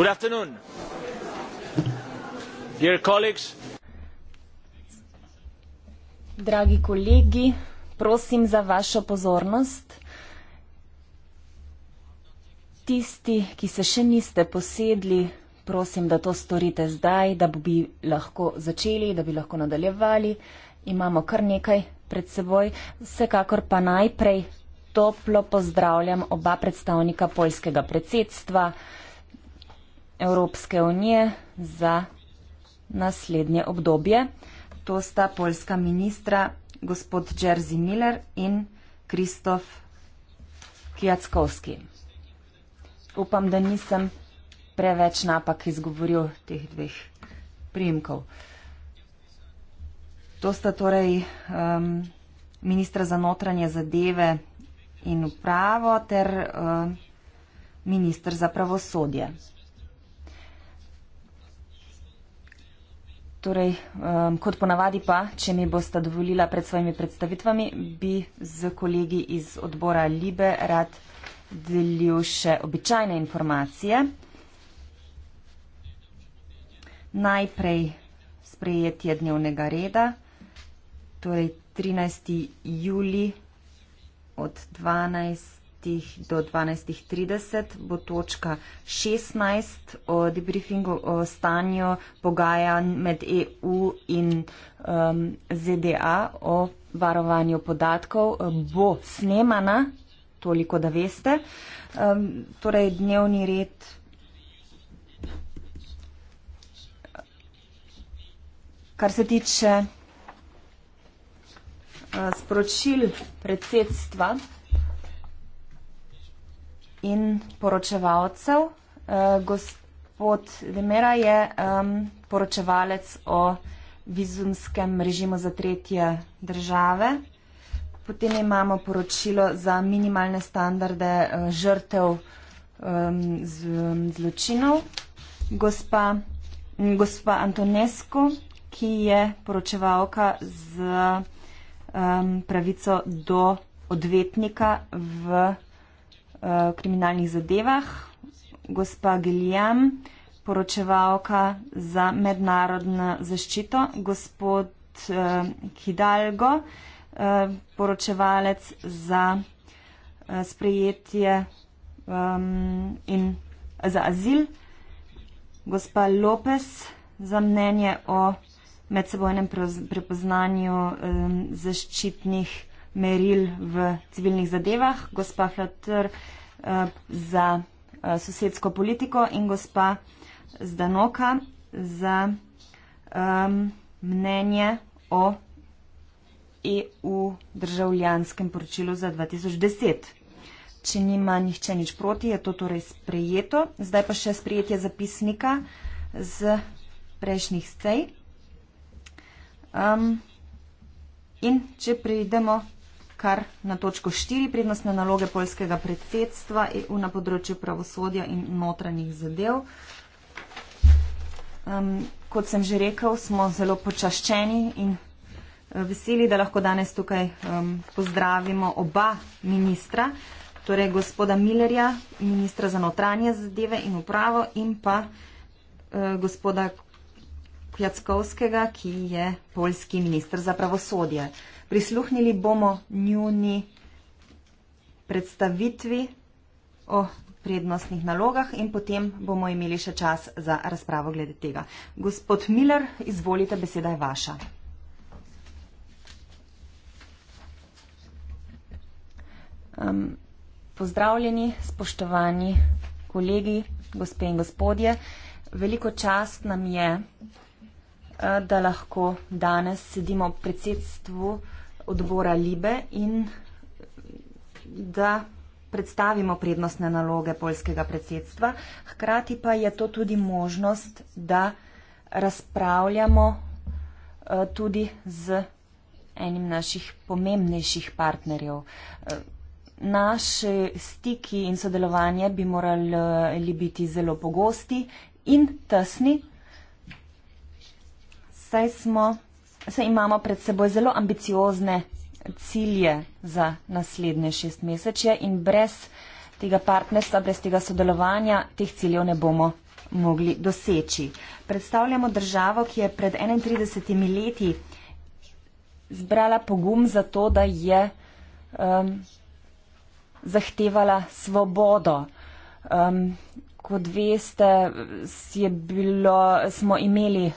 good afternoon dear colleagues dragi kolegi prosim za vašo pozornost tisti ki se še niste posedli prosim da to storite zdaj da bi lahko začeli da bi lahko nadaljevali imamo kar nekaj pred seboj vsekakor pa najprej toplo pozdravljam oba predstavnika poljskega predsedstva Evropske unije za naslednje obdobje. To sta polska ministra gospod Jerzy Miller in Kristof Kjackovski. Upam, da nisem preveč napak izgovoril teh dveh prijemkov. To sta torej um, ministra za notranje zadeve in upravo ter um, minister za pravosodje. Torej, um, kot ponavadi pa, če mi boste dovolila pred svojimi predstavitvami, bi z kolegi iz odbora Libe rad delil še običajne informacije. Najprej sprejetje dnevnega reda, torej 13. juli od 12. 10 do 12.30 bo točka 16 o debriefingu o stanju pogajanj med EU in um, ZDA o varovanju podatkov. Bo snemana, toliko da veste. Um, torej, dnevni red. Kar se tiče uh, sporočil predsedstva, in poročevalcev. Uh, gospod Demera je um, poročevalec o vizumskem režimu za tretje države. Potem imamo poročilo za minimalne standarde uh, žrtev um, z, um, zločinov. Gospa, gospa Antonesko, ki je poročevalka z um, pravico do odvetnika v uh, kriminalnih zadevah, gospa Giljam, poročevalka za mednarodno zaščito, gospod uh, Hidalgo, uh, poročevalec za uh, sprejetje um, in za azil, gospa Lopes za mnenje o medsebojnem prepoznanju um, zaščitnih meril v civilnih zadevah, gospa Flatr eh, za eh, sosedsko politiko in gospa Zdanoka za um, mnenje o EU državljanskem poročilu za 2010. Če nima nihče nič proti, je to torej sprejeto. Zdaj pa še sprejetje zapisnika z prejšnjih stej. Um, in če prejdemo kar na točko 4 prednostne naloge polskega predsedstva EU na področju pravosodja in notranjih zadev. Um, kot sem že rekel, smo zelo počaščeni in eh, veseli, da lahko danes tukaj um, pozdravimo oba ministra, torej gospoda Millerja, ministra za notranje zadeve in upravo in pa uh, gospoda Kjackovskega, ki je polski minister za pravosodje. Uh, Prisluhnili bomo njuni predstavitvi o prednostnih nalogah in potem bomo imeli še čas za razpravo glede tega. Gospod Miller, izvolite, beseda je vaša. Um, pozdravljeni, spoštovani kolegi, gospe in gospodje. Veliko čast nam je, eh, da lahko danes sedimo v predsedstvu uh, odbora Libe in da predstavimo prednostne naloge polskega predsedstva. Hkrati pa je to tudi možnost, da razpravljamo eh, tudi z enim naših pomembnejših partnerjev. Eh, naši stiki in sodelovanje bi morali biti zelo pogosti in tesni. Saj smo se imamo pred seboj zelo ambiciozne cilje za naslednje šest mesečje in brez tega partnerstva, brez tega sodelovanja teh ciljev ne bomo mogli doseči. Predstavljamo državo, ki je pred 31 leti zbrala pogum za to, da je um, zahtevala svobodo. Um, kot veste, je bilo, smo imeli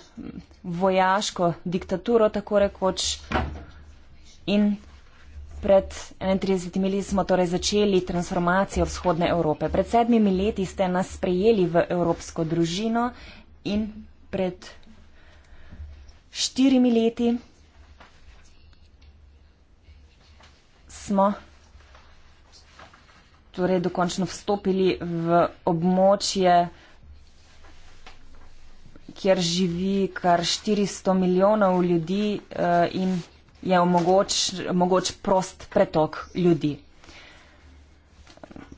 vojaško diktaturo, tako rekoč, in pred 31 leti smo torej začeli transformacijo vzhodne Evrope. Pred sedmimi leti ste nas sprejeli v evropsko družino in pred štirimi leti smo torej dokončno vstopili v območje, kjer živi kar 400 milijonov ljudi uh, in je omogoč, omogoč prost pretok ljudi.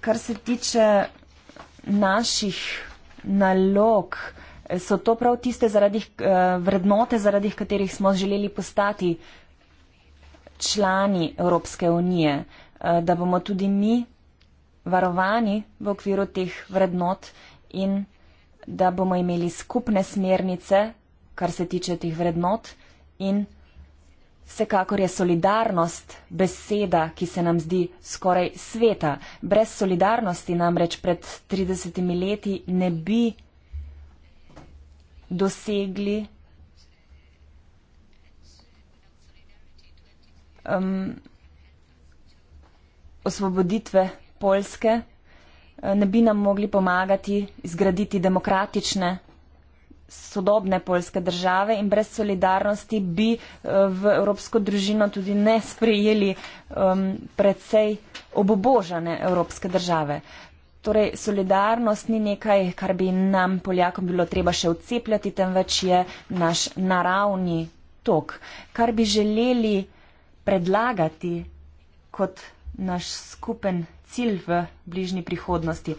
Kar se tiče naših nalog, eh, so to prav tiste zaradi, uh, vrednote, zaradi katerih smo želeli postati člani Evropske unije, uh, da bomo tudi mi varovani v okviru teh vrednot in da bomo imeli skupne smernice, kar se tiče teh vrednot in vsekakor je solidarnost beseda, ki se nam zdi skoraj sveta. Brez solidarnosti namreč pred 30 leti ne bi dosegli um, osvoboditve Poljske, eh, ne bi nam mogli pomagati zgraditi demokratične, sodobne polske države in brez solidarnosti bi eh, v evropsko družino tudi ne sprejeli um, predvsej obobožane evropske države. Torej, solidarnost ni nekaj, kar bi nam, Poljakom, bilo treba še odcepljati, temveč je naš naravni tok. Kar bi želeli predlagati kot naš skupen cilj v bližnji prihodnosti.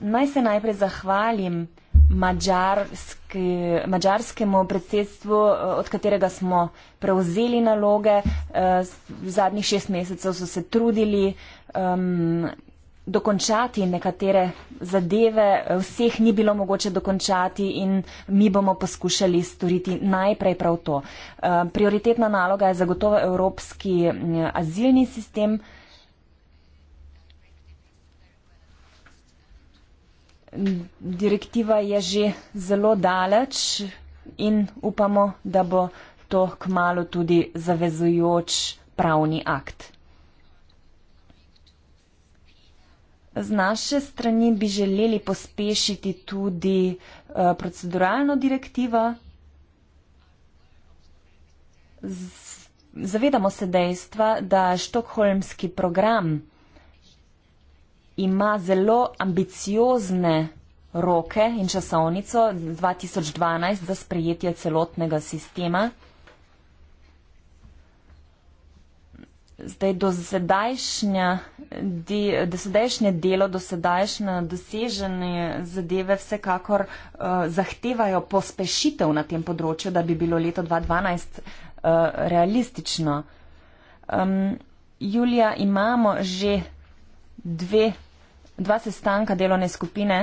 Naj se najprej zahvalim mađarski, mađarskemu predsedstvu, eh, od katerega smo prevzeli naloge. Eh, v zadnjih šest mesecev so se trudili um, dokončati nekatere zadeve, vseh ni bilo mogoče dokončati in mi bomo poskušali storiti najprej prav to. Eh, prioritetna naloga je zagotovo evropski mm, azilni sistem. direktiva je že zelo daleč in upamo, da bo to kmalo tudi zavezujoč pravni akt. Z naše strani bi želeli pospešiti tudi uh, proceduralno direktivo. Z, zavedamo se dejstva, da štokholmski program ima zelo ambiciozne roke in časovnico 2012 za sprejetje celotnega sistema. Zdaj, dosedajšnje delo, dosedajšnje dosežene zadeve vsekakor uh, zahtevajo pospešitev na tem področju, da bi bilo leto 2012 uh, eh, realistično. Um, Julija, imamo že dve dva sestanka delovne skupine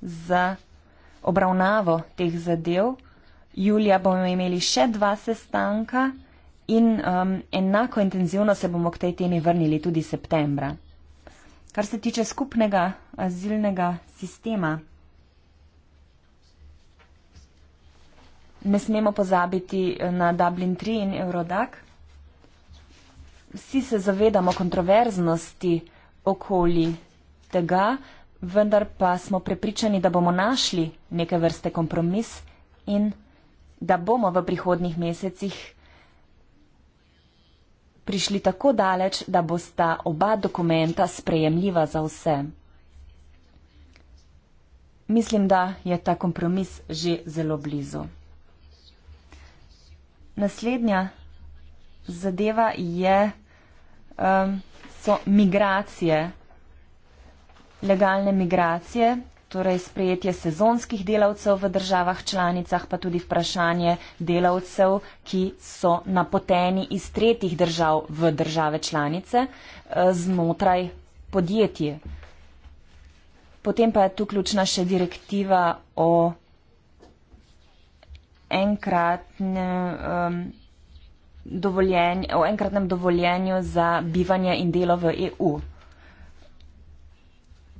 za obravnavo teh zadev. Julija bomo imeli še dva sestanka in um, enako intenzivno se bomo k tej temi vrnili tudi septembra. Kar se tiče skupnega azilnega sistema, ne smemo pozabiti eh, na Dublin 3 in Eurodac. Vsi se zavedamo kontroverznosti okoli tega, vendar pa smo prepričani, da bomo našli neke vrste kompromis in da bomo v prihodnih mesecih prišli tako daleč, da bosta oba dokumenta sprejemljiva za vse. Mislim, da je ta kompromis že zelo blizu. Naslednja zadeva je, um, so migracije legalne migracije, torej sprejetje sezonskih delavcev v državah članicah, pa tudi vprašanje delavcev, ki so napoteni iz tretjih držav v države članice eh, znotraj podjetij. Potem pa je tu ključna še direktiva o enkratnem. Um, Dovoljen, o enkratnem dovoljenju za bivanje in delo v EU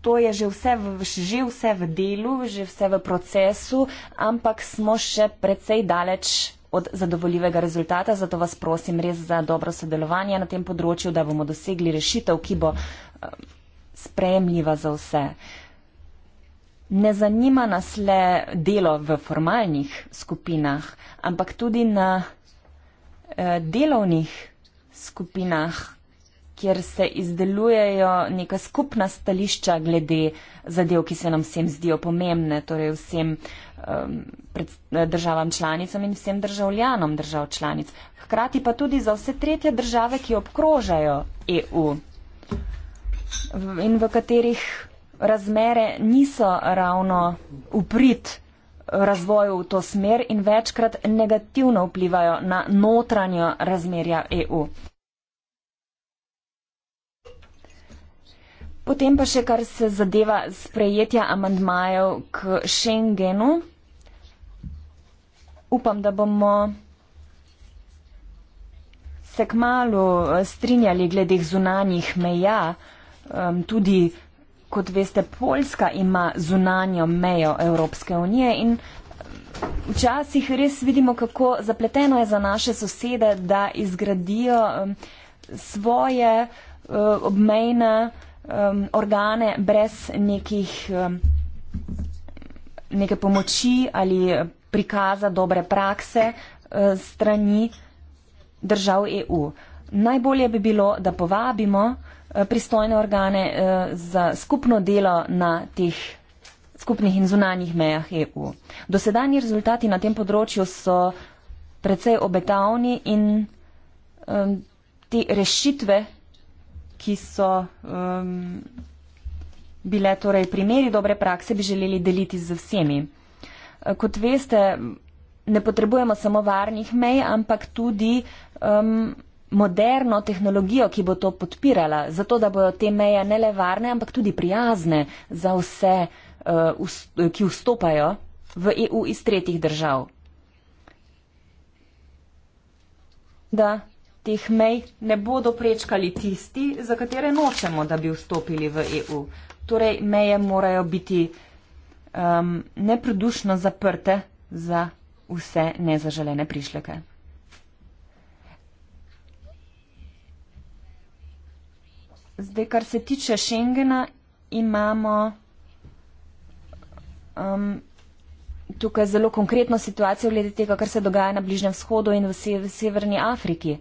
to je že vse, v, že vse v delu, že vse v procesu, ampak smo še precej daleč od zadovoljivega rezultata, zato vas prosim res za dobro sodelovanje na tem področju, da bomo dosegli rešitev, ki bo eh, sprejemljiva za vse. Ne zanima nas le delo v formalnih skupinah, ampak tudi na eh, delovnih skupinah, kjer se izdelujejo neka skupna stališča glede zadev, ki se nam vsem zdijo pomembne, torej vsem um, pred, državam članicam in vsem državljanom držav članic. Hkrati pa tudi za vse tretje države, ki obkrožajo EU in v katerih razmere niso ravno uprit razvoju v to smer in večkrat negativno vplivajo na notranjo razmerja EU. Potem pa še kar se zadeva sprejetja amandmajev k Schengenu. Upam, da bomo se k malu eh, strinjali glede zunanjih meja. Tudi, kot veste, Poljska ima zunanjo mejo Evropske unije in včasih res vidimo, kako zapleteno je za naše sosede, da izgradijo svoje eh, obmejne um, organe brez nekih, um, neke pomoči ali prikaza dobre prakse uh, strani držav EU. Najbolje bi bilo, da povabimo uh, pristojne organe uh, za skupno delo na teh skupnih in zunanjih mejah EU. Dosedanji rezultati na tem področju so precej obetavni in um, te rešitve, ki so um, bile torej primeri dobre prakse, bi želeli deliti z vsemi. Eh, kot veste, ne potrebujemo samo varnih mej, ampak tudi um, moderno tehnologijo, ki bo to podpirala, zato da bojo te meje ne le varne, ampak tudi prijazne za vse, uh, ki vstopajo v EU iz tretjih držav. Da teh mej ne bodo prečkali tisti, za katere nočemo, da bi vstopili v EU. Torej, meje morajo biti um, neprodušno zaprte za vse nezaželene prišleke. Zdaj, kar se tiče Schengena, imamo um, tukaj zelo konkretno situacijo glede tega, kar se dogaja na Bližnjem vzhodu in v se severni Afriki. Uh,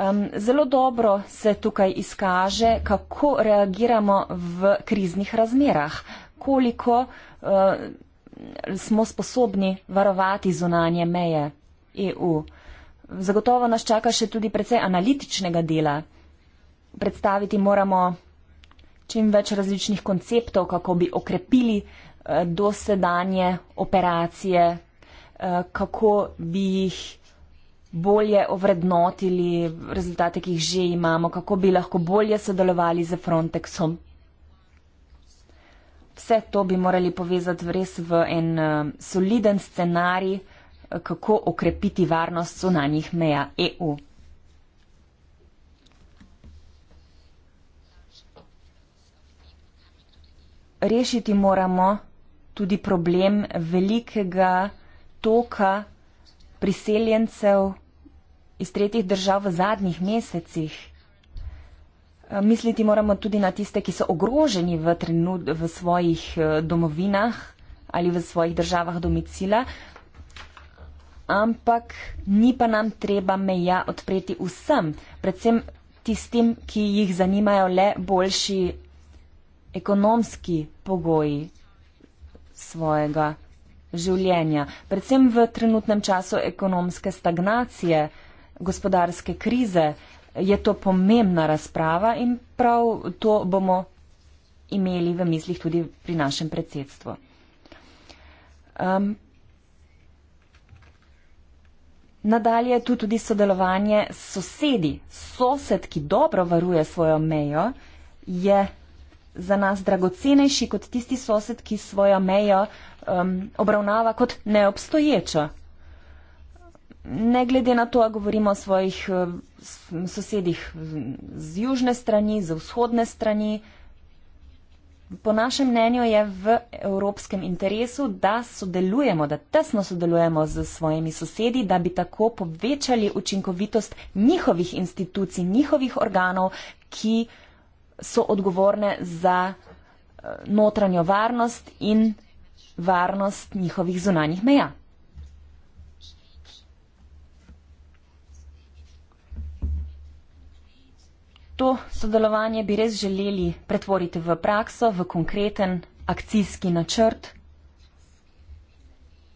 Um, zelo dobro se tukaj izkaže, kako reagiramo v kriznih razmerah, koliko uh, smo sposobni varovati zunanje meje EU. Zagotovo nas čaka še tudi precej analitičnega dela. Predstaviti moramo čim več različnih konceptov, kako bi okrepili uh, dosedanje operacije, uh, kako bi jih bolje ovrednotili rezultate, ki jih že imamo, kako bi lahko bolje sodelovali z Frontexom. Vse to bi morali povezati v res v en eh, soliden scenarij, eh, kako okrepiti varnost zunanjih meja EU. Rešiti moramo tudi problem velikega toka priseljencev iz tretjih držav v zadnjih mesecih. Eh, misliti moramo tudi na tiste, ki so ogroženi v, trenut, v svojih eh, domovinah ali v svojih državah domicila, ampak ni pa nam treba meja odpreti vsem, predvsem tistim, ki jih zanimajo le boljši ekonomski pogoji svojega življenja. Predvsem v trenutnem času ekonomske stagnacije gospodarske krize, je to pomembna razprava in prav to bomo imeli v mislih tudi pri našem predsedstvu. Um, nadalje je tu tudi sodelovanje s sosedi. Sosed, ki dobro varuje svojo mejo, je za nas dragocenejši kot tisti sosed, ki svojo mejo um, obravnava kot neobstoječo ne glede na to, da govorimo o svojih eh, sosedih z južne strani, z vzhodne strani. Po našem mnenju je v evropskem interesu, da sodelujemo, da tesno sodelujemo z svojimi sosedi, da bi tako povečali učinkovitost njihovih institucij, njihovih organov, ki so odgovorne za eh, notranjo varnost in varnost njihovih zunanjih meja. To sodelovanje bi res želeli pretvoriti v prakso, v konkreten akcijski načrt.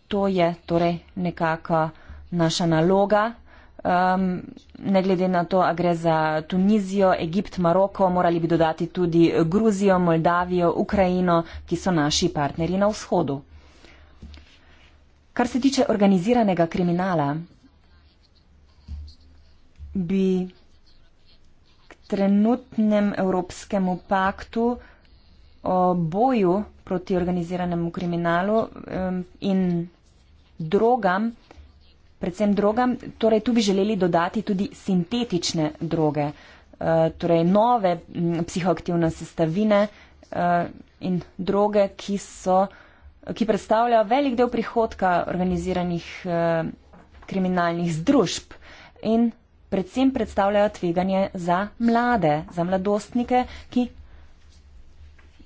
To je torej nekaka naša naloga. Um, ne glede na to, a gre za Tunizijo, Egipt, Maroko, morali bi dodati tudi Gruzijo, Moldavijo, Ukrajino, ki so naši partneri na vzhodu. Kar se tiče organiziranega kriminala, bi trenutnem Evropskemu paktu o boju proti organiziranemu kriminalu in drogam, predvsem drogam, torej tu bi želeli dodati tudi sintetične droge, eh, torej nove psihoaktivne sestavine eh, in droge, ki, so, ki predstavljajo velik del prihodka organiziranih eh, kriminalnih združb. In predvsem predstavljajo tveganje za mlade, za mladostnike, ki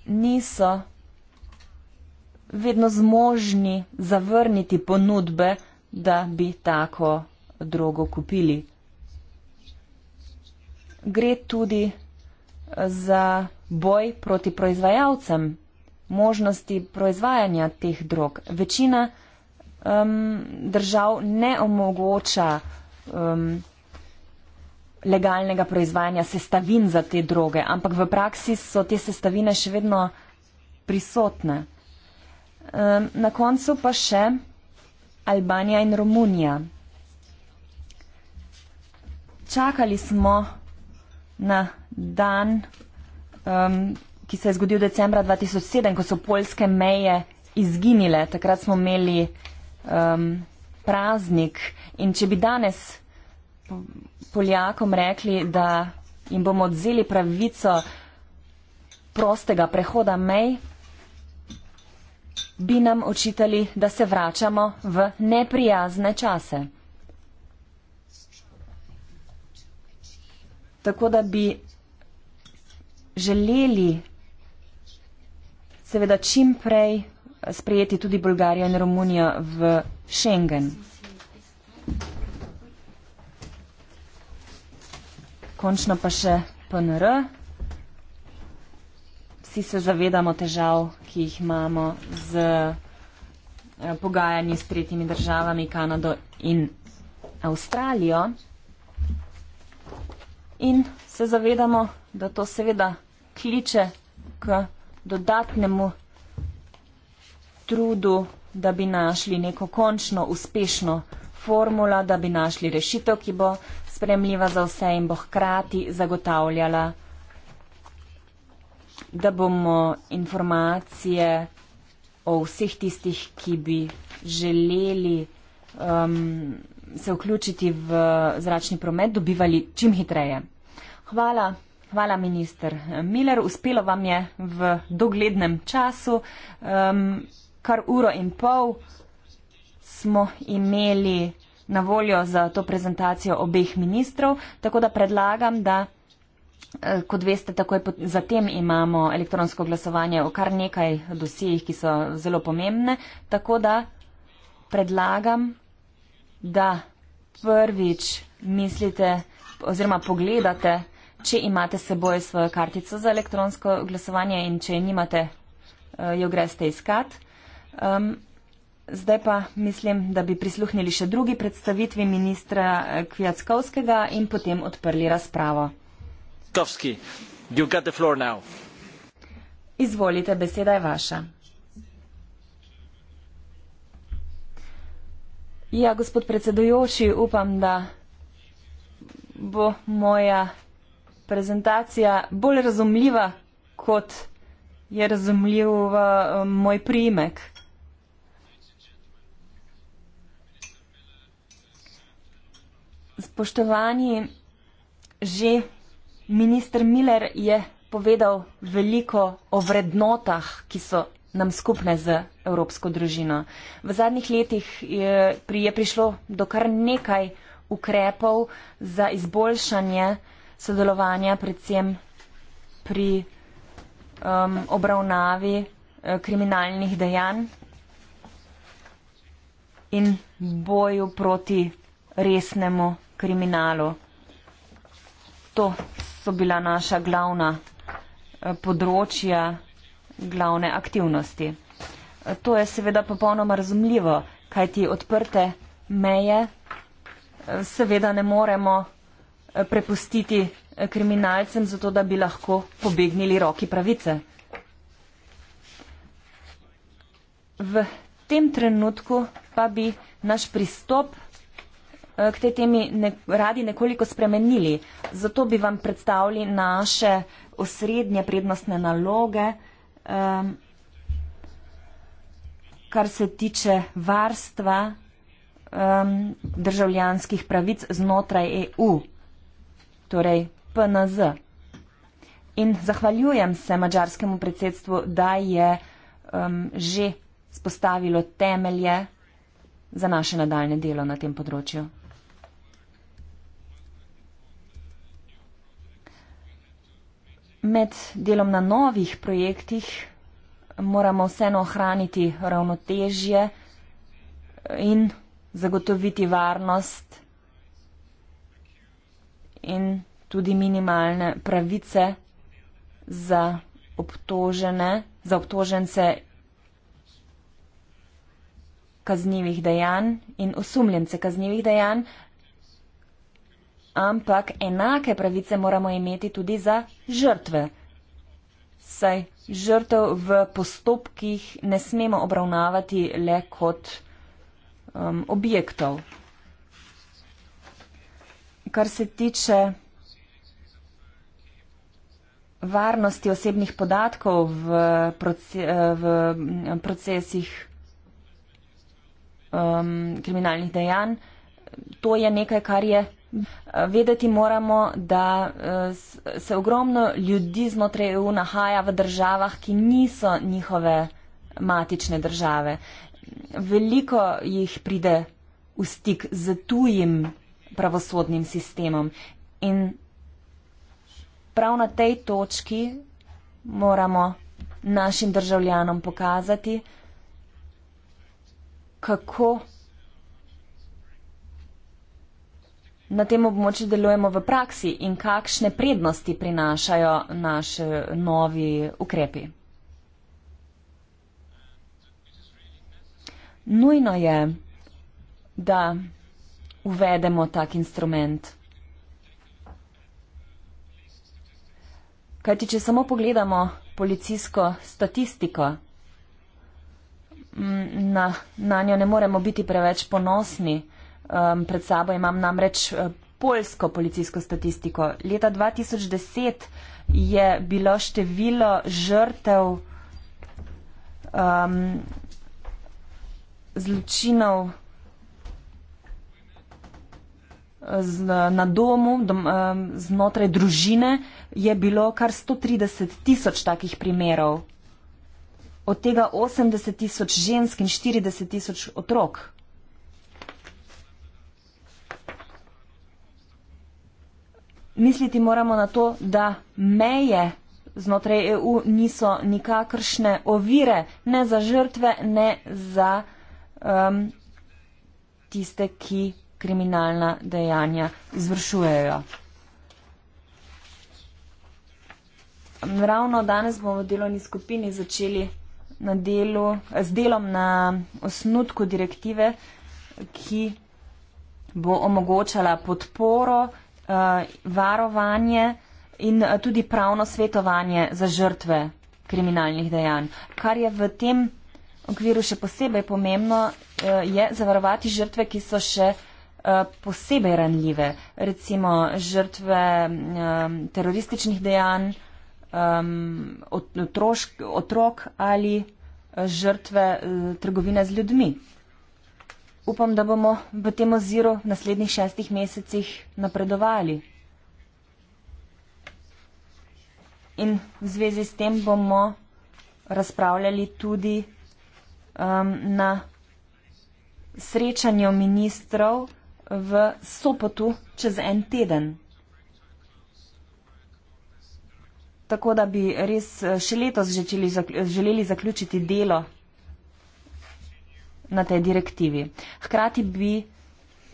niso vedno zmožni zavrniti ponudbe, da bi tako drogo kupili. Gre tudi eh, za boj proti proizvajalcem, možnosti proizvajanja teh drog. Večina um, držav ne omogoča um, legalnega proizvajanja sestavin za te droge, ampak v praksi so te sestavine še vedno prisotne. Na koncu pa še Albanija in Romunija. Čakali smo na dan, um, ki se je zgodil decembra 2007, ko so polske meje izginile. Takrat smo imeli um, praznik in če bi danes Poljakom rekli, da jim bomo odzeli pravico prostega prehoda mej, bi nam očitali, da se vračamo v neprijazne čase. Tako da bi želeli seveda čim prej sprejeti tudi Bolgarijo in Romunijo v Schengen. Končno pa še PNR. Vsi se zavedamo težav, ki jih imamo z eh, pogajanji s tretjimi državami, Kanado in Avstralijo. In se zavedamo, da to seveda kliče k dodatnemu trudu, da bi našli neko končno uspešno formula, da bi našli rešitev, ki bo spremljiva za vse in bo hkrati zagotavljala, da bomo informacije o vseh tistih, ki bi želeli um, se vključiti v zračni promet, dobivali čim hitreje. Hvala. Hvala, minister Miller. Uspelo vam je v doglednem času. Um, kar uro in pol smo imeli na voljo za to prezentacijo obeh ministrov, tako da predlagam, da. Eh, kot veste, takoj zatem imamo elektronsko glasovanje o kar nekaj dosijih, ki so zelo pomembne, tako da predlagam, da prvič mislite oziroma pogledate, če imate seboj svojo kartico za elektronsko glasovanje in če nimate, eh, jo greste iskat. Um, Zdaj pa mislim, da bi prisluhnili še drugi predstavitvi ministra eh, Kvjackovskega in potem odprli razpravo. Kovski, Izvolite, beseda je vaša. Ja, gospod predsedujoči, upam, da bo moja prezentacija bolj razumljiva, kot je razumljiv eh, moj primek. spoštovani, že minister Miller je povedal veliko o vrednotah, ki so nam skupne z evropsko družino. V zadnjih letih je, pri, je prišlo do kar nekaj ukrepov za izboljšanje sodelovanja, predvsem pri um, obravnavi eh, kriminalnih dejanj in boju proti resnemu kriminalu. To so bila naša glavna eh, področja, glavne aktivnosti. Eh, to je seveda popolnoma razumljivo, kaj ti odprte meje eh, seveda ne moremo prepustiti kriminalcem, zato da bi lahko pobegnili roki pravice. V tem trenutku pa bi naš pristop k tej temi ne, radi nekoliko spremenili. Zato bi vam predstavili naše osrednje prednostne naloge, um, kar se tiče varstva um, državljanskih pravic znotraj EU, torej PNZ. In zahvaljujem se mačarskemu predsedstvu, da je um, že spostavilo temelje za naše nadaljne delo na tem področju. med delom na novih projektih moramo vseeno ohraniti ravnotežje in zagotoviti varnost in tudi minimalne pravice za obtožene, za obtožence kaznjivih dejanj in osumljence kaznjivih dejanj, ampak enake pravice moramo imeti tudi za žrtve. Saj žrtev v postopkih ne smemo obravnavati le kot um, objektov. Kar se tiče varnosti osebnih podatkov v, proce, v procesih um, kriminalnih dejanj, to je nekaj, kar je Vedeti moramo, da eh, se ogromno ljudi znotraj EU nahaja v državah, ki niso njihove matične države. Veliko jih pride v stik z tujim pravosodnim sistemom in prav na tej točki moramo našim državljanom pokazati, kako na tem območju delujemo v praksi in kakšne prednosti prinašajo naši novi ukrepi. Nujno je, da uvedemo tak instrument. Kajti, če samo pogledamo policijsko statistiko, na, na njo ne moremo biti preveč ponosni. Um, pred sabo imam namreč uh, polsko policijsko statistiko. Leta 2010 je bilo število žrtev um, zločinov z, na domu, dom, um, znotraj družine, je bilo kar 130 tisoč takih primerov. Od tega 80 tisoč žensk in 40 tisoč otrok. Misliti moramo na to, da meje znotraj EU niso nikakršne ovire, ne za žrtve, ne za um, tiste, ki kriminalna dejanja izvršujejo. Ravno danes bomo v delovni skupini začeli na delu, z delom na osnutku direktive, ki bo omogočala podporo uh, varovanje in uh, tudi pravno svetovanje za žrtve kriminalnih dejanj. Kar je v tem okviru še posebej pomembno, uh, je zavarovati žrtve, ki so še uh, posebej ranljive, recimo žrtve um, terorističnih dejanj, um, otrok ali žrtve uh, trgovine z ljudmi upam, da bomo v tem oziru v naslednjih šestih mesecih napredovali. In v zvezi s tem bomo razpravljali tudi um, na srečanju ministrov v Sopotu čez en teden. Tako da bi res eh, še letos želeli zaključiti delo na tej direktivi. Hkrati bi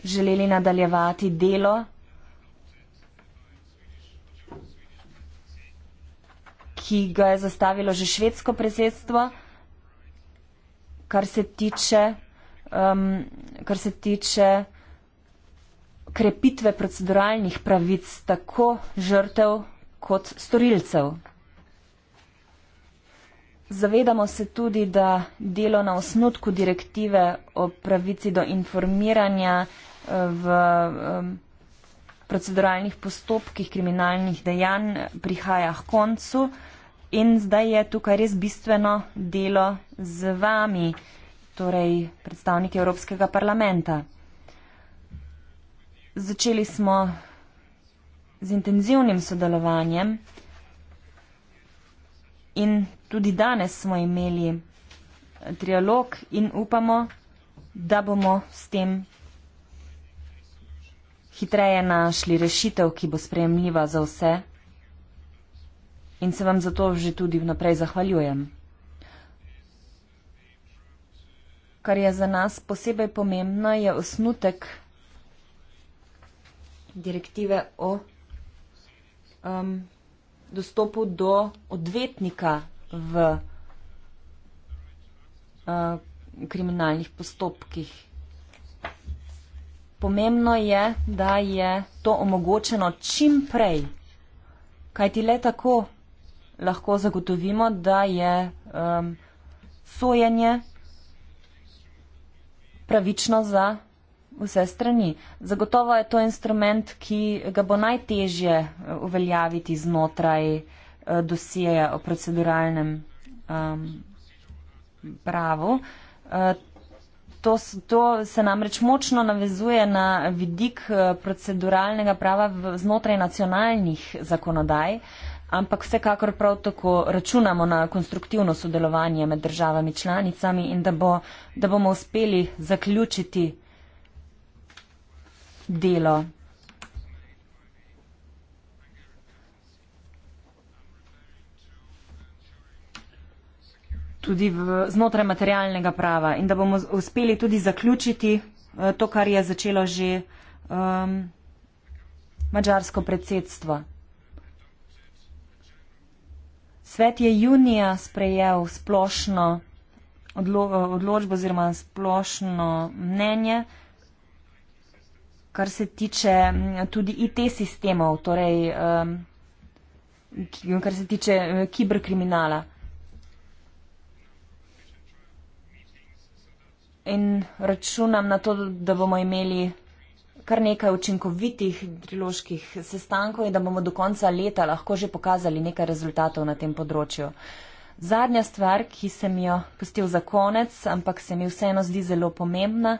želeli nadaljevati delo ki ga je zastavilo že švedsko predsedstvo, kar se tiče, um, kar se tiče krepitve proceduralnih pravic tako žrtev kot storilcev. Zavedamo se tudi, da delo na osnutku direktive o pravici do informiranja eh, v proceduralnih postopkih kriminalnih dejanj eh, prihaja k koncu in zdaj je tukaj res bistveno delo z vami, torej predstavniki Evropskega parlamenta. Začeli smo z intenzivnim sodelovanjem in Tudi danes smo imeli eh, trialog in upamo, da bomo s tem hitreje našli rešitev, ki bo sprejemljiva za vse. In se vam zato že tudi vnaprej zahvaljujem. Kar je za nas posebej pomembno, je osnutek direktive o um, dostopu do odvetnika v uh, kriminalnih postopkih. Pomembno je, da je to omogočeno čim prej, kajti le tako lahko zagotovimo, da je um, sojenje pravično za vse strani. Zagotovo je to instrument, ki ga bo najtežje uveljaviti znotraj uh, uh, dosjeja o proceduralnem um, pravu. Uh, to, to se namreč močno navezuje na vidik eh, proceduralnega prava v, znotraj nacionalnih zakonodaj, ampak vsekakor prav tako računamo na konstruktivno sodelovanje med državami članicami in da, bo, da bomo uspeli zaključiti delo tudi v, znotraj materialnega prava in da bomo uspeli tudi zaključiti eh, to, kar je začelo že um, mađarsko predsedstvo. Svet je junija sprejel splošno eh, odločbo oziroma splošno mnenje, kar se tiče tudi IT sistemov, torej um, kar se tiče eh, kiberkriminala. Um, in računam na to, da bomo imeli kar nekaj učinkovitih triloških sestankov in da bomo do konca leta lahko že pokazali nekaj rezultatov na tem področju. Zadnja stvar, ki sem jo pustil za konec, ampak se mi vseeno zdi zelo pomembna,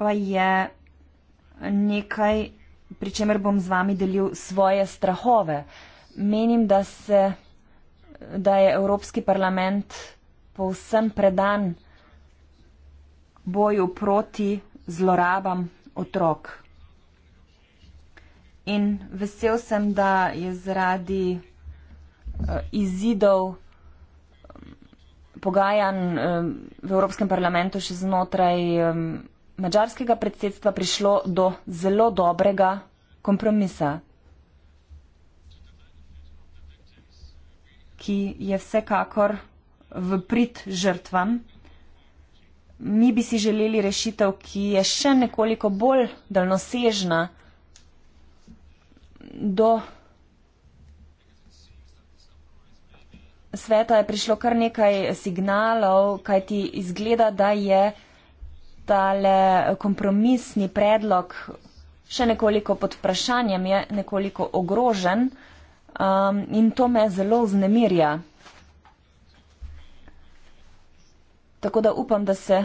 pa je nekaj, pri čemer bom z vami delil svoje strahove. Menim, da se da je Evropski parlament povsem predan boju proti zlorabam otrok. In vesel sem, da je zaradi eh, izidov pogajanj eh, v Evropskem parlamentu še znotraj eh, mađarskega predsedstva prišlo do zelo dobrega kompromisa. ki je vsekakor v prid žrtvam. Mi bi si želeli rešitev, ki je še nekoliko bolj daljnosežna do. Sveta je prišlo kar nekaj signalov, kaj ti izgleda, da je tale kompromisni predlog še nekoliko pod vprašanjem, je nekoliko ogrožen. Um, in to me zelo vznemirja. Tako da upam, da se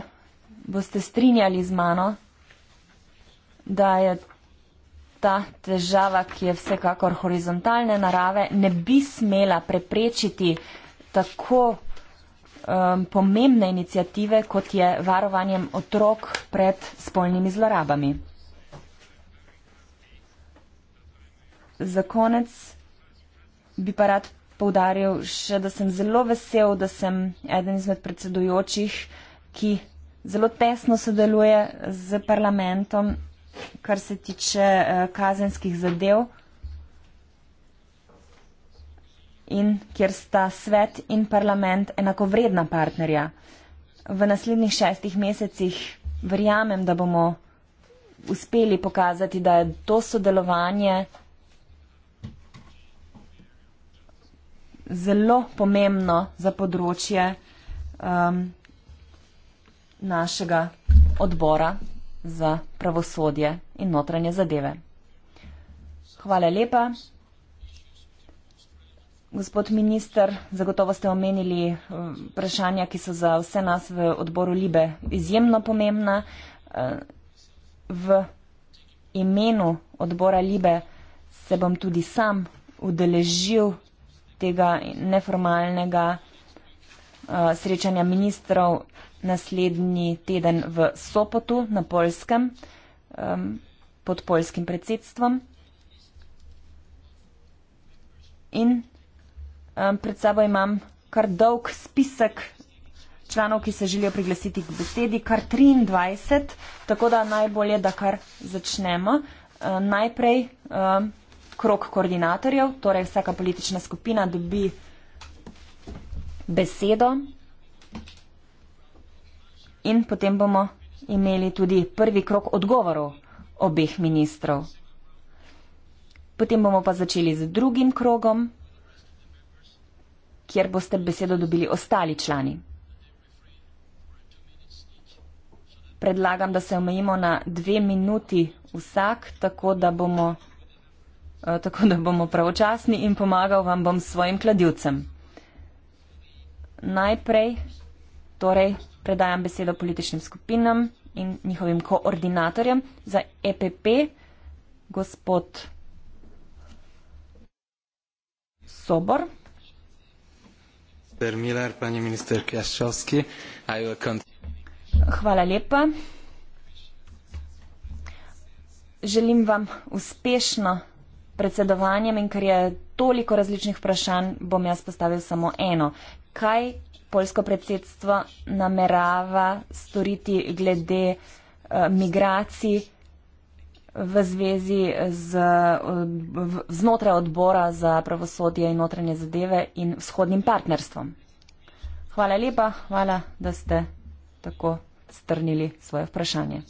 boste strinjali z mano, da je ta težava, ki je vsekakor horizontalne narave, ne bi smela preprečiti tako um, pomembne inicijative, kot je varovanjem otrok pred spolnimi zlorabami. Za konec bi pa rad povdaril še, da sem zelo vesel, da sem eden izmed predsedujočih, ki zelo tesno sodeluje z parlamentom, kar se tiče eh, kazenskih zadev in kjer sta svet in parlament enakovredna partnerja. V naslednjih šestih mesecih verjamem, da bomo uspeli pokazati, da je to sodelovanje zelo pomembno za področje um, našega odbora za pravosodje in notranje zadeve. Hvala lepa. Gospod minister, zagotovo ste omenili um, vprašanja, ki so za vse nas v odboru Libe izjemno pomembna. Uh, v imenu odbora Libe se bom tudi sam udeležil tega neformalnega uh, srečanja ministrov naslednji teden v Sopotu na Polskem um, pod polskim predsedstvom. In um, pred sabo imam kar dolg spisek članov, ki se želijo priglasiti k besedi, kar 23, tako da najbolje, da kar začnemo. Uh, najprej. Um, krok koordinatorjev, torej vsaka politična skupina dobi besedo in potem bomo imeli tudi prvi krok odgovorov obeh ministrov. Potem bomo pa začeli z drugim krogom, kjer boste besedo dobili ostali člani. Predlagam, da se omejimo na dve minuti vsak, tako da bomo Eh, tako da bomo pravočasni in pomagal vam bom s svojim kladivcem. Najprej torej predajam besedo političnim skupinam in njihovim koordinatorjem za EPP, gospod Sobor. Miller, minister Kjaščovski. Hvala lepa. Želim vam uspešno predsedovanjem in ker je toliko različnih vprašanj, bom jaz postavil samo eno. Kaj polsko predsedstvo namerava storiti glede uh, migracij v zvezi z, uh, v, znotraj odbora za pravosodje in notranje zadeve in vzhodnim partnerstvom? Hvala lepa, hvala, da ste tako strnili svoje vprašanje.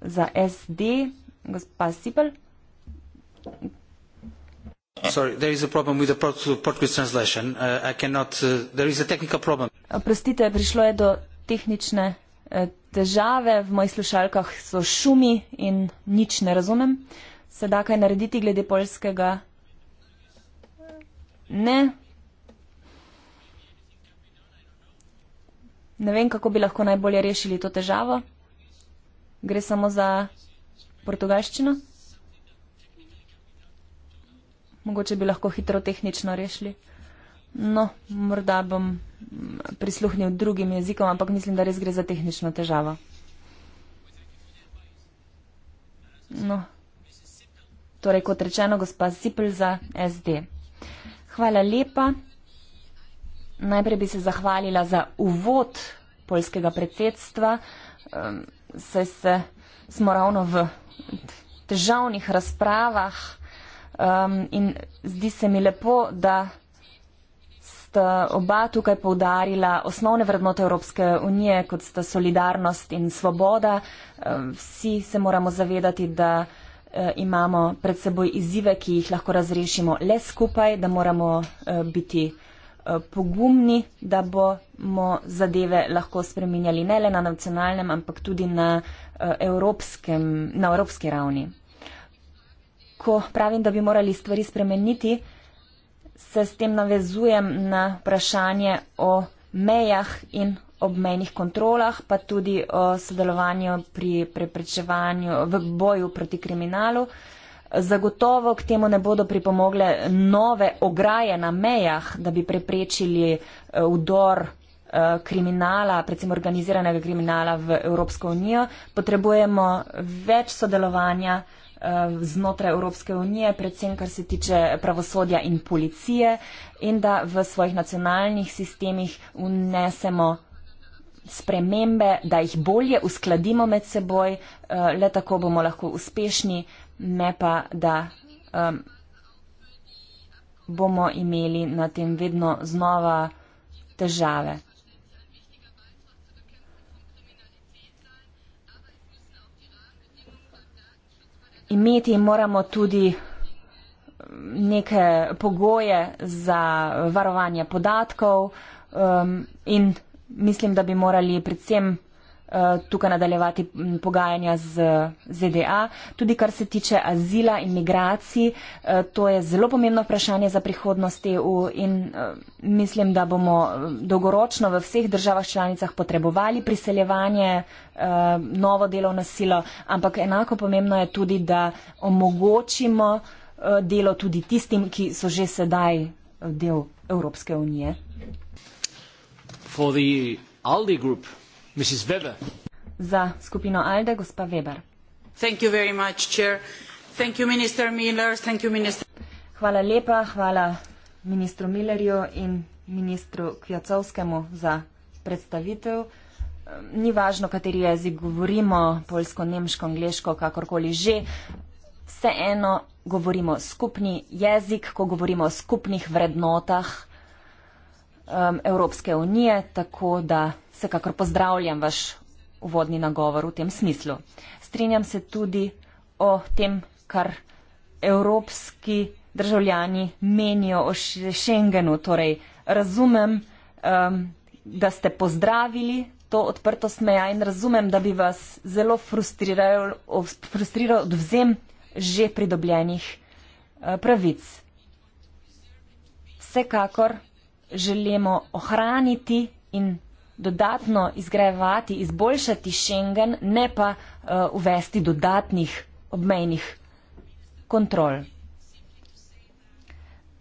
Za SD, gospod Sipel. Sorry, there is a problem with the Portuguese translation. Uh, I cannot, uh, there is a technical problem. Oprostite, prišlo je do tehnične eh, težave, v mojih slušalkah so šumi in nič ne razumem. Se da kaj narediti glede polskega? Ne. Ne vem, kako bi lahko najbolje rešili to težavo. Gre samo za portugalščino mogoče bi lahko hitro tehnično rešili. No, morda bom prisluhnil drugim jezikom, ampak mislim, da res gre za tehnično težavo. No, torej kot rečeno, gospa Sipl za SD. Hvala lepa. Najprej bi se zahvalila za uvod polskega predsedstva, ehm, saj se smo ravno v težavnih razpravah Um, in zdi se mi lepo, da sta oba tukaj povdarila osnovne vrednote Evropske unije, kot sta solidarnost in svoboda. Um, vsi se moramo zavedati, da eh, imamo pred seboj izzive, ki jih lahko razrešimo le skupaj, da moramo eh, biti eh, pogumni, da bomo zadeve lahko spreminjali ne le na nacionalnem, ampak tudi na, evropskem, na evropski ravni ko pravim, da bi morali stvari spremeniti, se s tem navezujem na vprašanje o mejah in obmejnih kontrolah, pa tudi o sodelovanju pri preprečevanju v boju proti kriminalu. Zagotovo k temu ne bodo pripomogle nove ograje na mejah, da bi preprečili eh, vdor eh, kriminala, predvsem organiziranega kriminala v Evropsko unijo. Potrebujemo več sodelovanja Eh, znotraj Evropske unije, predvsem kar se tiče pravosodja in policije, in da v svojih nacionalnih sistemih unesemo spremembe, da jih bolje uskladimo med seboj, eh, le tako bomo lahko uspešni, ne pa da um, bomo imeli na tem vedno znova težave. imeti moramo tudi mm, neke pogoje za varovanje podatkov um, in mislim, da bi morali predvsem Eh, tukaj nadaljevati pogajanja z ZDA. Tudi kar se tiče azila in migracij, eh, to je zelo pomembno vprašanje za prihodnost EU in eh, mislim, da bomo dolgoročno v vseh državah članicah potrebovali priseljevanje, novo delovno silo, ampak enako pomembno je tudi, da omogočimo delo tudi tistim, ki so že sedaj del Evropske unije. For the Aldi Group. Weber. Za skupino ALDE gospa Weber. Thank you very much, chair. Thank you, minister Miller. Thank you, minister. Hvala lepa, hvala ministru Millerju in ministru Kvjacovskemu za predstavitev. Ni važno, kateri jezik govorimo, polsko, nemško, angliško, kakorkoli že. Vseeno govorimo skupni jezik, ko govorimo o skupnih vrednotah um, Evropske unije, tako da Vsekakor pozdravljam vaš uvodni nagovor v tem smislu. Strinjam se tudi o tem, kar evropski državljani menijo o Schengenu. Torej, razumem, um, da ste pozdravili to odprtost meja in razumem, da bi vas zelo frustriral odvzem že pridobljenih eh, pravic. Vsekakor želimo ohraniti in dodatno izgrajevati, izboljšati Schengen, ne pa uh, uvesti dodatnih obmejnih kontrol.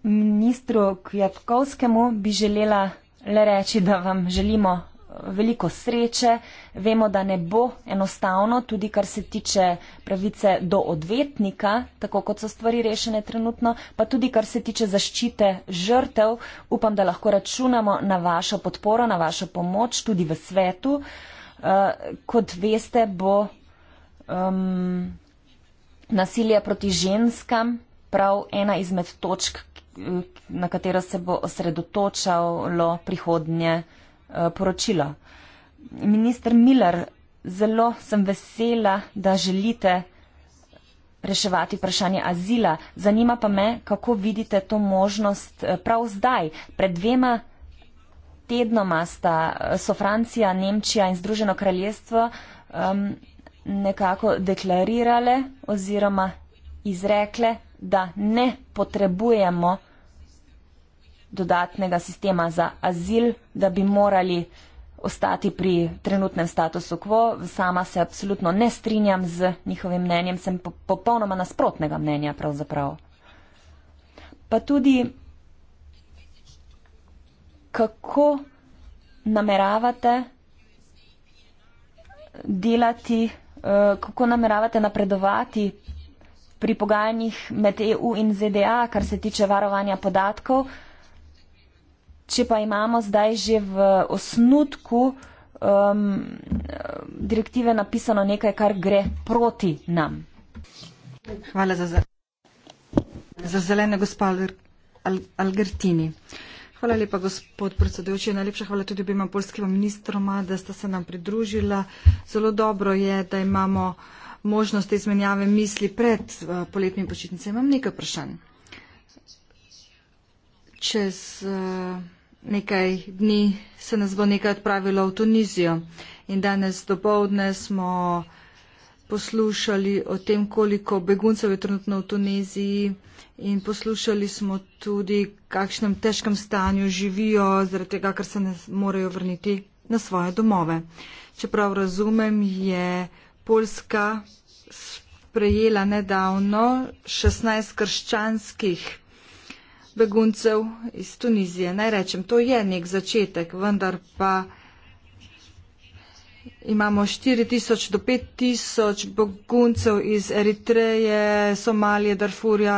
Ministru Kvjetkovskemu bi želela le reči, da vam želimo veliko sreče. Vemo, da ne bo enostavno, tudi kar se tiče pravice do odvetnika, tako kot so stvari rešene trenutno, pa tudi kar se tiče zaščite žrtev. Upam, da lahko računamo na vašo podporo, na vašo pomoč tudi v svetu. Uh, kot veste, bo um, nasilje proti ženskam prav ena izmed točk, eh, na katero se bo osredotočalo prihodnje uh, Eh, poročilo. Minister Miller, zelo sem vesela, da želite reševati vprašanje azila. Zanima pa me, kako vidite to možnost eh, prav zdaj. Pred dvema tednoma sta eh, so Francija, Nemčija in Združeno kraljestvo um, nekako deklarirale oziroma izrekle, da ne potrebujemo dodatnega sistema za azil, da bi morali ostati pri trenutnem statusu quo. Sama se absolutno ne strinjam z njihovim mnenjem, sem po popolnoma nasprotnega mnenja pravzaprav. Pa tudi, kako nameravate delati, eh, kako nameravate napredovati pri pogajanjih med EU in ZDA, kar se tiče varovanja podatkov. Če pa imamo zdaj že v osnutku um, direktive napisano nekaj, kar gre proti nam. Hvala za, za zelene, gospa Algertini. Hvala lepa, gospod predsedujoči. Najlepša hvala tudi obima polskima ministroma, da sta se nam pridružila. Zelo dobro je, da imamo možnost izmenjave misli pred uh, poletnimi počitnicami. Imam nekaj vprašanj. Čez, uh, nekaj dni se nas bo nekaj odpravilo v Tunizijo. In danes dopovdne smo poslušali o tem, koliko beguncev je trenutno v Tuniziji in poslušali smo tudi, kakšnem težkem stanju živijo, zaradi tega, ker se ne morejo vrniti na svoje domove. Čeprav razumem, je Poljska prejela nedavno 16 krščanskih beguncev iz Tunizije. Naj rečem, to je nek začetek, vendar pa imamo 4 tisoč do 5 tisoč beguncev iz Eritreje, Somalije, Darfurja,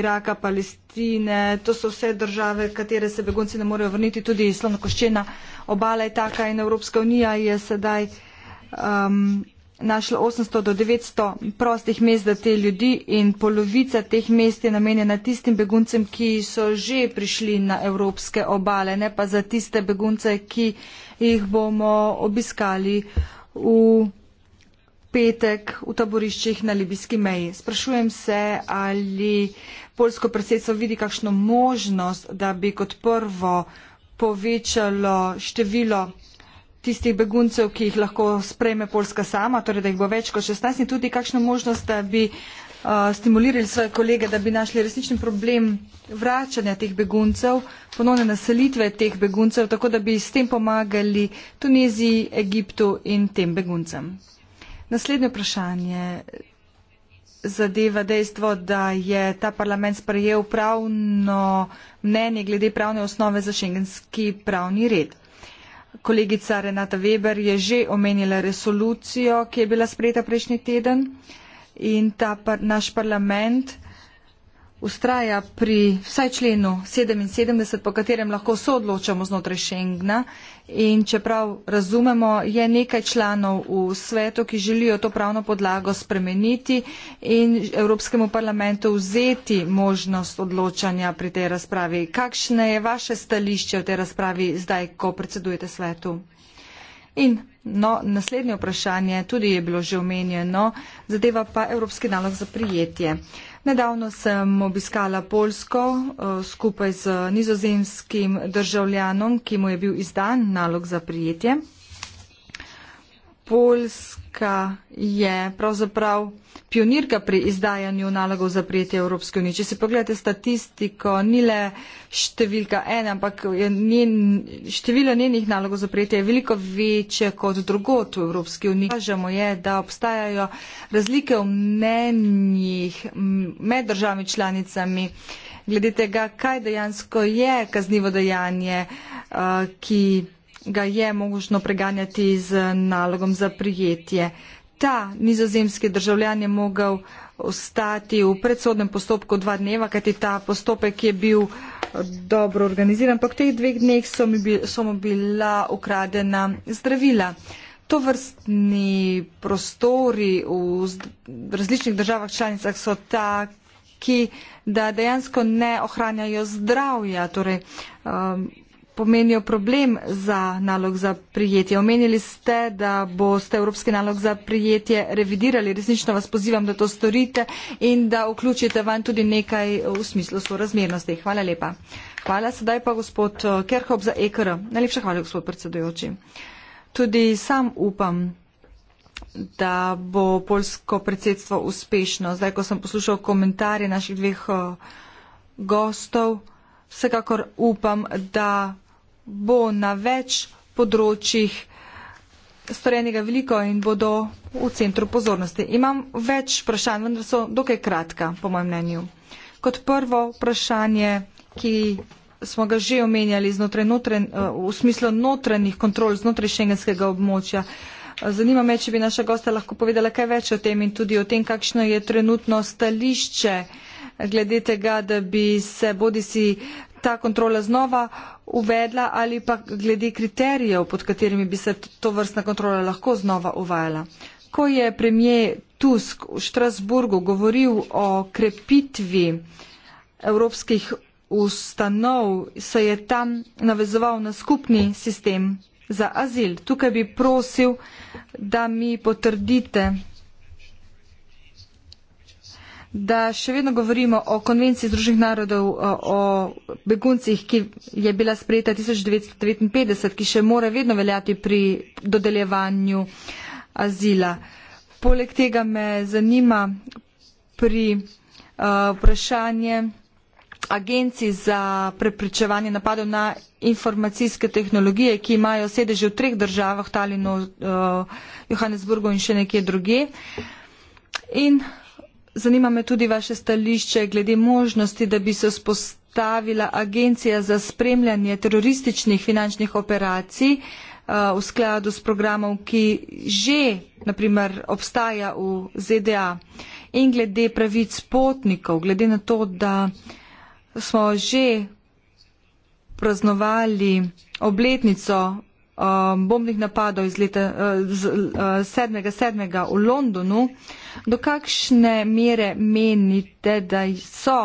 Iraka, Palestine. To so vse države, katere se begunci ne morejo vrniti. Tudi slonokoščena obala je taka in Evropska unija je sedaj. Um, našlo 800 do 900 prostih mest za te ljudi in polovica teh mest je namenjena tistim beguncem, ki so že prišli na evropske obale, ne pa za tiste begunce, ki jih bomo obiskali v petek v taboriščih na libijski meji. Sprašujem se, ali polsko predsedstvo vidi kakšno možnost, da bi kot prvo povečalo število tistih beguncev, ki jih lahko sprejme Polska sama, torej da jih bo več kot 16 in tudi kakšno možnost, da bi uh, stimulirali svoje kolege, da bi našli resnični problem vračanja teh beguncev, ponovne naselitve teh beguncev, tako da bi s tem pomagali Tuniziji, Egiptu in tem beguncem. Naslednje vprašanje zadeva dejstvo, da je ta parlament sprejel pravno mnenje glede pravne osnove za šengenski pravni red kolegica Renata Weber je že omenila resolucijo, ki je bila sprejeta prejšnji teden in ta par, naš parlament ustraja pri vsaj členu 77, po katerem lahko soodločamo znotraj Schengna in čeprav razumemo, je nekaj članov v svetu, ki želijo to pravno podlago spremeniti in Evropskemu parlamentu vzeti možnost odločanja pri tej razpravi. Kakšne je vaše stališče v tej razpravi zdaj, ko predsedujete svetu? In no, naslednje vprašanje tudi je bilo že omenjeno, zadeva pa Evropski nalog za prijetje. Uh, Nedavno sem obiskala Polsko eh, skupaj z nizozemskim državljanom, ki mu je bil izdan nalog za prijetje. Poljska je pravzaprav pionirka pri izdajanju nalogov za prijetje Evropske unije. Če si pogledate statistiko, ni le številka ena, ampak njen, število njenih nalogov za prijetje je veliko večje kot drugot v Evropski uniji. Kažemo je, da obstajajo razlike v mnenjih med državami članicami glede tega, kaj dejansko je kaznivo dejanje, ki ga je možno preganjati z nalogom za prijetje. Ta nizozemski državljan je mogel ostati v predsodnem postopku dva dneva, kajti ta postopek je bil eh, dobro organiziran, pa v teh dveh dneh so, so mu bila ukradena zdravila. To vrstni prostori v različnih državah članicah so taki, da dejansko ne ohranjajo zdravja. Torej, um, pomenijo problem za nalog za prijetje. Omenili ste, da boste Evropski nalog za prijetje revidirali. Resnično vas pozivam, da to storite in da vključite vanj tudi nekaj v smislu sorazmernosti. Hvala lepa. Hvala sedaj pa gospod eh, Kerhop za EKR. Najlepša hvala, gospod predsedujoči. Tudi sam upam, da bo polsko predsedstvo uspešno. Zdaj, ko sem poslušal komentarje naših dveh eh, gostov, vsekakor upam, da bo na več področjih storjenega veliko in bodo v centru pozornosti. Imam več vprašanj, vendar so dokaj kratka, po mojem mnenju. Kot prvo vprašanje, ki smo ga že omenjali znotraj, notren, eh, v smislu notranjih kontrol znotraj šengenskega območja. Zanima me, če bi naša gosta lahko povedala kaj več o tem in tudi o tem, kakšno je trenutno stališče glede tega, da bi se bodi si ta kontrola znova uvedla ali pa glede kriterijev, pod katerimi bi se to vrstna kontrola lahko znova uvajala. Ko je premije Tusk v Štrasburgu govoril o krepitvi evropskih ustanov, se je tam navezoval na skupni sistem za azil. Tukaj bi prosil, da mi potrdite da še vedno govorimo o konvenciji Združenih narodov o beguncih, ki je bila sprejeta 1959, ki še mora vedno veljati pri dodeljevanju azila. Poleg tega me zanima pri eh, vprašanje agenciji za preprečevanje napadov na informacijske tehnologije, ki imajo sedeže v treh državah, Talinu, eh, Johannesburgu in še nekje druge. In zanima me tudi vaše stališče glede možnosti, da bi se spostavila agencija za spremljanje terorističnih finančnih operacij uh, v skladu s programom, ki že naprimer obstaja v ZDA in glede pravic potnikov, glede na to, da smo že praznovali obletnico um, bombnih napadov iz leta sedmega uh, uh, sedmega uh, v Londonu, do kakšne mere menite, da so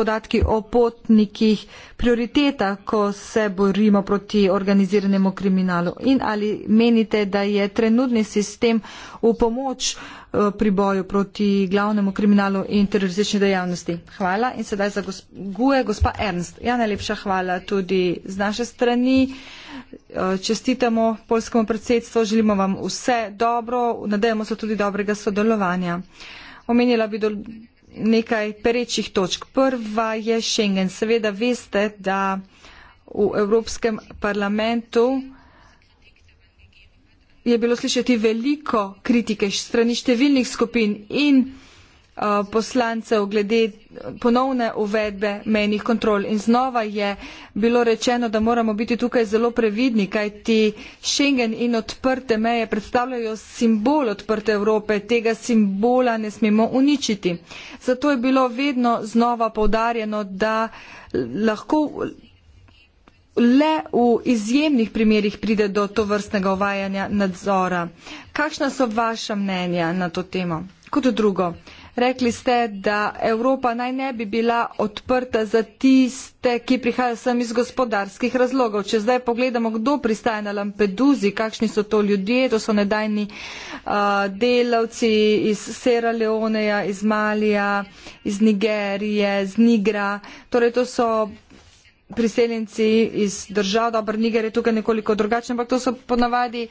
podatki o potnikih prioriteta, ko se borimo proti organiziranemu kriminalu? In ali menite, da je trenutni sistem v pomoč eh, pri boju proti glavnemu kriminalu in teroristični dejavnosti? Hvala in sedaj za guje gospa Ernst. Ja, najlepša hvala tudi z naše strani. Eh, čestitamo polskemu predsedstvu, želimo vam vse dobro, nadejamo se tudi dobrega sodelovanja. Omenila bi nekaj perečih točk. Prva je Schengen. Seveda veste, da v Evropskem parlamentu je bilo slišati veliko kritike strani številnih skupin in Eh, poslancev glede ponovne uvedbe menjih kontrol. In znova je bilo rečeno, da moramo biti tukaj zelo previdni, kaj ti Schengen in odprte meje predstavljajo simbol odprte Evrope, tega simbola ne smemo uničiti. Zato je bilo vedno znova povdarjeno, da lahko le v izjemnih primerjih pride do to vrstnega uvajanja nadzora. Kakšna so vaša mnenja na to temo? Kot drugo, rekli ste, da Evropa naj ne bi bila odprta za tiste, ki prihajajo sem iz gospodarskih razlogov. Če zdaj pogledamo, kdo pristaja na Lampeduzi, kakšni so to ljudje, to so nedajni uh, delavci iz Sierra Leoneja, iz Malija, iz Nigerije, iz Nigra. Torej, to so priseljenci iz držav, dobro, Niger je tukaj nekoliko drugačen, ampak to so ponavadi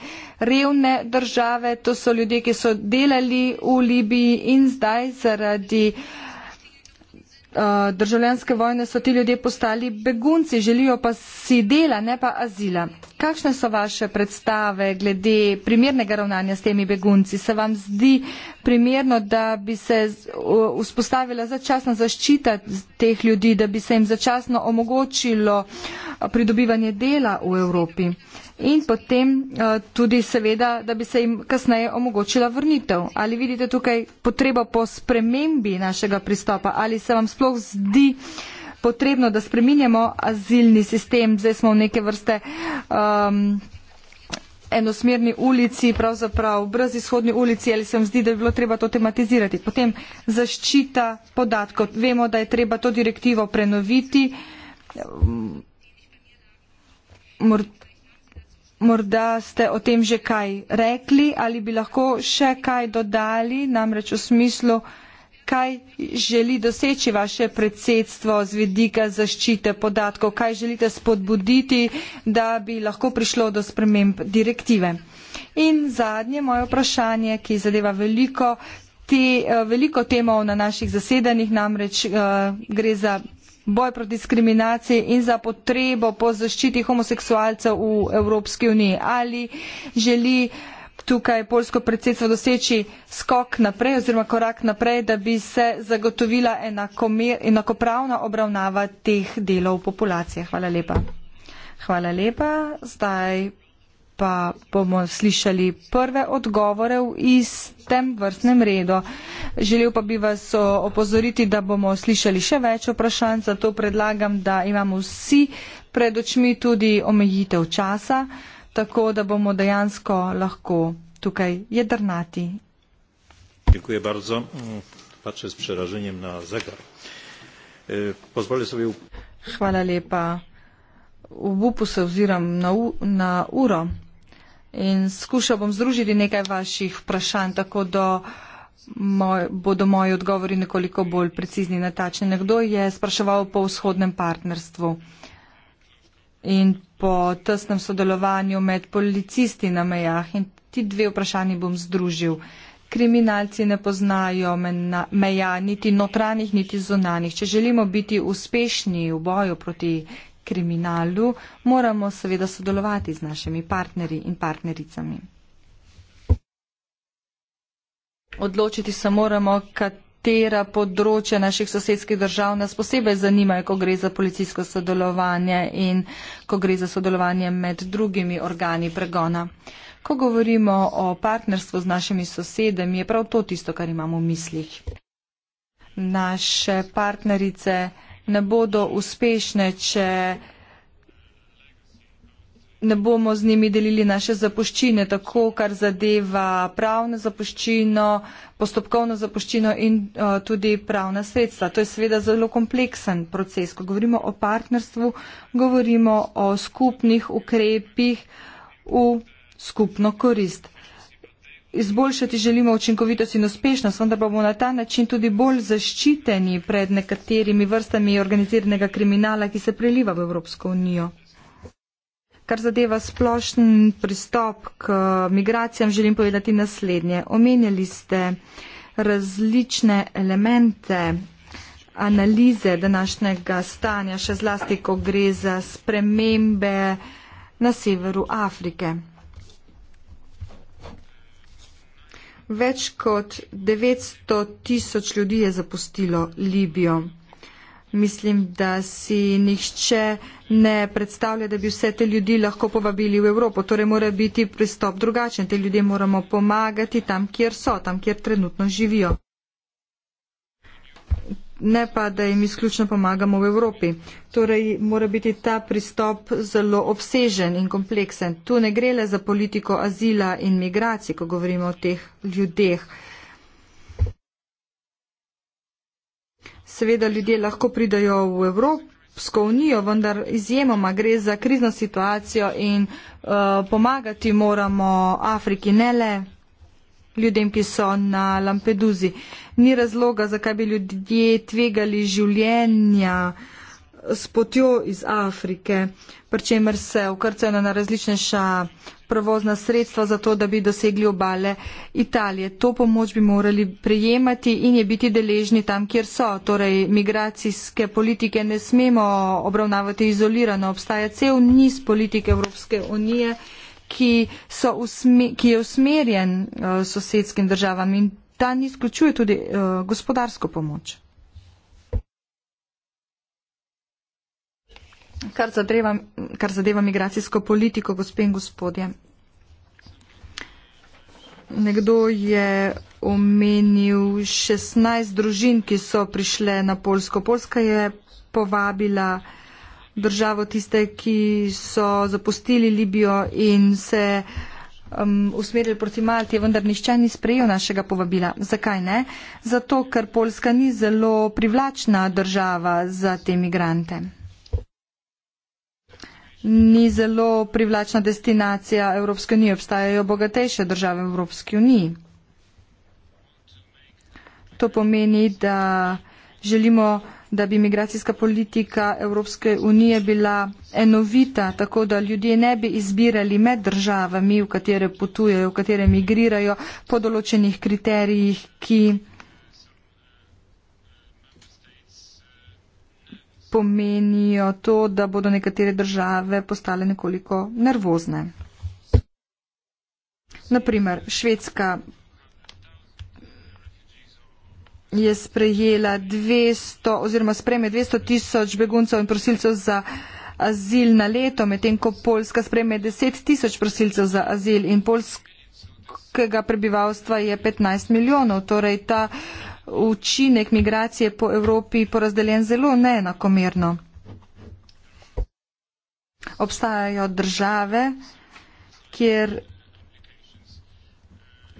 revne države, to so ljudje, ki so delali v Libiji in zdaj zaradi uh, Eh, državljanske vojne so ti ljudje postali begunci, želijo pa si dela, ne pa azila. Kakšne so vaše predstave glede primernega ravnanja s temi begunci? Se vam zdi primerno, da bi se eh, vzpostavila začasna zaščita teh ljudi, da bi se jim začasno omogočilo eh, pridobivanje dela v Evropi? in potem eh, tudi seveda, da bi se jim kasneje omogočila vrnitev. Ali vidite tukaj potrebo po spremembi našega pristopa ali se vam sploh zdi potrebno, da spreminjamo azilni sistem? Zdaj smo v neke vrste. Um, enosmerni ulici, pravzaprav brez izhodni ulici, ali se vam zdi, da bi bilo treba to tematizirati. Potem zaščita podatkov. Vemo, da je treba to direktivo prenoviti. Ehm, mor Morda ste o tem že kaj rekli ali bi lahko še kaj dodali, namreč v smislu, kaj želi doseči vaše predsedstvo z vidika zaščite podatkov, kaj želite spodbuditi, da bi lahko prišlo do sprememb direktive. In zadnje moje vprašanje, ki zadeva veliko, te, eh, veliko temov na naših zasedanjih, namreč eh, gre za boj proti diskriminaciji in za potrebo po zaščiti homoseksualcev v Evropski uniji. Ali želi tukaj polsko predsedstvo doseči skok naprej oziroma korak naprej, da bi se zagotovila enakopravna obravnava teh delov populacije. Hvala lepa. Hvala lepa. Zdaj pa bomo slišali prve odgovore v istem vrstnem redu. Želel pa bi vas opozoriti, da bomo slišali še več vprašanj, zato predlagam, da imamo vsi pred očmi tudi omejitev časa, tako da bomo dejansko lahko tukaj jedrnati. Dziękuję bardzo. Patrzę z przerażeniem na zegar. E, pozwolę sobie... Chwala lepa. U bupu se oziram na, u, na uro in skušal bom združiti nekaj vaših vprašanj, tako da moj, bodo moji odgovori nekoliko bolj precizni in natačni. Nekdo je spraševal po vzhodnem partnerstvu in po tesnem sodelovanju med policisti na mejah in ti dve vprašanji bom združil. Kriminalci ne poznajo meja, niti notranjih, niti zunanjih. Če želimo biti uspešni v boju proti kriminalu, moramo seveda sodelovati z našimi partnerji in partnericami. Odločiti se moramo, katera področja naših sosedskih držav nas posebej zanimajo, ko gre za policijsko sodelovanje in ko gre za sodelovanje med drugimi organi pregona. Ko govorimo o partnerstvu z našimi sosedami, je prav to tisto, kar imamo v mislih. Naše partnerice ne bodo uspešne, če ne bomo z njimi delili naše zapuščine, tako kar zadeva pravno zapuščino, postopkovno zapuščino in uh, tudi pravna sredstva. To je seveda zelo kompleksen proces. Ko govorimo o partnerstvu, govorimo o skupnih ukrepih v skupno korist izboljšati želimo učinkovitost in uspešnost, vendar bomo na ta način tudi bolj zaščiteni pred nekaterimi vrstami organiziranega kriminala, ki se preliva v Evropsko unijo. Kar zadeva splošen pristop k migracijam, želim povedati naslednje. Omenjali ste različne elemente analize današnjega stanja, še zlasti, ko gre za spremembe na severu Afrike. Več kot 900 tisoč ljudi je zapustilo Libijo. Mislim, da si nihče ne predstavlja, da bi vse te ljudi lahko povabili v Evropo. Torej mora biti pristop drugačen. Te ljudje moramo pomagati tam, kjer so, tam, kjer trenutno živijo ne pa, da jim izključno pomagamo v Evropi. Torej, mora biti ta pristop zelo obsežen in kompleksen. Tu ne gre le za politiko azila in migracij, ko govorimo o teh ljudeh. Seveda ljudje lahko pridajo v Evropsko unijo, vendar izjemoma gre za krizno situacijo in uh, pomagati moramo Afriki, ne le ljudem, ki so na Lampeduzi. Ni razloga, zakaj bi ljudje tvegali življenja s potjo iz Afrike, pri čemer se ukrcajo na različnejša prevozna sredstva za to, da bi dosegli obale Italije. To pomoč bi morali prejemati in je biti deležni tam, kjer so. Torej, migracijske politike ne smemo obravnavati izolirano. Obstaja cel niz politik Evropske unije ki, usme, ki je usmerjen uh, sosedskim državam in ta nizključuje tudi uh, gospodarsko pomoč. Kar zadeva, kar zadeva migracijsko politiko, gospe in gospodje. Nekdo je omenil 16 družin, ki so prišle na Polsko. Polska je povabila državo, tiste, ki so zapustili Libijo in se um, usmerili proti Malti, vendar nišče ni sprejel našega povabila. Zakaj ne? Zato, ker Poljska ni zelo privlačna država za te migrante. Ni zelo privlačna destinacija Evropske unije. Obstajajo bogatejše države Evropske unije. To pomeni, da želimo da bi migracijska politika Evropske unije bila enovita, tako da ljudje ne bi izbirali med državami, v katere potujejo, v katere migrirajo, po določenih kriterijih, ki pomenijo to, da bodo nekatere države postale nekoliko nervozne. Naprimer, Švedska je sprejela 200 oziroma sprejme 200 tisoč beguncev in prosilcev za azil na leto, medtem ko Poljska sprejme 10 tisoč prosilcev za azil in polskega prebivalstva je 15 milijonov. Torej ta učinek migracije po Evropi porazdeljen zelo neenakomerno. Obstajajo države, kjer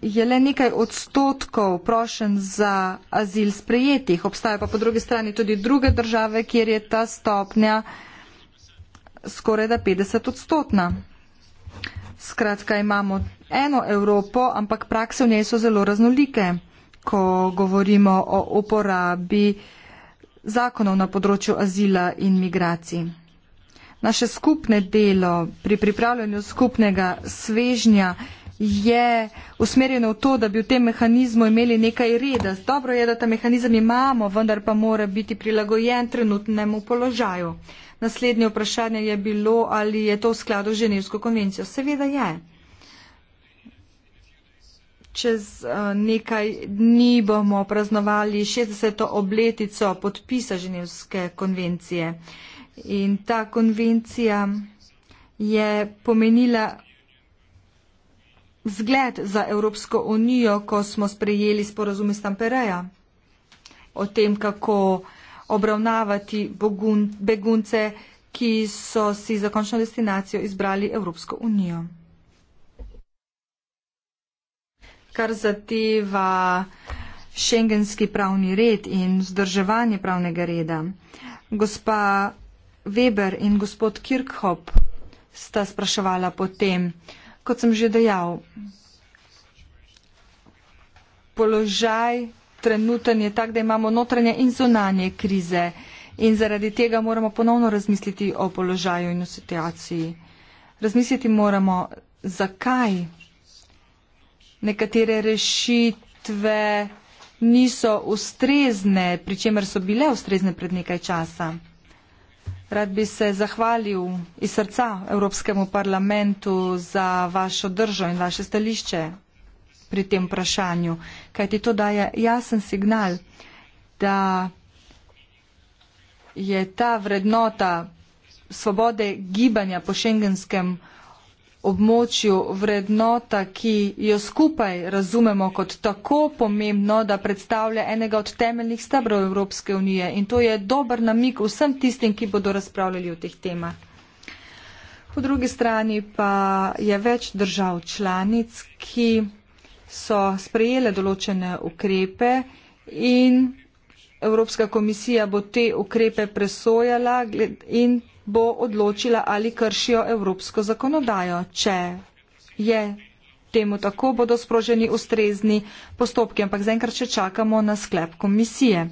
je le nekaj odstotkov prošen za azil sprejetih. Obstajajo pa po drugi strani tudi druge države, kjer je ta stopnja skoraj da 50 odstotna. Skratka, imamo eno Evropo, ampak prakse v njej so zelo raznolike, ko govorimo o uporabi zakonov na področju azila in migracij. Naše skupne delo pri pripravljanju skupnega svežnja je usmerjeno v to, da bi v tem mehanizmu imeli nekaj reda. Dobro je, da ta mehanizem imamo, vendar pa mora biti prilagojen trenutnemu položaju. Naslednje vprašanje je bilo, ali je to v skladu z Ženevsko konvencijo. Seveda je. Čez eh, nekaj dni bomo praznovali 60. obletico podpisa Ženevske konvencije. In ta konvencija je pomenila zgled za Evropsko unijo, ko smo sprejeli sporozume s Tampereja o tem, kako obravnavati bogun, begunce, ki so si za končno destinacijo izbrali Evropsko unijo. Kar zadeva šengenski pravni red in vzdrževanje pravnega reda. Gospa Weber in gospod Kirkhop sta spraševala potem, kot sem že dejal, položaj trenuten je tak, da imamo notranje in zunanje krize in zaradi tega moramo ponovno razmisliti o položaju in o situaciji. Razmisliti moramo, zakaj nekatere rešitve niso ustrezne, pri čemer so bile ustrezne pred nekaj časa. Rad bi se zahvalil iz srca Evropskemu parlamentu za vašo držo in vaše stališče pri tem vprašanju, kajti to daje jasen signal, da je ta vrednota svobode gibanja po šengenskem območju vrednota, ki jo skupaj razumemo kot tako pomembno, da predstavlja enega od temeljnih stebrov Evropske unije. In to je dober namik vsem tistim, ki bodo razpravljali o teh temah. Po drugi strani pa je več držav članic, ki so sprejele določene ukrepe in Evropska komisija bo te ukrepe presojala in bo odločila, ali kršijo evropsko zakonodajo. Če je temu tako, bodo sproženi ustrezni postopki, ampak zaenkrat še čakamo na sklep komisije.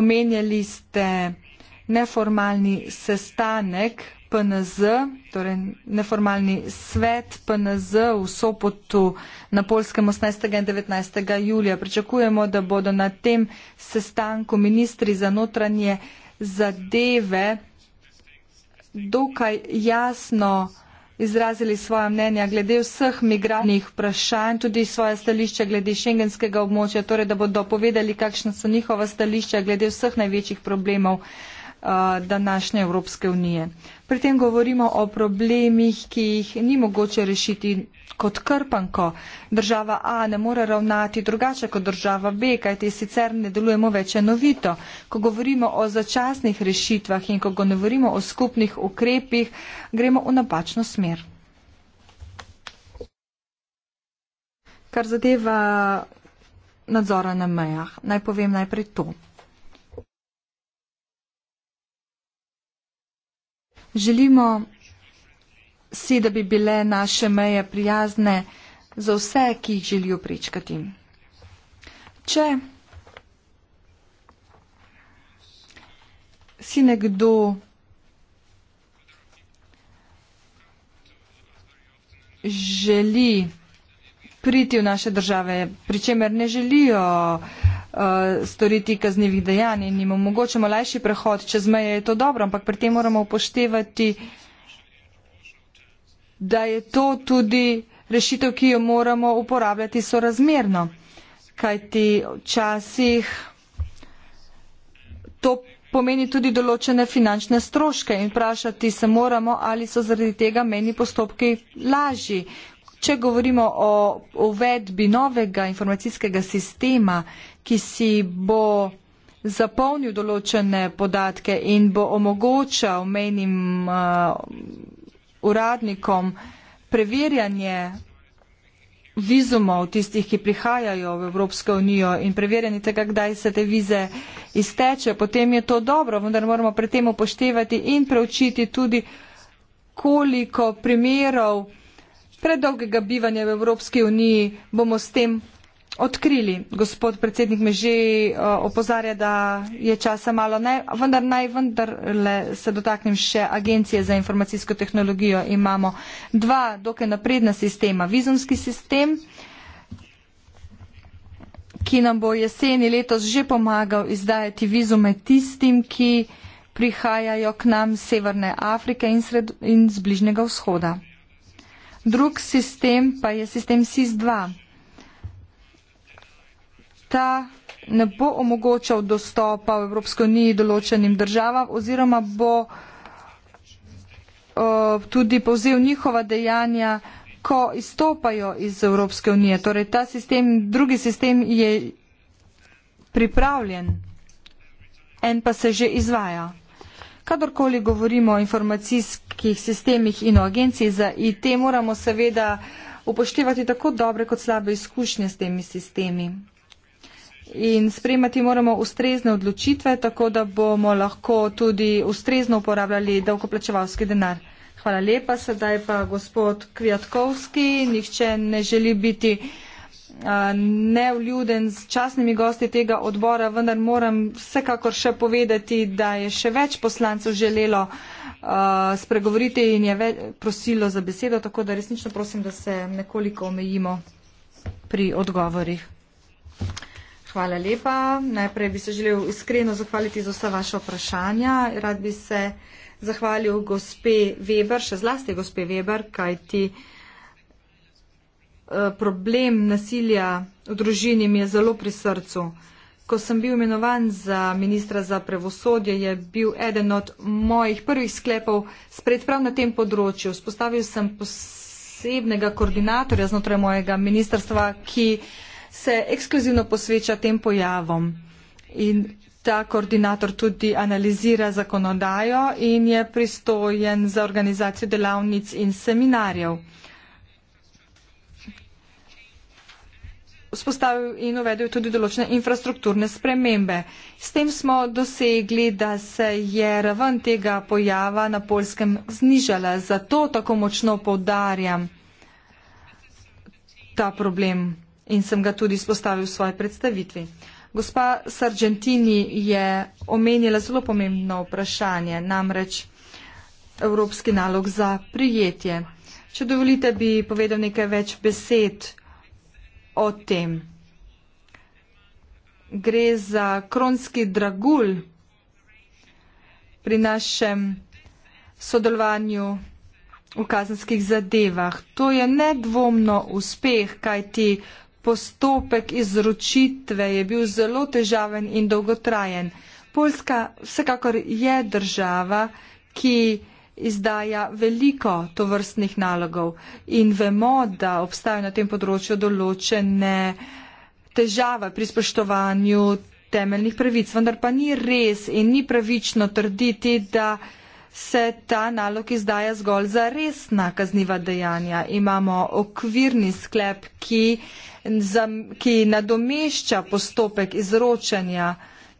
Omenjali ste neformalni sestanek PNZ, torej neformalni svet PNZ v Sopotu na Polskem 18. in 19. julija. Pričakujemo, da bodo na tem sestanku ministri za notranje zadeve dokaj jasno izrazili svoja mnenja glede vseh migrantnih vprašanj, tudi svoje stališče glede šengenskega območja, torej da bodo povedali, kakšna so njihova stališča glede vseh največjih problemov. Uh, današnje Evropske unije. Pri tem govorimo o problemih, ki jih ni mogoče rešiti kot krpanko. Država A ne more ravnati drugače kot država B, kajti sicer ne delujemo več enovito. Ko govorimo o začasnih rešitvah in ko govorimo o skupnih ukrepih, gremo v napačno smer. Kar zadeva nadzora na mejah, naj povem najprej to. Želimo si, da bi bile naše meje prijazne za vse, ki jih želijo prečkati. Če si nekdo želi priti v naše države, pri čemer ne želijo uh, Eh, storiti kaznjivih dejanj in jim omogočamo lajši prehod čez meje, je to dobro, ampak pri tem moramo upoštevati, da je to tudi rešitev, ki jo moramo uporabljati sorazmerno. Kajti včasih to pomeni tudi določene finančne stroške in vprašati se moramo, ali so zaradi tega meni postopki lažji. Če govorimo o uvedbi novega informacijskega sistema, ki si bo zapolnil določene podatke in bo omogočal menim uh, uradnikom preverjanje vizumov tistih, ki prihajajo v Evropsko unijo in preverjanje tega, kdaj se te vize izteče, potem je to dobro, vendar moramo pri tem upoštevati in preučiti tudi, koliko primerov predolgega bivanja v Evropski uniji bomo s tem odkrili. Gospod predsednik me že eh, opozarja, da je časa malo, ne, vendar naj vendarle se dotaknem še agencije za informacijsko tehnologijo. Imamo dva dokaj napredna sistema, vizumski sistem, ki nam bo jeseni letos že pomagal izdajati vizume tistim, ki prihajajo k nam z Severne Afrike in, sred, in z Bližnjega vzhoda. Drug sistem pa je sistem SIS-2 ta ne bo omogočal dostopa v Evropsko uniji določenim državam oziroma bo uh, tudi povzel njihova dejanja, ko izstopajo iz Evropske unije. Torej ta sistem, drugi sistem je pripravljen, en pa se že izvaja. Kadarkoli govorimo o informacijskih sistemih in o agenciji za IT, moramo seveda upoštevati tako dobre kot slabe izkušnje s temi sistemi in sprejemati moramo ustrezne odločitve, tako da bomo lahko tudi ustrezno uporabljali davkoplačevalski denar. Hvala lepa. Sedaj pa gospod Kvjatkovski. Nihče ne želi biti neuljuden s časnimi gosti tega odbora, vendar moram vsekakor še povedati, da je še več poslancev želelo spregovoriti in je prosilo za besedo, tako da resnično prosim, da se nekoliko omejimo pri odgovorih. Hvala lepa. Najprej bi se želel iskreno zahvaliti za vsa vaša vprašanja. Rad bi se zahvalil gospe Weber, še zlasti gospe Weber, kajti eh, problem nasilja v družini mi je zelo pri srcu. Ko sem bil imenovan za ministra za pravosodje, je bil eden od mojih prvih sklepov spred prav na tem področju. Spostavil sem posebnega koordinatorja znotraj mojega ministrstva, ki se ekskluzivno posveča tem pojavom. In ta koordinator tudi analizira zakonodajo in je pristojen za organizacijo delavnic in seminarjev. Vzpostavil in uvedel tudi določene infrastrukturne spremembe. S tem smo dosegli, da se je raven tega pojava na polskem znižala. Zato tako močno podarjam ta problem in sem ga tudi spostavil v svoji predstavitvi. Gospa Sargentini je omenila zelo pomembno vprašanje, namreč evropski nalog za prijetje. Če dovolite, bi povedal nekaj več besed o tem. Gre za kronski dragul pri našem sodelovanju v kazenskih zadevah. To je nedvomno uspeh, kajti postopek izročitve je bil zelo težaven in dolgotrajen. Poljska vsekakor je država, ki izdaja veliko tovrstnih nalogov in vemo, da obstajajo na tem področju določene težave pri spoštovanju temeljnih pravic, vendar pa ni res in ni pravično trditi, da se ta nalog izdaja zgolj za resna kazniva dejanja. Imamo okvirni sklep, ki, za, ki nadomešča postopek izročanja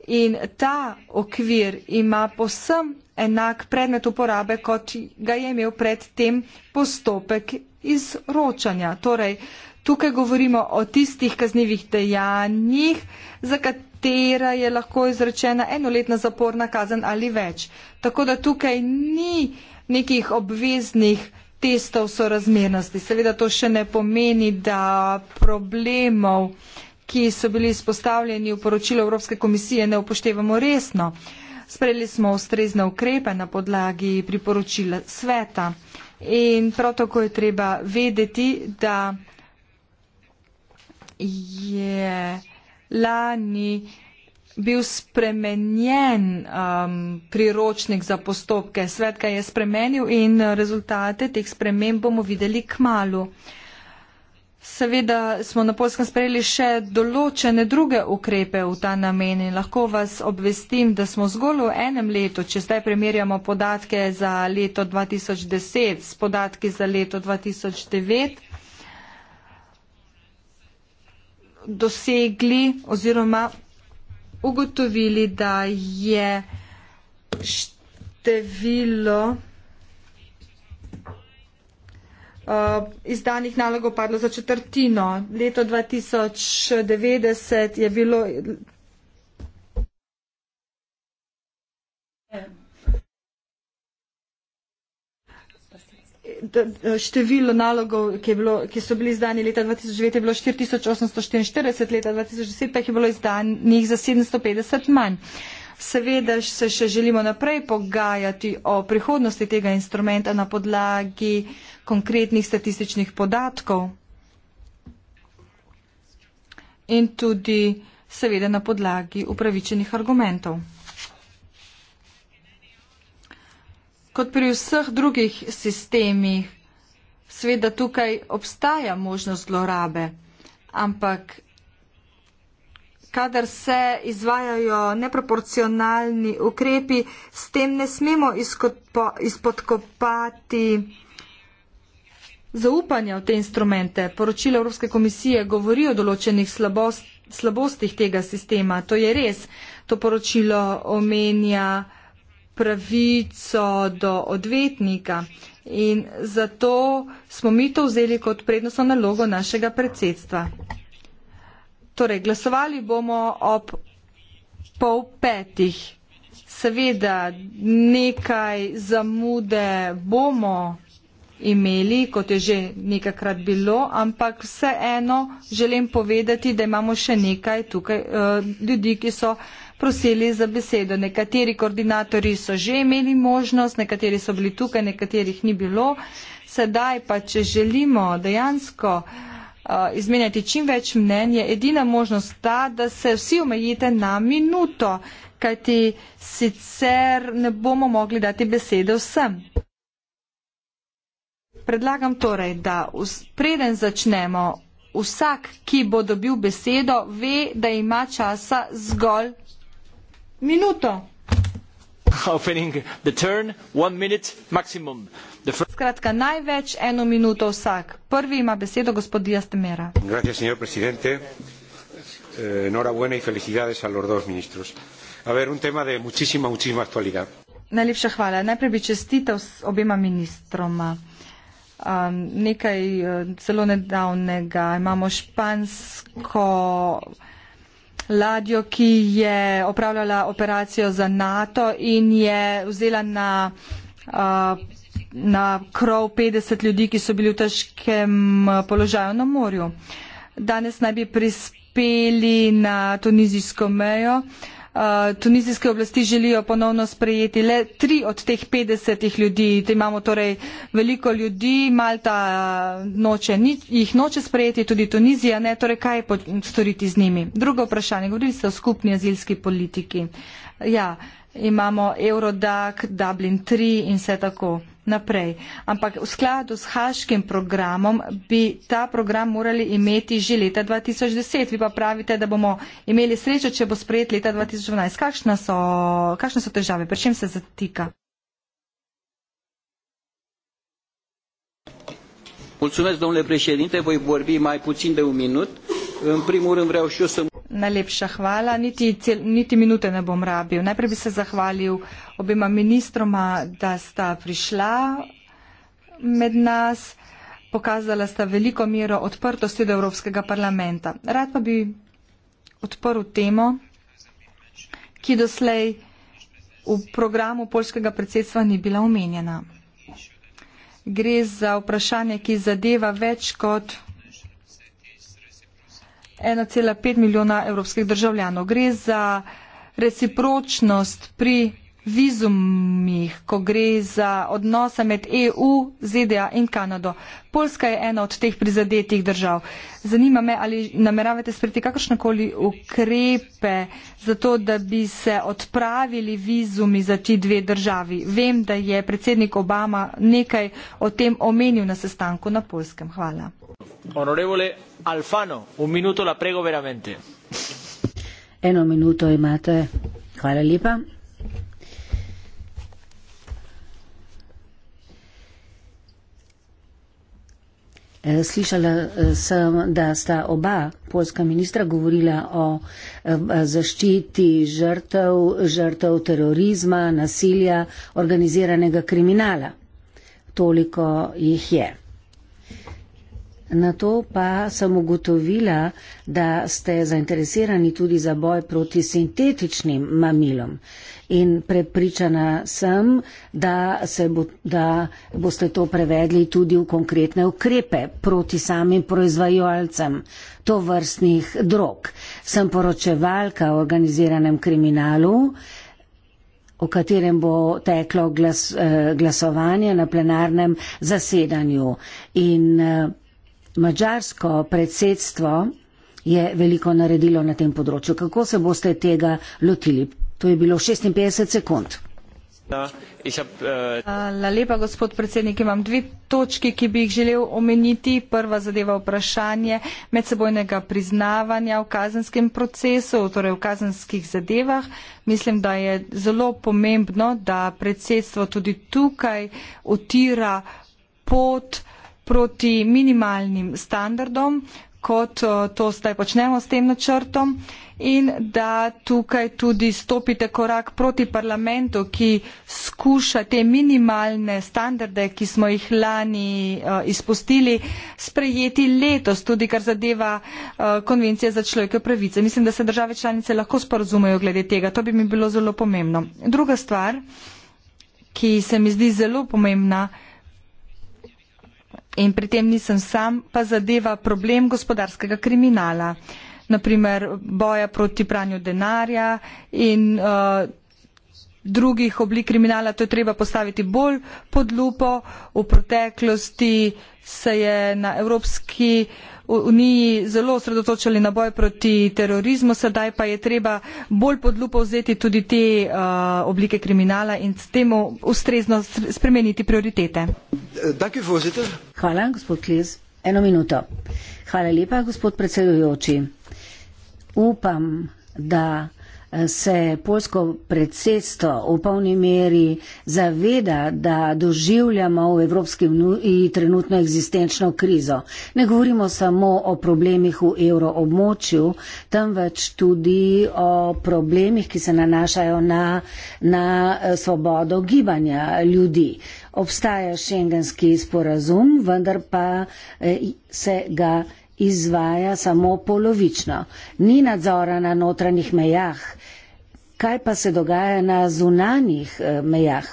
in ta okvir ima posem enak predmet uporabe, kot ga je imel predtem postopek izročanja. Torej, tukaj govorimo o tistih kaznivih dejanjih, za katerih katera je lahko izrečena enoletna zaporna kazen ali več. Tako da tukaj ni nekih obveznih testov sorazmernosti. Seveda to še ne pomeni, da problemov, ki so bili izpostavljeni v poročilu Evropske komisije, ne upoštevamo resno. Sprejeli smo ustrezne ukrepe na podlagi priporočila sveta in prav tako je treba vedeti, da je. Yeah lani bil spremenjen um, priročnik za postopke. Svet ga je spremenil in rezultate teh sprememb bomo videli k malu. Seveda smo na Polskem sprejeli še določene druge ukrepe v ta namen in lahko vas obvestim, da smo zgolj v enem letu, če zdaj primerjamo podatke za leto 2010 s podatki za leto 2009, dosegli oziroma ugotovili, da je število uh, izdanih nalogov padlo za četrtino. Leto 2090 je bilo število nalogov, ki, bilo, ki so bili izdani leta 2009, je bilo 4844, leta 2010 pa jih je bilo izdanih za 750 manj. Seveda se še želimo naprej pogajati o prihodnosti tega instrumenta na podlagi konkretnih statističnih podatkov in tudi seveda na podlagi upravičenih argumentov. kot pri vseh drugih sistemih, sveda tukaj obstaja možnost zlorabe, ampak kadar se izvajajo neproporcionalni ukrepi, s tem ne smemo izpodkopati zaupanja v te instrumente. Poročila Evropske komisije govori o določenih slabost, slabostih tega sistema. To je res. To poročilo omenja pravico do odvetnika. In zato smo mi to vzeli kot prednostno nalogo našega predsedstva. Torej, glasovali bomo ob pol petih. Seveda, nekaj zamude bomo imeli, kot je že nekakrat bilo, ampak vseeno želim povedati, da imamo še nekaj tukaj uh, ljudi, ki so prosili za besedo. Nekateri koordinatori so že imeli možnost, nekateri so bili tukaj, nekaterih ni bilo. Sedaj pa, če želimo dejansko uh, izmenjati čim več mnen, je edina možnost ta, da se vsi omejite na minuto, kajti sicer ne bomo mogli dati besede vsem. Predlagam torej, da preden začnemo, vsak, ki bo dobil besedo, ve, da ima časa zgolj minuto. Opening the turn, one minute maximum. The first... Skratka, največ eno minuto vsak. Prvi ima besedo gospod Dias Temera. Gracias, señor presidente. Eh, enhorabuena y felicidades a los dos ministros. A ver, un tema de muchísima, muchísima actualidad. Najlepša hvala. Najprej bi čestitev s obima ministroma. Um, nekaj uh, celo nedavnega. Imamo špansko uh, ladjo, ki je opravljala operacijo za NATO in je vzela na, uh, na krov 50 ljudi, ki so bili v težkem uh, položaju na morju. Danes naj bi prispeli na tunizijsko mejo. Eh, tunizijske oblasti želijo ponovno sprejeti le tri od teh 50 ljudi. Te imamo torej veliko ljudi, Malta eh, noče, jih noče sprejeti, tudi Tunizija ne, torej kaj storiti z njimi. Drugo vprašanje, govorili ste o skupni azilski politiki. Ja, imamo Eurodac, Dublin 3 in vse tako naprej. Ampak v skladu s haškim programom bi ta program morali imeti že leta 2010. Vi pa pravite, da bomo imeli srečo, če bo sprejet leta 2012. Kakšne so, kakšne so težave? Pri čem se zatika? Mulțumesc, domnule președinte, voi vorbi mai puțin de un minut primorem vrev še sem. Najlepša hvala, niti, cel, niti minute ne bom rabil. Najprej bi se zahvalil obima ministroma, da sta prišla med nas, pokazala sta veliko mero odprtosti do Evropskega parlamenta. Rad pa bi odprl temo, ki doslej v programu polskega predsedstva ni bila omenjena. Gre za vprašanje, ki zadeva več kot 1,5 milijona evropskih državljanov. Gre za recipročnost pri vizumih, ko gre za odnose med EU, ZDA in Kanado. Polska je ena od teh prizadetih držav. Zanima me, ali nameravate sprejeti kakršnekoli ukrepe za to, da bi se odpravili vizumi za ti dve državi. Vem, da je predsednik Obama nekaj o tem omenil na sestanku na Polskem. Hvala. Honorevole Alfano, v minuto la prego veramente. Eno minuto imate. Hvala lepa. Eh, slišala eh, sem, da sta oba polska ministra govorila o eh, zaščiti žrtev, žrtev terorizma, nasilja, organiziranega kriminala. Toliko jih je. Na to pa sem ugotovila, da ste zainteresirani tudi za boj proti sintetičnim mamilom in prepričana sem, da, se bo, da boste to prevedli tudi v konkretne ukrepe proti samim proizvajalcem to vrstnih drog. Sem poročevalka o organiziranem kriminalu o katerem bo teklo glas, eh, glasovanje na plenarnem zasedanju. In eh, mađarsko predsedstvo je veliko naredilo na tem področju. Kako se boste tega lotili? To je bilo 56 sekund. Äh, Hvala lepa, gospod predsednik. Imam dve točki, ki bi jih želel omeniti. Prva zadeva vprašanje medsebojnega priznavanja v kazenskem procesu, torej v kazenskih zadevah. Mislim, da je zelo pomembno, da predsedstvo tudi tukaj otira pot proti minimalnim standardom, kot eh, to zdaj počnemo s tem načrtom in da tukaj tudi stopite korak proti parlamentu, ki skuša te minimalne standarde, ki smo jih lani uh, izpustili, sprejeti letos, tudi kar zadeva uh, konvencije za človeke pravice. Mislim, da se države članice lahko sporozumejo glede tega. To bi mi bilo zelo pomembno. Druga stvar, ki se mi zdi zelo pomembna, in pri tem nisem sam, pa zadeva problem gospodarskega kriminala, naprimer boja proti pranju denarja in uh, drugih oblik kriminala, to je treba postaviti bolj pod lupo. V preteklosti se je na evropski uh, uniji zelo osredotočali na boj proti terorizmu, sedaj pa je treba bolj pod lupo vzeti tudi te uh, oblike kriminala in s temu ustrezno spremeniti prioritete. Hvala, gospod Kliz. Eno minuto. Hvala lepa, gospod predsedujoči. Upam, da se polsko predsedstvo v polni meri zaveda, da doživljamo v Evropski uniji trenutno egzistenčno krizo. Ne govorimo samo o problemih v evroobmočju, temveč tudi o problemih, ki se nanašajo na, na eh, svobodo gibanja ljudi. Obstaja šengenski sporazum, vendar pa eh, se ga izvaja samo polovično, ni nadzora na notranjih mejah. Kaj pa se dogaja na zunanjih eh, mejah?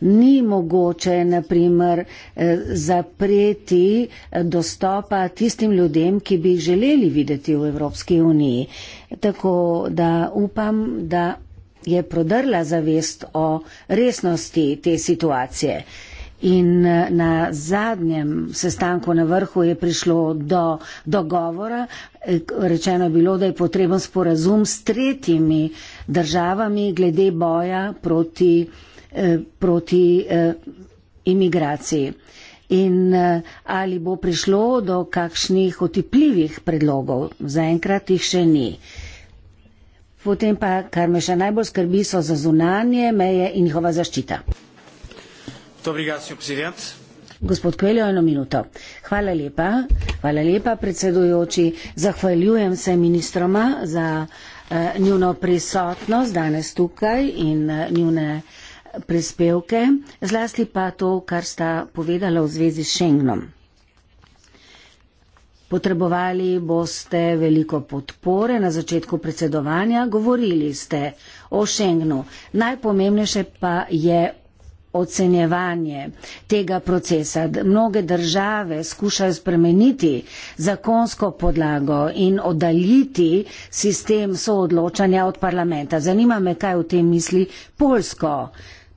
Ni mogoče, naprimer, eh, zapreti eh, dostopa tistim ljudem, ki bi želeli videti v Evropski uniji. Tako da upam, da je prodrla zavest o resnosti te situacije. In eh, na zadnjem sestanku na vrhu je prišlo do dogovora. Eh, rečeno je bilo, da je potreben sporazum s tretjimi državami glede boja proti, eh, proti imigraciji. In ali bo prišlo do kakšnih otipljivih predlogov, zaenkrat jih še ni. Potem pa, kar me še najbolj skrbi, so za zunanje meje in njihova zaščita. Gospod Peljo, eno minuto. Hvala lepa. Hvala lepa, predsedujoči. Zahvaljujem se ministroma za uh, njuno prisotnost danes tukaj in uh, njune eh, prispevke, zlasti pa to, kar sta povedala v zvezi s Schengnom. Potrebovali boste veliko podpore na začetku predsedovanja, govorili ste o Schengnu. Najpomembnejše pa je ocenjevanje tega procesa. Mnoge države skušajo spremeniti zakonsko podlago in oddaljiti sistem soodločanja od parlamenta. Zanima me, kaj v tem misli Polsko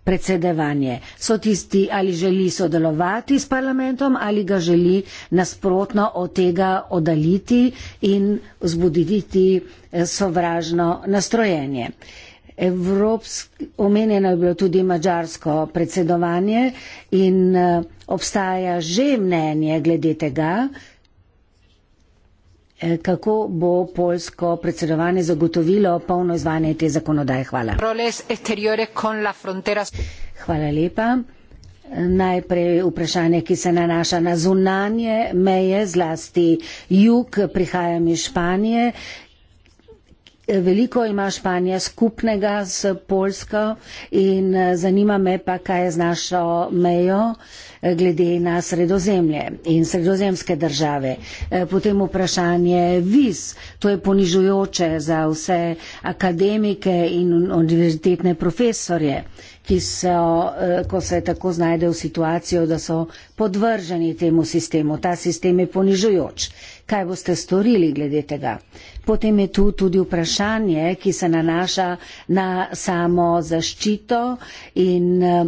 predsedevanje. So tisti, ali želi sodelovati s parlamentom ali ga želi nasprotno od tega oddaljiti in vzbuditi eh, sovražno nastrojenje. Evropski, omenjeno je bilo tudi mađarsko predsedovanje in eh, obstaja že mnenje glede tega, eh, kako bo polsko predsedovanje zagotovilo polno izvanje te zakonodaje. Hvala. Hvala lepa. Najprej vprašanje, ki se nanaša na zunanje meje, zlasti jug, prihajam iz Španije Veliko ima Španija skupnega s Polsko in eh, zanima me pa, kaj je z našo mejo eh, glede na sredozemlje in sredozemske države. Eh, potem vprašanje viz, to je ponižujoče za vse akademike in univerzitetne profesorje, ki so, ko se tako znajde v situacijo, da so podvrženi temu sistemu. Ta sistem je ponižujoč. Kaj boste storili glede tega? Potem je tu tudi vprašanje, ki se nanaša na samo zaščito in eh,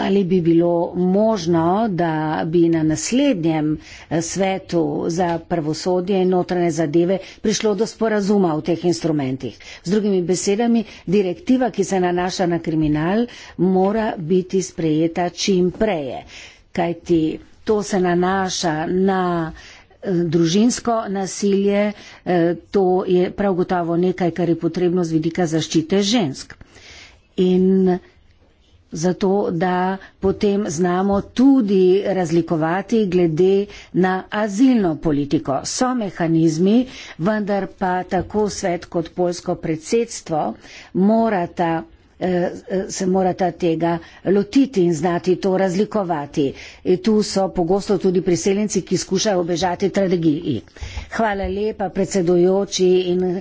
ali bi bilo možno, da bi na naslednjem eh, svetu za pravosodje in notranje zadeve prišlo do sporazuma v teh instrumentih. Z drugimi besedami, direktiva, ki se nanaša na kriminal, mora biti sprejeta čim preje, kajti to se nanaša na Eh, družinsko nasilje, eh, to je prav gotovo nekaj, kar je potrebno z vidika zaščite žensk. In zato, da potem znamo tudi razlikovati glede na azilno politiko. So mehanizmi, vendar pa tako svet kot polsko predsedstvo morata Eh, se morata tega lotiti in znati to razlikovati. In e, tu so pogosto tudi priseljenci, ki skušajo obežati tragediji. Hvala lepa predsedojoči in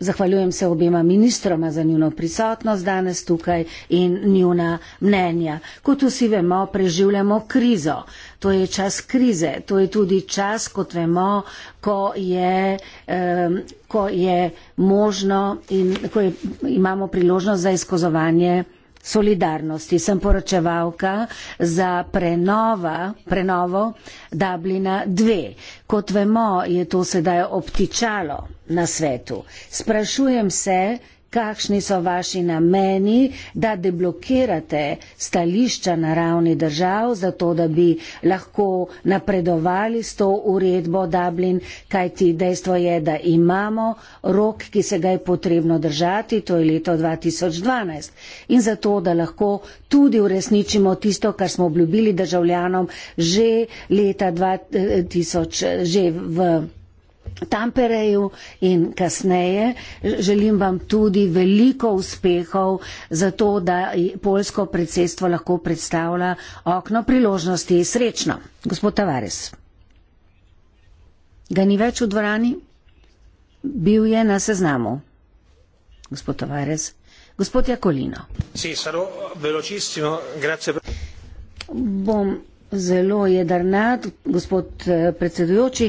zahvaljujem se obema ministroma za njuno prisotnost danes tukaj in njuna mnenja. Kot vsi vemo, preživljamo krizo. To je čas krize, to je tudi čas, kot vemo, ko je, ko je možno in ko je, imamo priložnost za izkazovanje solidarnosti. Sem poročevalka za prenova, prenovo Dublina 2. Kot vemo, je to sedaj obtičalo na svetu. Sprašujem se, kakšni so vaši nameni, da deblokirate stališča na ravni držav, zato da bi lahko napredovali s to uredbo Dublin, kajti dejstvo je, da imamo rok, ki se ga je potrebno držati, to je leto 2012. In zato, da lahko tudi uresničimo tisto, kar smo obljubili državljanom že leta 2000, eh, že v. Tampereju in kasneje. Želim vam tudi veliko uspehov za to, da polsko predsedstvo lahko predstavlja okno priložnosti. Srečno, gospod Tavares. Ga ni več v dvorani? Bil je na seznamu. Gospod Tavares. Gospod Jakolino. Bom zelo jedrnat, gospod eh, predsedujoči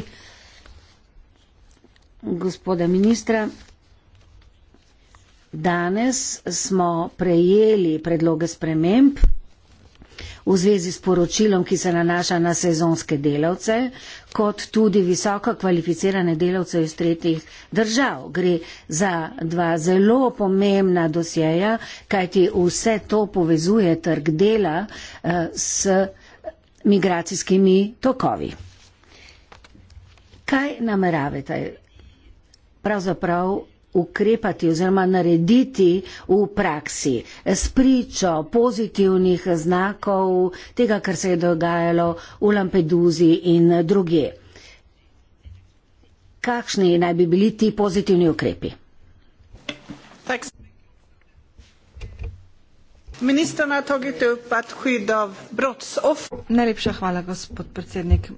gospoda ministra. Danes smo prejeli predloge sprememb v zvezi s poročilom, ki se nanaša na sezonske delavce, kot tudi visoko kvalificirane delavce iz tretjih držav. Gre za dva zelo pomembna dosjeja, kajti vse to povezuje trg dela eh, s migracijskimi tokovi. Kaj nameravate pravzaprav ukrepati oziroma narediti v praksi s pričo pozitivnih znakov tega, kar se je dogajalo v Lampeduzi in druge. Kakšni naj bi bili ti pozitivni ukrepi? Najlepša hvala, gospod predsednik.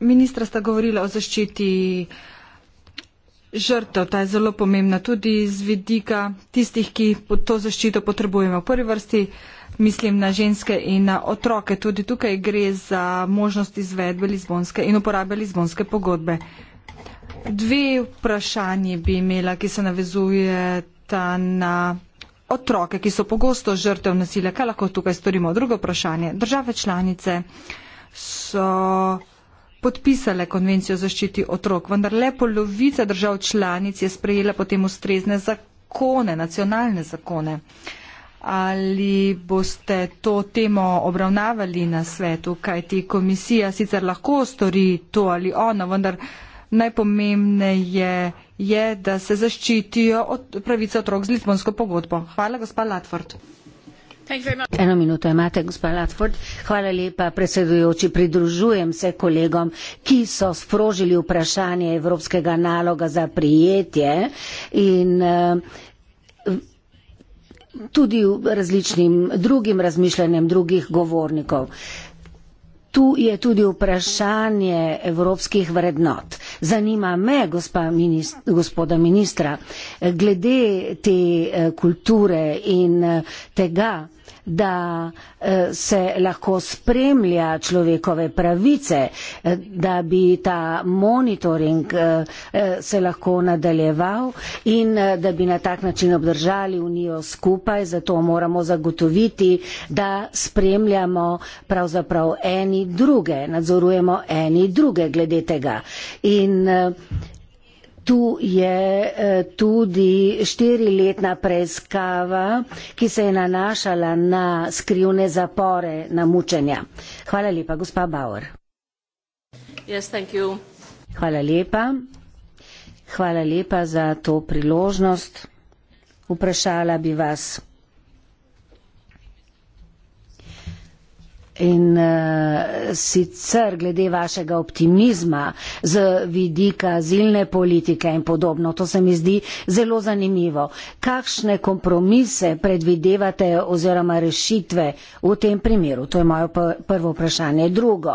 Ministra sta govorila o zaščiti žrtev, ta je zelo pomembna tudi z vidika tistih, ki to zaščito potrebujemo. V prvi vrsti mislim na ženske in na otroke. Tudi tukaj gre za možnost izvedbe Lizbonske in uporabe Lizbonske pogodbe. Dve vprašanje bi imela, ki se navezuje ta na otroke, ki so pogosto žrtev nasilja. Kaj lahko tukaj storimo? Drugo vprašanje. Države članice so podpisale konvencijo o zaščiti otrok, vendar le polovica držav članic je sprejela potem ustrezne zakone, nacionalne zakone. Ali boste to temo obravnavali na svetu, kaj ti komisija sicer lahko stori to ali ono, vendar najpomembneje je, da se zaščitijo pravice otrok z Lizbonsko pogodbo. Hvala, gospa Latford. Eno minuto imate, gospod Latford. Hvala lepa, predsedujoči. Pridružujem se kolegom, ki so sprožili vprašanje evropskega naloga za prijetje in eh, tudi različnim drugim razmišljanjem drugih govornikov. Tu je tudi vprašanje evropskih vrednot. Zanima me, minist, gospoda ministra, glede te eh, kulture in eh, tega, da eh, se lahko spremlja človekove pravice, eh, da bi ta monitoring eh, se lahko nadaljeval in da bi na tak način obdržali unijo skupaj. Zato moramo zagotoviti, da spremljamo pravzaprav eni druge, nadzorujemo eni druge glede tega. In, Tu je eh, tudi štiriletna preiskava, ki se je nanašala na skrivne zapore na mučenja. Hvala lepa, gospa Bauer. Yes, Hvala lepa. Hvala lepa za to priložnost. Vprašala bi vas. In uh, sicer glede vašega optimizma z vidika zilne politike in podobno, to se mi zdi zelo zanimivo. Kakšne kompromise predvidevate oziroma rešitve v tem primeru? To je moje prvo vprašanje. Drugo,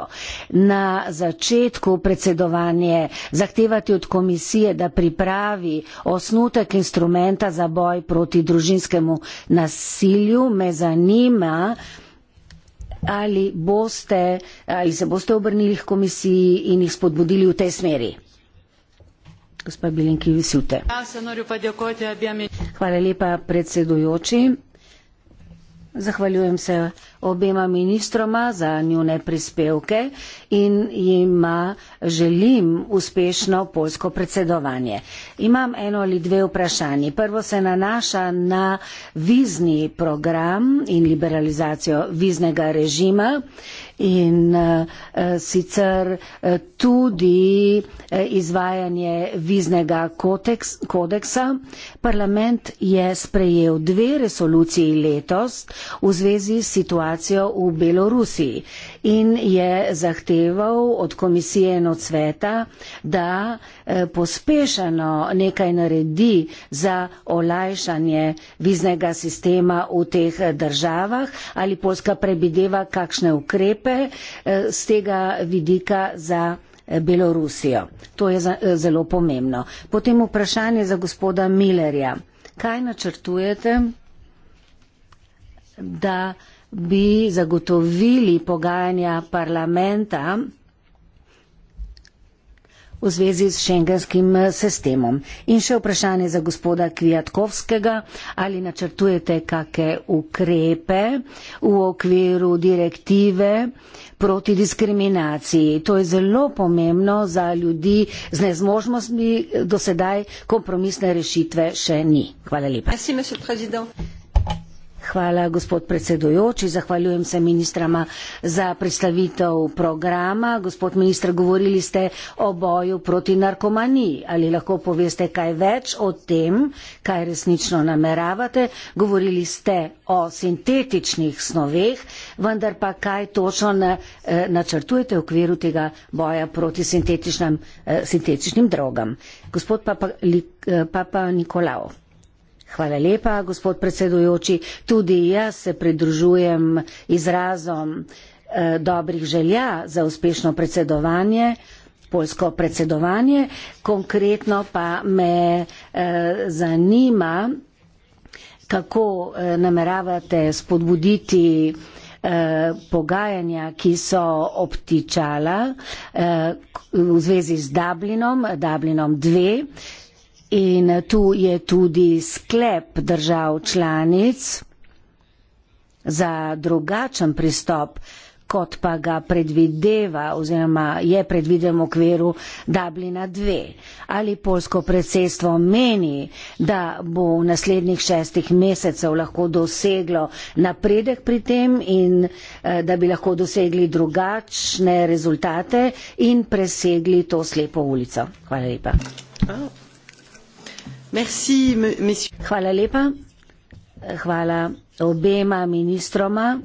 na začetku predsedovanje zahtevati od komisije, da pripravi osnutek instrumenta za boj proti družinskemu nasilju, me zanima, ali, boste, ali se boste obrnili k komisiji in jih spodbudili v tej smeri. Gospa Bilenki, vi si v te. Hvala lepa predsedujoči. Zahvaljujem se obema ministroma za njune prispevke in jima želim uspešno polsko predsedovanje. Imam eno ali dve vprašanje. Prvo se nanaša na vizni program in liberalizacijo viznega režima. Uh, in uh, sicer uh, tudi uh, izvajanje viznega kodeks, kodeksa. Parlament je sprejel dve resoluciji letos v zvezi s situacijo v Belorusiji in je zahteval od komisije in od sveta, da eh, pospešeno nekaj naredi za olajšanje viznega sistema v teh eh, državah ali Polska prebideva kakšne ukrepe z eh, tega vidika za. Belorusijo. To je zelo pomembno. Potem vprašanje za gospoda Millerja. Kaj načrtujete, da bi zagotovili pogajanja parlamenta v zvezi s šengenskim sistemom. In še vprašanje za gospoda Kvijatkovskega, ali načrtujete kakšne ukrepe v okviru direktive proti diskriminaciji. To je zelo pomembno za ljudi z nezmožnostmi, do sedaj kompromisne rešitve še ni. Hvala lepa. Merci, Hvala, gospod predsedujoči. Zahvaljujem se ministrama za predstavitev programa. Gospod ministr, govorili ste o boju proti narkomaniji. Ali lahko poveste kaj več o tem, kaj resnično nameravate? Govorili ste o sintetičnih snoveh, vendar pa kaj točno na, eh, načrtujete v okviru tega boja proti eh, sintetičnim drogam? Gospod Papa, li, eh, Papa Nikolao. Hvala lepa, gospod predsedujoči. Tudi jaz se pridružujem izrazom eh, dobrih želja za uspešno predsedovanje, polsko predsedovanje. Konkretno pa me eh, zanima, kako eh, nameravate spodbuditi eh, pogajanja, ki so obtičala eh, v zvezi z Dublinom, Dublinom 2, In tu je tudi sklep držav članic za drugačen pristop, kot pa ga predvideva oziroma je predviden v okviru Dublina 2. Ali polsko predsedstvo meni, da bo v naslednjih šestih mesecev lahko doseglo napredek pri tem in eh, da bi lahko dosegli drugačne rezultate in presegli to slepo ulico? Hvala lepa. Oh. Hvala lepa. Hvala obema ministroma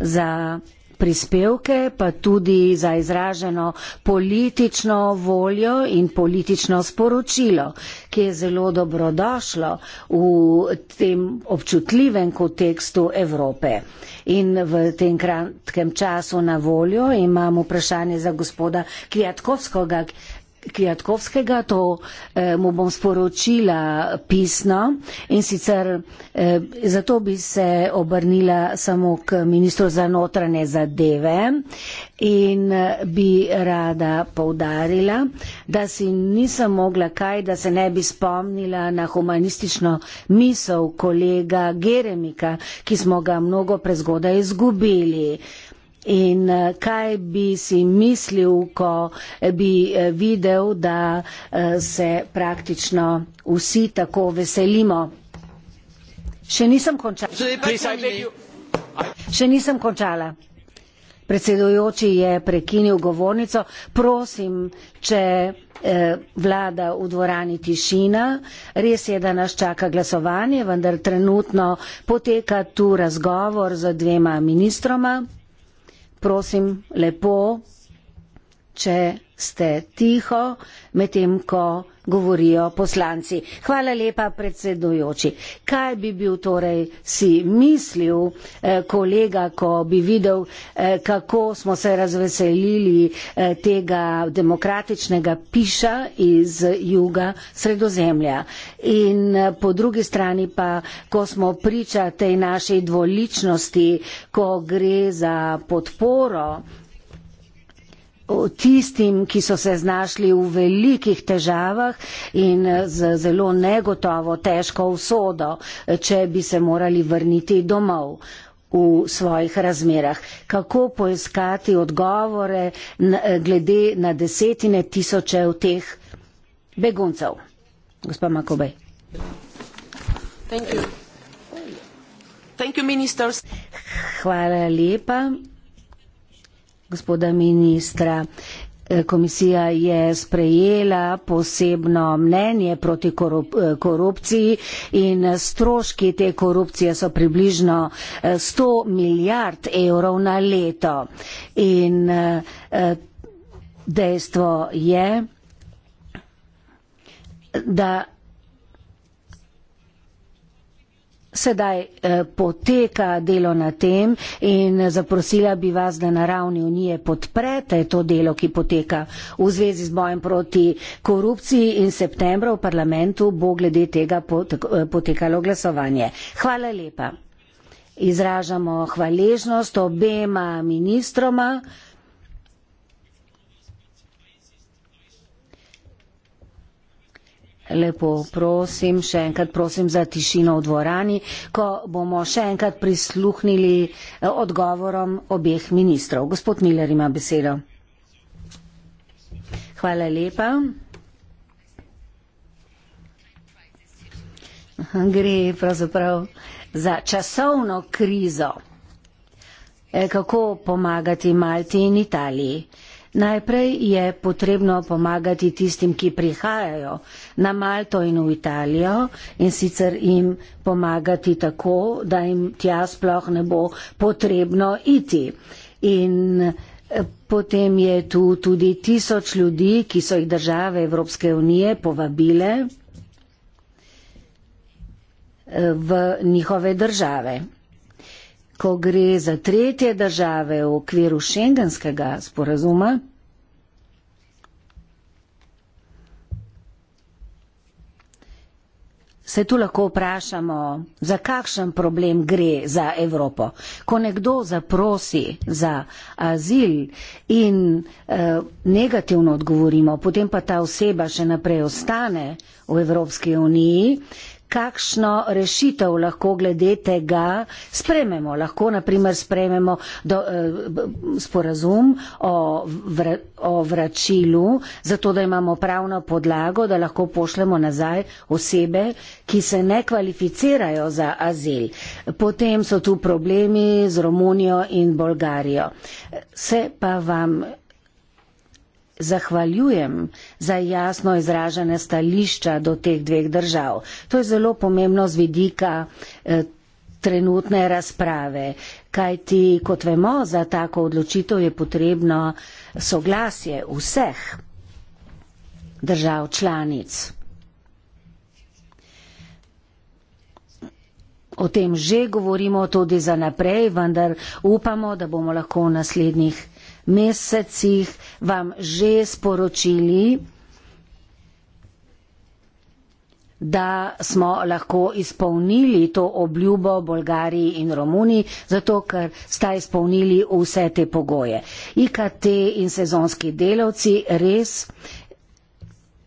za prispevke, pa tudi za izraženo politično voljo in politično sporočilo, ki je zelo dobrodošlo v tem občutljivem kontekstu Evrope. In v tem kratkem času na voljo imam vprašanje za gospoda Kvjatkovskega, Kijatkovskega, to eh, mu bom sporočila pisno in sicer eh, zato bi se obrnila samo k ministru za notranje zadeve in e, bi rada povdarila, da si nisem mogla kaj, da se ne bi spomnila na humanistično misel kolega Geremika, ki smo ga mnogo prezgodaj izgubili. In eh, kaj bi si mislil, ko bi eh, videl, da eh, se praktično vsi tako veselimo? Še nisem končala. Še nisem končala. Predsedujoči je prekinil govornico. Prosim, če vlada v dvorani tišina. Res je, da nas čaka glasovanje, vendar trenutno poteka tu razgovor z dvema ministroma prosim lepo, če ste tiho, medtem ko govorijo poslanci. Hvala lepa, predsedujoči. Kaj bi bil torej si mislil eh, kolega, ko bi videl, eh, kako smo se razveselili eh, tega demokratičnega piša iz juga sredozemlja. In eh, po drugi strani pa, ko smo priča tej naši dvoličnosti, ko gre za podporo, tistim, ki so se znašli v velikih težavah in z zelo negotovo, težko usodo, če bi se morali vrniti domov v svojih razmerah. Kako poiskati odgovore glede na desetine tisočev teh beguncev? Gospa Makobej. Thank you. Thank you, Hvala lepa gospoda ministra. E, komisija je sprejela posebno mnenje proti korup e, korupciji in stroški te korupcije so približno 100 e, milijard evrov na leto. In dejstvo je, da Sedaj eh, poteka delo na tem in zaprosila bi vas, da na ravni unije podprete to delo, ki poteka v zvezi z bojem proti korupciji in septembra v parlamentu bo glede tega eh, potekalo glasovanje. Hvala lepa. Izražamo hvaležnost obema ministroma. Lepo prosim, še enkrat prosim za tišino v dvorani, ko bomo še enkrat prisluhnili eh, odgovorom obeh ministrov. Gospod Miller ima besedo. Hvala lepa. Gre pravzaprav za časovno krizo. Eh, kako pomagati Malti in Italiji? Najprej je potrebno pomagati tistim, ki prihajajo na Malto in v Italijo in sicer jim pomagati tako, da jim tja sploh ne bo potrebno iti. In eh, potem je tu tudi tisoč ljudi, ki so jih države Evropske unije povabile eh, v njihove države ko gre za tretje države v okviru šengenskega sporazuma, se tu lahko vprašamo, za kakšen problem gre za Evropo. Ko nekdo zaprosi za azil in eh, negativno odgovorimo, potem pa ta oseba še naprej ostane v Evropski uniji, eh, kakšno rešitev lahko glede tega sprememo. Lahko naprimer sprememo do, eh, sporazum o, vra, o vračilu, zato da imamo pravno podlago, da lahko pošljemo nazaj osebe, ki se ne kvalificirajo za azil. Potem so tu problemi z Romunijo in Bolgarijo. Se pa vam zahvaljujem za jasno izražene stališča do teh dveh držav. To je zelo pomembno z vidika eh, trenutne razprave, kajti, kot vemo, za tako odločitev je potrebno soglasje vseh držav članic. O tem že govorimo tudi za naprej, vendar upamo, da bomo lahko v naslednjih mesecih vam že sporočili, da smo lahko izpolnili to obljubo Bolgariji in Romuniji, zato ker sta izpolnili vse te pogoje. IKT in sezonski delavci res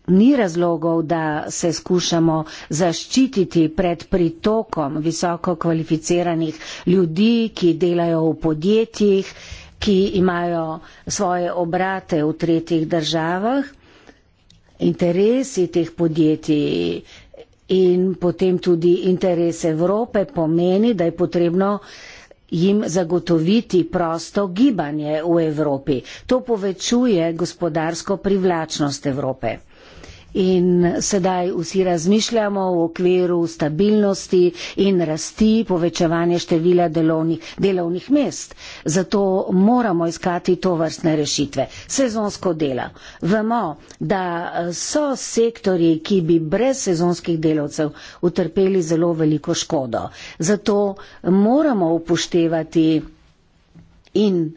ni razlogov, da se skušamo zaščititi pred pritokom visoko kvalificiranih ljudi, ki delajo v podjetjih, ki imajo svoje obrate v tretjih državah, interesi teh podjetij in potem tudi interes Evrope pomeni, da je potrebno jim zagotoviti prosto gibanje v Evropi. To povečuje gospodarsko privlačnost Evrope. In sedaj vsi razmišljamo v okviru stabilnosti in rasti povečevanja števila delovnih, delovnih mest. Zato moramo iskati to vrstne rešitve. Sezonsko dela. Vemo, da eh, so sektori, ki bi brez sezonskih delovcev utrpeli zelo veliko škodo. Zato moramo upoštevati in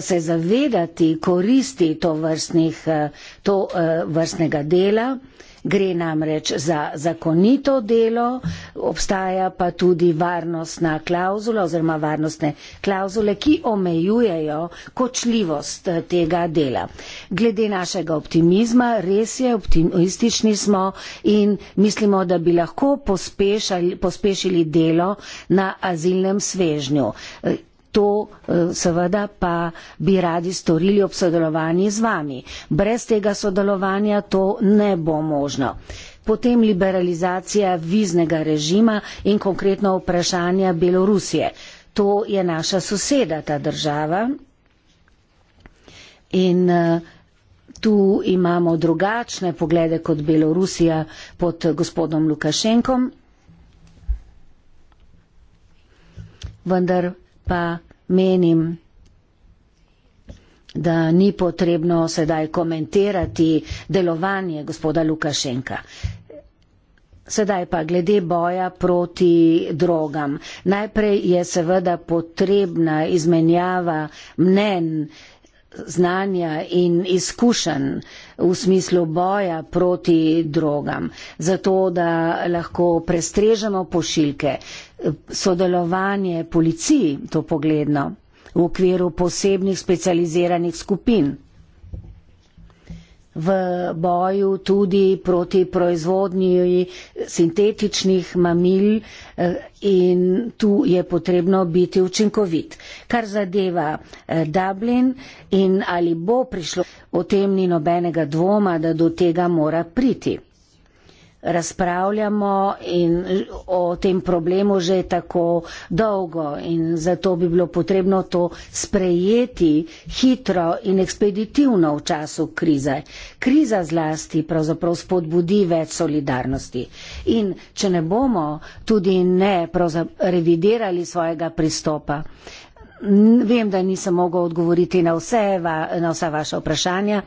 se zavedati koristi eh, to, vrstnih, eh, to vrstnega dela. Gre namreč za zakonito delo, obstaja pa tudi varnostna klauzula oziroma varnostne klauzule, ki omejujejo kočljivost eh, tega dela. Glede našega optimizma, res je, optimistični smo in mislimo, da bi lahko pospešali, pospešili delo na azilnem svežnju. To eh, seveda pa bi radi storili ob sodelovanju z vami. Brez tega sodelovanja to ne bo možno. Potem liberalizacija viznega režima in konkretno vprašanja Belorusije. To je naša soseda ta država in eh, tu imamo drugačne poglede kot Belorusija pod gospodom Lukašenkom. Vendar pa menim, da ni potrebno sedaj komentirati delovanje gospoda Lukašenka. Sedaj pa glede boja proti drogam. Najprej je seveda potrebna izmenjava mnen eh, znanja in izkušenj v smislu boja proti drogam, zato da lahko prestrežemo pošiljke, sodelovanje policiji to pogledno v okviru posebnih specializiranih skupin v boju tudi proti proizvodnji sintetičnih mamil eh, in tu je potrebno biti učinkovit. Kar zadeva eh, Dublin in ali bo prišlo, o tem ni nobenega dvoma, da do tega mora priti razpravljamo in o tem problemu že tako dolgo in zato bi bilo potrebno to sprejeti hitro in ekspeditivno v času krize. Kriza zlasti pravzaprav spodbudi več solidarnosti in če ne bomo tudi ne revidirali svojega pristopa. Vem, da nisem mogel odgovoriti na, vse, na vsa vaša vprašanja.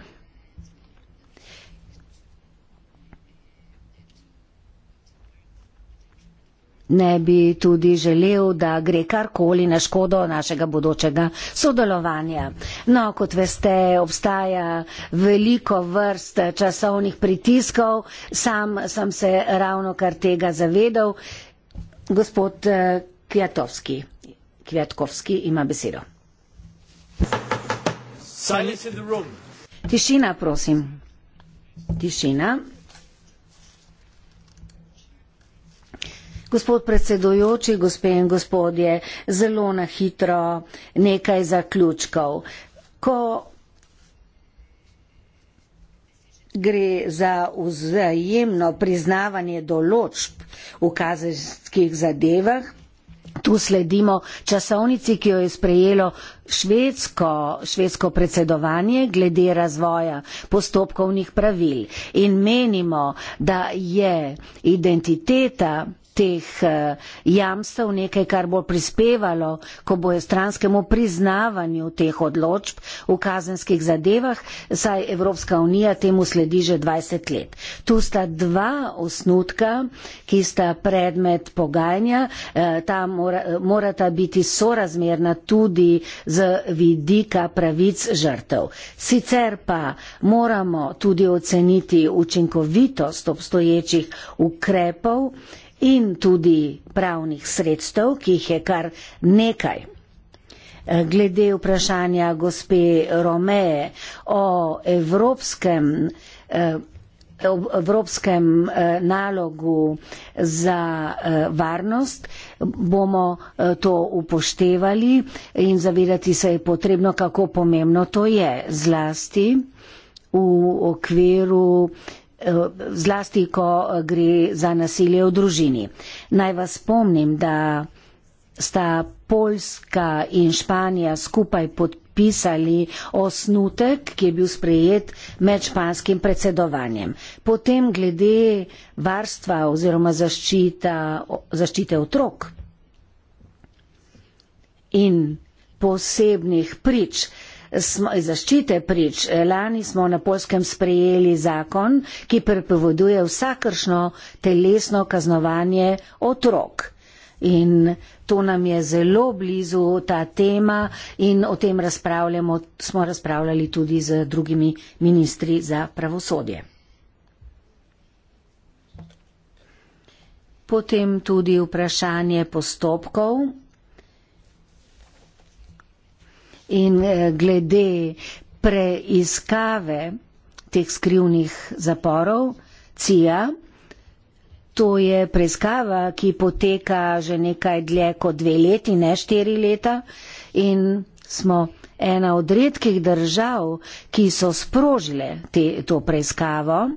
Ne bi tudi želel, da gre karkoli na škodo našega bodočega sodelovanja. No, kot veste, obstaja veliko vrst časovnih pritiskov, sam sem se ravno kar tega zavedal. Gospod eh, Kvjatovski, Kvjatkovski ima besedo. Tišina, prosim. Tišina. Gospod predsedujoči, gospe in gospodje, zelo na hitro nekaj zaključkov. Ko gre za vzajemno priznavanje določb v kazenskih zadevah, Tu sledimo časovnici, ki jo je sprejelo švedsko, švedsko predsedovanje glede razvoja postopkovnih pravil in menimo, da je identiteta teh eh, jamstev, nekaj, kar bo prispevalo k obojestranskemu priznavanju teh odločb v kazenskih zadevah, saj Evropska unija temu sledi že 20 let. Tu sta dva osnutka, ki sta predmet pogajanja, eh, ta mora, morata biti sorazmerna tudi z vidika pravic žrtev. Sicer pa moramo tudi oceniti učinkovitost obstoječih ukrepov, in tudi pravnih sredstev, ki jih je kar nekaj. Eh, glede vprašanja gospe Romeje o evropskem, eh, evropskem eh, nalogu za varnost, bomo to upoštevali in zavedati se je potrebno, kako pomembno to je, zlasti v okviru Eh, zlasti, ko eh, gre za nasilje v družini. Naj vas spomnim, da sta Poljska in Španija skupaj podpisali osnutek, ki je bil sprejet med španskim predsedovanjem. Potem glede varstva oziroma zaščita, zaščite otrok in posebnih prič zaščite prič. Lani smo na Polskem sprejeli zakon, ki prepoveduje vsakršno telesno kaznovanje otrok. In to nam je zelo blizu ta tema in o tem razpravljamo, smo razpravljali tudi z drugimi ministri za pravosodje. Potem tudi vprašanje postopkov in eh, glede preiskave teh skrivnih zaporov, CIA, to je preiskava, ki poteka že nekaj dlje kot dve leti, ne štiri leta in smo ena od redkih držav, ki so sprožile te, to preiskavo.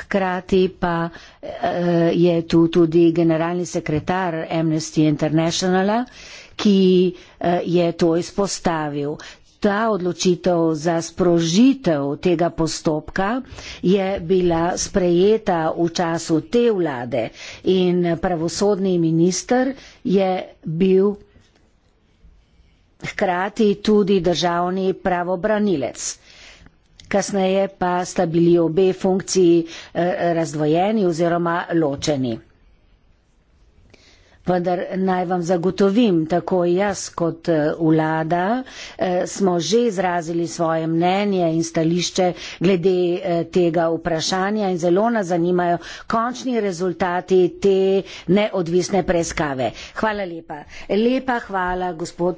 Hkrati pa eh, je tu tudi generalni sekretar Amnesty International, ki eh, je to izpostavil. Ta odločitev za sprožitev tega postopka je bila sprejeta v času te vlade in pravosodni minister je bil hkrati tudi državni pravobranilec. Kasneje pa sta bili obe funkciji eh, razdvojeni oziroma ločeni. Vendar naj vam zagotovim, tako jaz kot eh, vlada eh, smo že izrazili svoje mnenje in stališče glede eh, tega vprašanja in zelo nas zanimajo končni rezultati te neodvisne preiskave. Hvala lepa. Lepa hvala gospod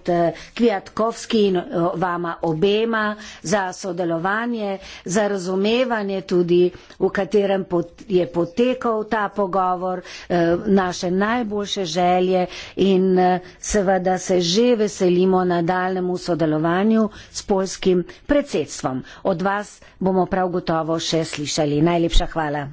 Kvijatkovski in vama obema za sodelovanje, za razumevanje tudi, v katerem je potekal ta pogovor naše najboljše želje veselje in eh, seveda se že veselimo nadaljemu sodelovanju s polskim predsedstvom. Od vas bomo prav gotovo še slišali. Najlepša hvala.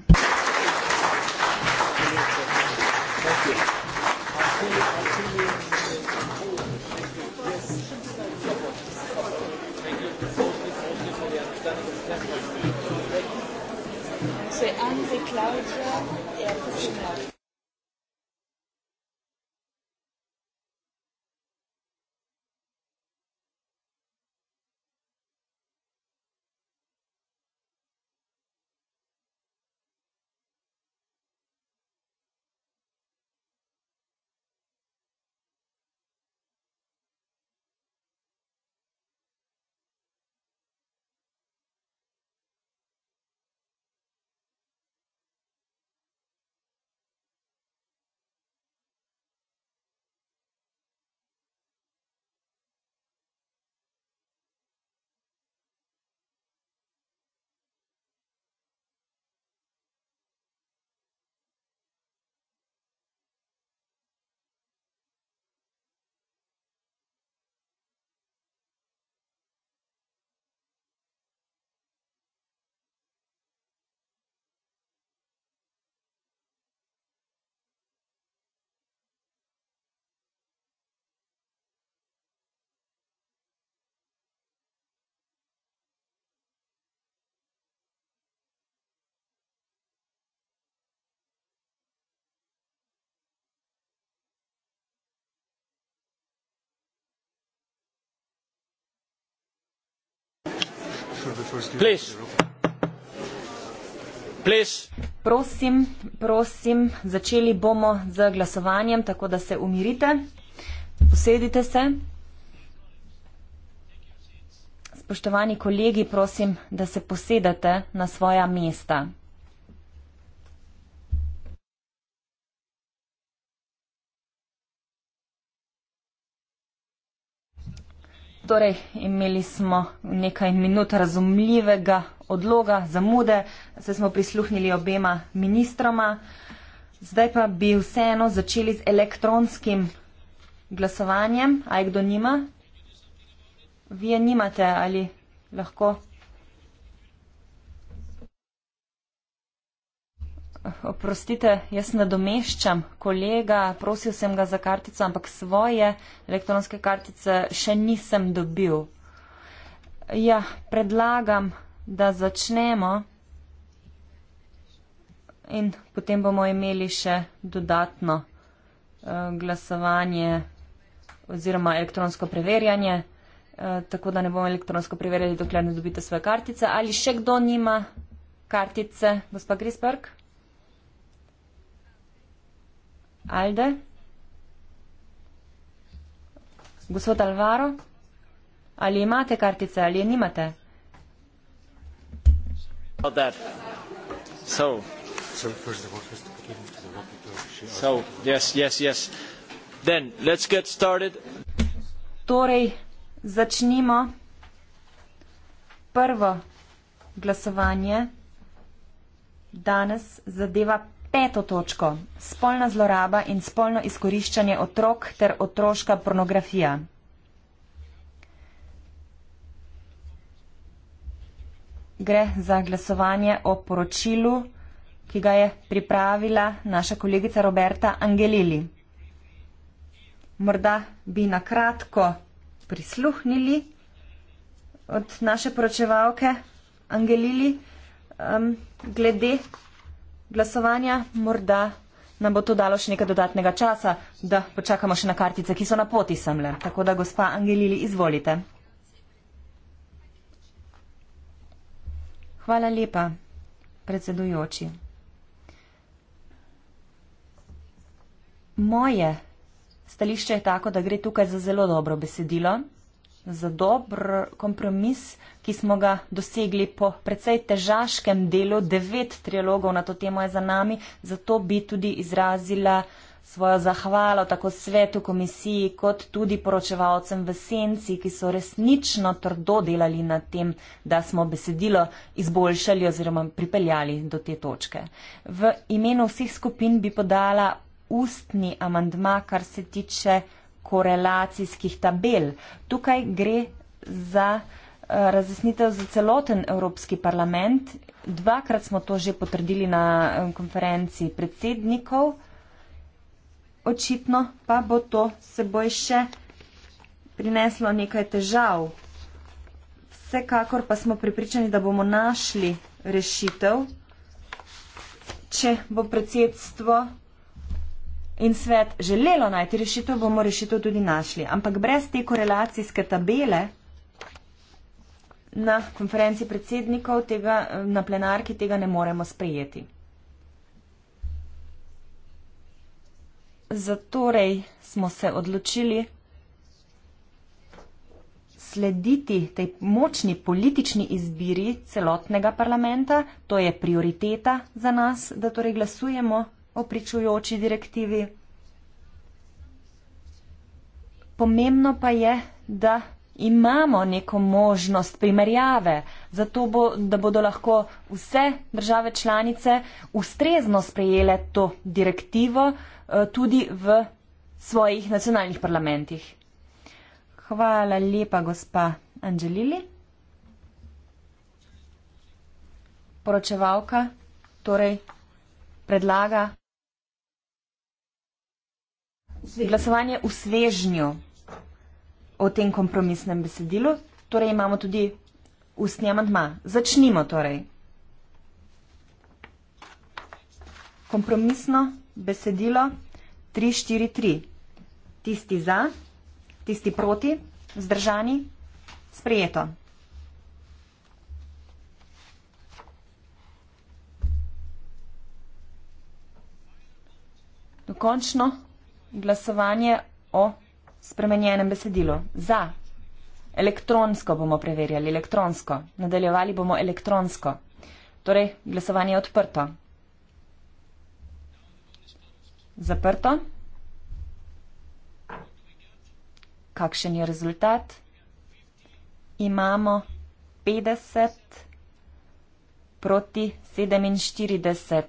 Prosim, prosim, začeli bomo z glasovanjem, tako da se umirite, posedite se. Spoštovani kolegi, prosim, da se posedate na svoja mesta. Torej, imeli smo nekaj minut razumljivega odloga, zamude, se smo prisluhnili obema ministroma. Zdaj pa bi vseeno začeli z elektronskim glasovanjem. A je kdo nima? Vi je nimate ali lahko Oprostite, jaz nadomeščam kolega, prosil sem ga za kartico, ampak svoje elektronske kartice še nisem dobil. Ja, predlagam, da začnemo in potem bomo imeli še dodatno eh, glasovanje oziroma elektronsko preverjanje, eh, tako da ne bomo elektronsko preverjali, dokler ne dobite svoje kartice. Ali še kdo nima kartice, gospod Grisberg? Alde? Gospod Alvaro? Ali imate kartice ali je nimate? Torej, začnimo prvo glasovanje. Danes zadeva peto točko - spolna zloraba in spolno izkoriščanje otrok ter otroška pornografija. Gre za glasovanje o poročilu, ki ga je pripravila naša kolegica Roberta Angelili. Morda bi na kratko prisluhnili od naše poročevalke Angelili um, glede glasovanja, morda nam bo to dalo še nekaj dodatnega časa, da počakamo še na kartice, ki so na poti semle. Tako da, gospa Angelili, izvolite. Hvala lepa, predsedujoči. Moje stališče je tako, da gre tukaj za zelo dobro besedilo za dober kompromis, ki smo ga dosegli po precej težaškem delu. Devet trilogov na to temo je za nami, zato bi tudi izrazila svojo zahvalo tako svetu komisiji, kot tudi poročevalcem v senci, ki so resnično trdo delali na tem, da smo besedilo izboljšali oziroma pripeljali do te točke. V imenu vseh skupin bi podala ustni amandma, kar se tiče korelacijskih tabel. Tukaj gre za eh, razjasnitev za celoten Evropski parlament. Dvakrat smo to že potrdili na eh, konferenci predsednikov. Očitno pa bo to seboj še prineslo nekaj težav. Vsekakor pa smo pripričani, da bomo našli rešitev, če bo predsedstvo in svet želelo najti rešitev, bomo rešitev tudi našli. Ampak brez te korelacijske tabele na konferenci predsednikov, tega, na plenarki tega ne moremo sprejeti. Zatorej smo se odločili slediti tej močni politični izbiri celotnega parlamenta. To je prioriteta za nas, da torej glasujemo o pričujoči direktivi. Pomembno pa je, da imamo neko možnost primerjave, zato bo, da bodo lahko vse države članice ustrezno sprejele to direktivo eh, tudi v svojih nacionalnih parlamentih. Hvala lepa, gospa Angelili. Poročevalka torej predlaga glasovanje v svežnju o tem kompromisnem besedilu, torej imamo tudi ustni amantma. Začnimo torej. Kompromisno besedilo 3-4-3. Tisti za, tisti proti, zdržani, sprejeto. Dokončno glasovanje o spremenjenem besedilu. Za. Elektronsko bomo preverjali, elektronsko. Nadaljevali bomo elektronsko. Torej, glasovanje je odprto. Zaprto. Kakšen je rezultat? Imamo 50 proti 47.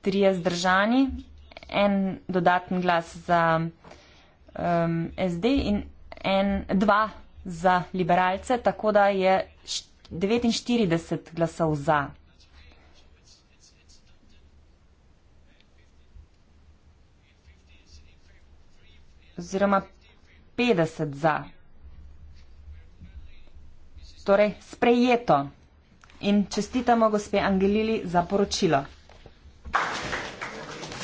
Trije zdržani en dodaten glas za um, SD in en, dva za liberalce, tako da je 49 glasov za. Oziroma 50 za. Torej, sprejeto. In čestitamo gospe Angelili za poročilo.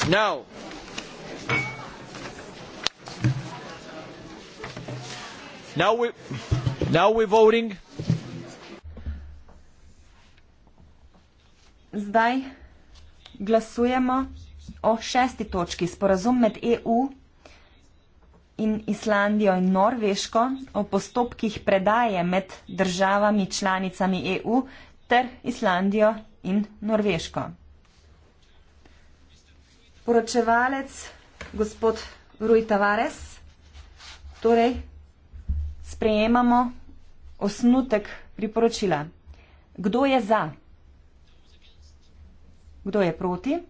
Now, Now we now we're voting. Zdaj glasujemo o šesti točki, sporazum med EU in Islandijo in Norveško o postopkih predaje med državami članicami EU ter Islandijo in Norveško. Poročevalec gospod Rui Tavares, torej sprejemamo osnutek priporočila. Kdo je za? Kdo je proti?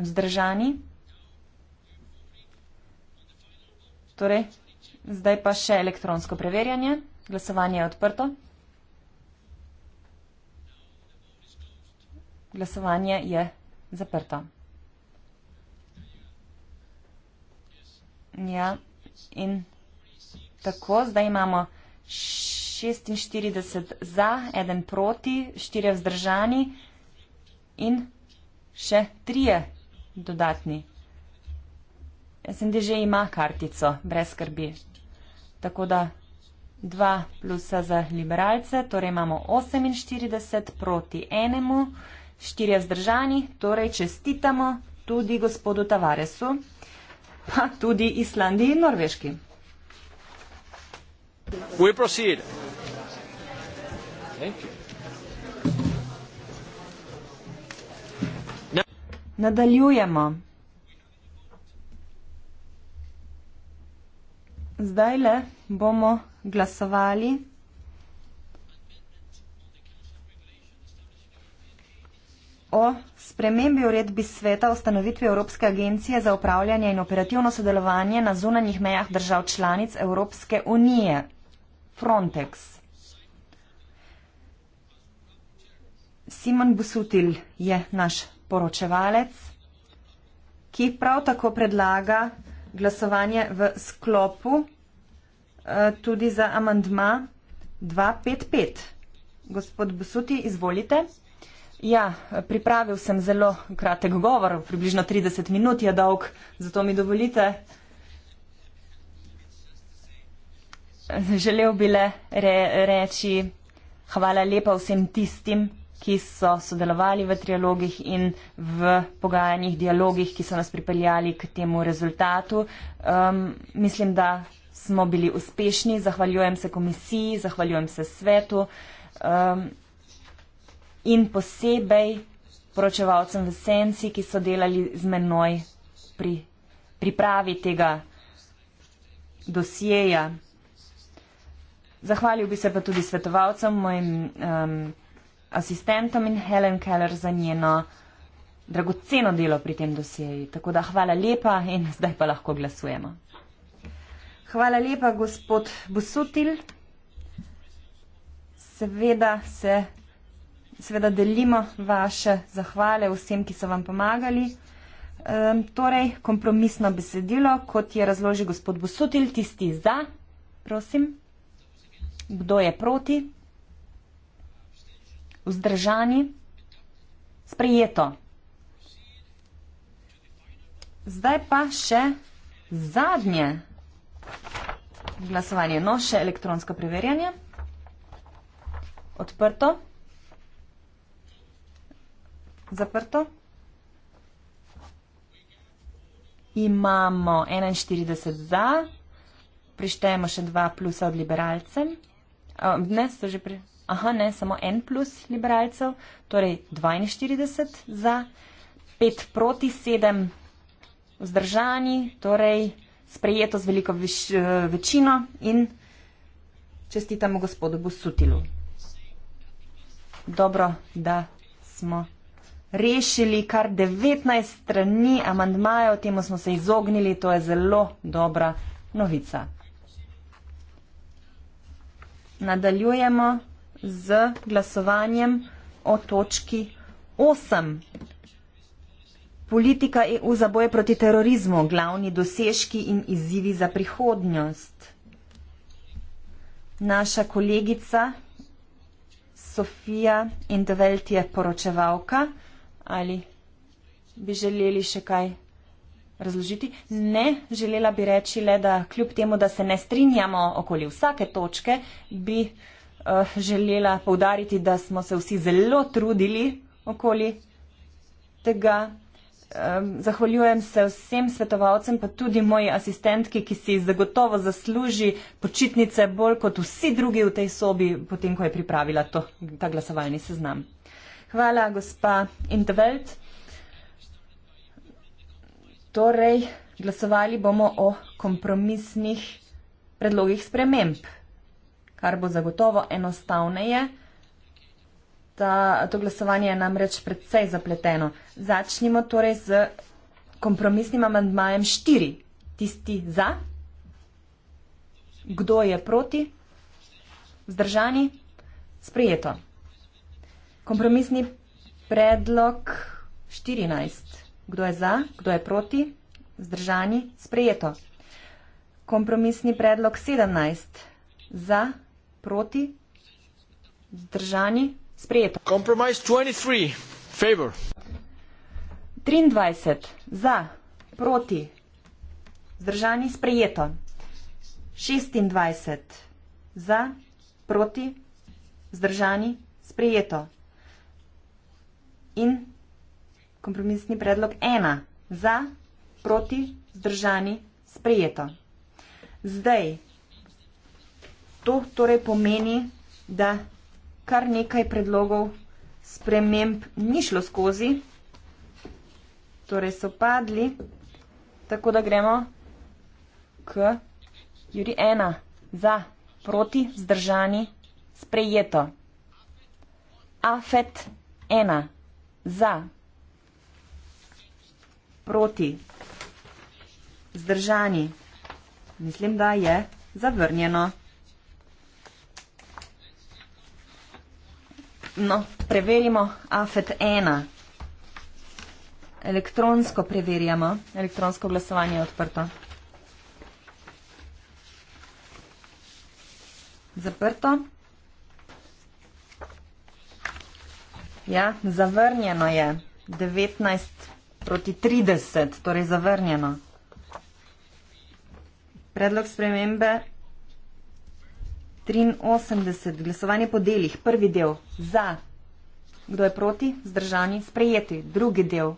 Zdržani? Torej, zdaj pa še elektronsko preverjanje. Glasovanje je odprto. Glasovanje je zaprto. Ja, in. Tako, zdaj imamo 46 za, 1 proti, 4 vzdržani in še 3 dodatni. SND že ima kartico, brez skrbi. Tako da 2 plus za liberalce, torej imamo 48 proti 1, 4 vzdržani, torej čestitamo tudi gospodu Tavaresu, pa tudi Islandiji in Norveški. We proceed. Thank you. Nadaljujemo. Zdaj le bomo glasovali o spremembi uredbi sveta o ustanovitvi Evropske agencije za upravljanje in operativno sodelovanje na zunanjih mejah držav članic Evropske unije. Frontex. Simon Busutil je naš poročevalec, ki prav tako predlaga glasovanje v sklopu eh, tudi za amandma 255. Gospod Busuti, izvolite. Ja, pripravil sem zelo kratek govor, približno 30 minut je dolg, zato mi dovolite, da Želel bi le re, reči hvala lepa vsem tistim, ki so sodelovali v trialogih in v pogajanjih, dialogih, ki so nas pripeljali k temu rezultatu. Um, mislim, da smo bili uspešni, zahvaljujem se komisiji, zahvaljujem se svetu um, in posebej poročevalcem v senci, ki so delali z menoj pri pripravi tega dosjeja. Zahvalil bi se pa tudi svetovalcem, mojim um, asistentom in Helen Keller za njeno dragoceno delo pri tem dosjeji. Tako da hvala lepa in zdaj pa lahko glasujemo. Hvala lepa, gospod Busutil. Seveda, se, seveda delimo vaše zahvale vsem, ki so vam pomagali. Um, torej, kompromisno besedilo, kot je razložil gospod Busutil, tisti za, prosim. Kdo je proti? Vzdržani? Sprijeto. Zdaj pa še zadnje glasovanje. No, še elektronsko preverjanje. Odprto. Zaprto. Imamo 41 za, prištejemo še 2 plusa od liberalcem ne, so že pri. Aha, ne, samo en plus liberalcev, torej 42 za, 5 proti 7 vzdržani, torej sprejeto z veliko viš, večino in čestitamo gospodu Bosutilu. Dobro, da smo rešili kar 19 strani amandmajev, temu smo se izognili, to je zelo dobra novica nadaljujemo z glasovanjem o točki 8. Politika EU za boje proti terorizmu, glavni dosežki in izzivi za prihodnost. Naša kolegica Sofija Indvelt je poročevalka. Ali bi želeli še kaj razložiti. Ne, želela bi reči le, da kljub temu, da se ne strinjamo okoli vsake točke, bi uh, želela povdariti, da smo se vsi zelo trudili okoli tega. Um, zahvaljujem se vsem svetovalcem, pa tudi moji asistentki, ki si zagotovo zasluži počitnice bolj kot vsi drugi v tej sobi, potem ko je pripravila to, ta glasovalni seznam. Hvala, gospa Intveld. Torej, glasovali bomo o kompromisnih predlogih sprememb, kar bo zagotovo enostavneje. Ta, to glasovanje je namreč predvsej zapleteno. Začnimo torej z kompromisnim amandmajem 4. Tisti za? Kdo je proti? Zdržani? Sprijeto. Kompromisni predlog 14. Kdo je za, kdo je proti? Zdržani, sprejeto. Kompromisni predlog 17. Za, proti, zdržani, sprejeto. Kompromis 23. Favor. 23. Za, proti, zdržani, sprejeto. 26. Za, proti, zdržani, sprejeto. In kompromisni predlog ena. Za, proti, zdržani, sprejeto. Zdaj, to torej pomeni, da kar nekaj predlogov sprememb ni šlo skozi, torej so padli, tako da gremo k juri ena. Za, proti, zdržani, sprejeto. Afet ena. Za, proti, zdržani. Mislim, da je zavrnjeno. No, preverimo AFET 1. Elektronsko preverjamo, elektronsko glasovanje je odprto. Zaprto. Ja, zavrnjeno je 19 proti 30, torej zavrnjeno. Predlog spremembe 83, glasovanje po delih, prvi del za, kdo je proti, zdržani, sprejeti, drugi del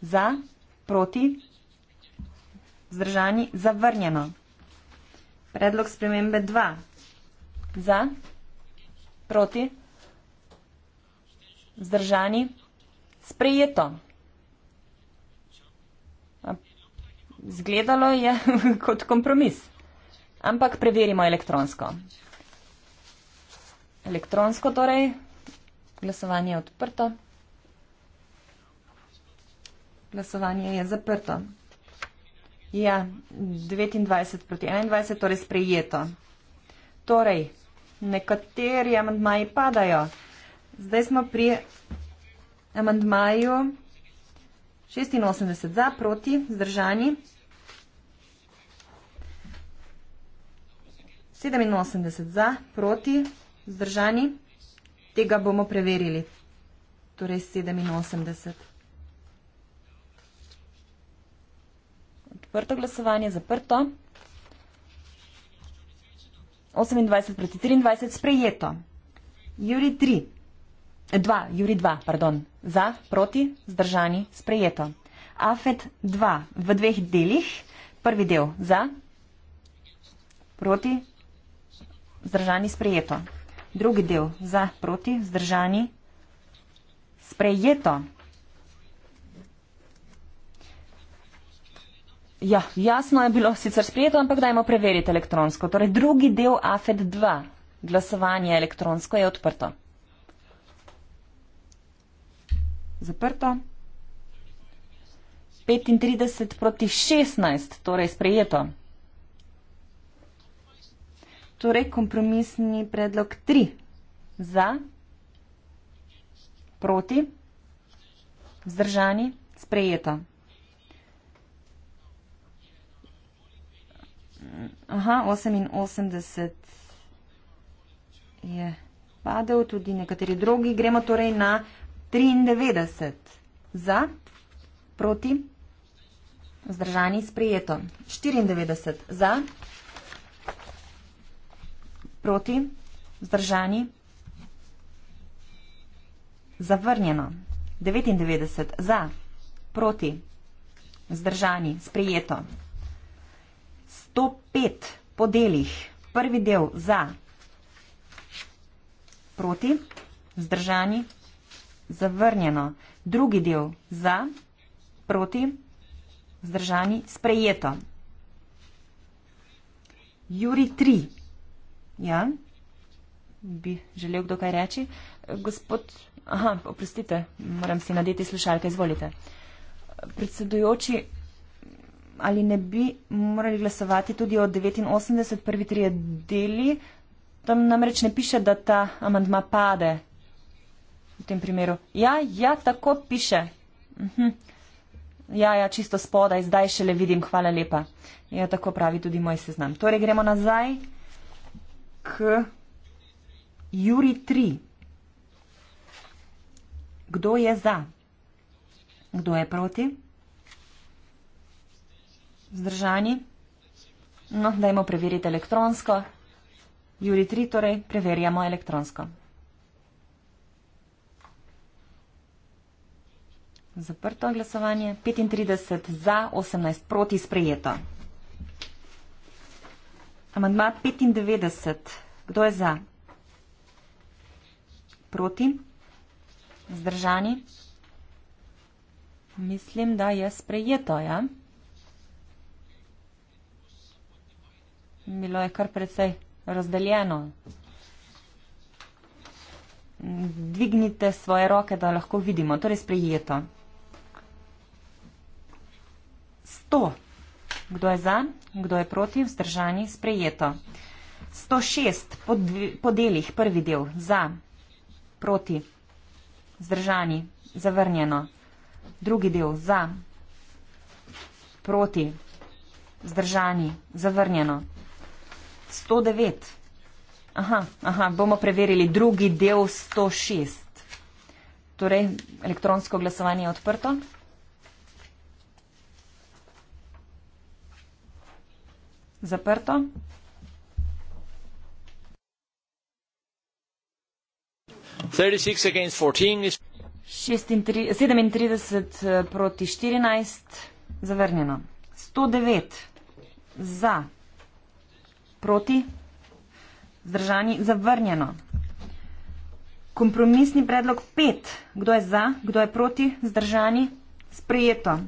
za, proti, zdržani, zavrnjeno. Predlog spremembe 2, za, proti, zdržani, sprejeto. Zgledalo je kot kompromis. Ampak preverimo elektronsko. Elektronsko torej, glasovanje je odprto. Glasovanje je zaprto. Ja, 29 proti 21, torej sprejeto. Torej, nekateri amandmaji padajo. Zdaj smo pri amandmaju 86 za, proti, zdržani. 87 za, proti, zdržani. Tega bomo preverili. Torej 87. Odprto glasovanje, zaprto. 28 proti 23, sprejeto. Juri 3. 2, Juri 2, pardon. Za, proti, zdržani, sprejeto. AFET 2 v dveh delih. Prvi del za, proti, vzdržani sprejeto. Drugi del za proti vzdržani sprejeto. Ja, jasno je bilo sicer sprejeto, ampak dajmo preveriti elektronsko. Torej, drugi del AFED 2, glasovanje elektronsko je odprto. Zaprto. 35 proti 16, torej sprejeto. Torej, kompromisni predlog 3 za, proti, vzdržani, sprejeto. Aha, 88 je padel, tudi nekateri drugi. Gremo torej na 93 za, proti, vzdržani, sprejeto. 94 za, proti. Proti. Zdržani. Zavrnjeno. 99. Za. Proti. Zdržani. Sprijeto. 105. Po delih. Prvi del. Za. Proti. Zdržani. Zavrnjeno. Drugi del. Za. Proti. Zdržani. Sprijeto. Juri 3. Ja, bi želel kdo kaj reči. Gospod, aha, oprostite, moram si nadeti slušalke, izvolite. Predsedujoči, ali ne bi morali glasovati tudi o 89 prvi trije deli? Tam namreč ne piše, da ta amandma pade. V tem primeru. Ja, ja, tako piše. Uh mhm. -huh. Ja, ja, čisto spodaj, zdaj šele vidim, hvala lepa. Ja, tako pravi tudi moj seznam. Torej gremo nazaj k Juri 3. Kdo je za? Kdo je proti? Zdržani? No, dajmo preveriti elektronsko. Juri 3 torej preverjamo elektronsko. Zaprto glasovanje. 35 za, 18 proti sprejeto. Amandma 95. Kdo je za? Proti? Zdržani? Mislim, da je sprejeto, ja? Bilo je kar precej razdeljeno. Dvignite svoje roke, da lahko vidimo. Torej sprejeto. 100. Kdo je za, kdo je proti, vzdržani, sprejeto. 106 podeljih, prvi del, za, proti, vzdržani, zavrnjeno. Drugi del, za, proti, vzdržani, zavrnjeno. 109. Aha, aha, bomo preverili drugi del 106. Torej, elektronsko glasovanje je odprto. zaprto. Is... 37 eh, proti 14, zavrnjeno. 109 za, proti, zdržani, zavrnjeno. Kompromisni predlog 5, kdo je za, kdo je proti, zdržani, sprejeto.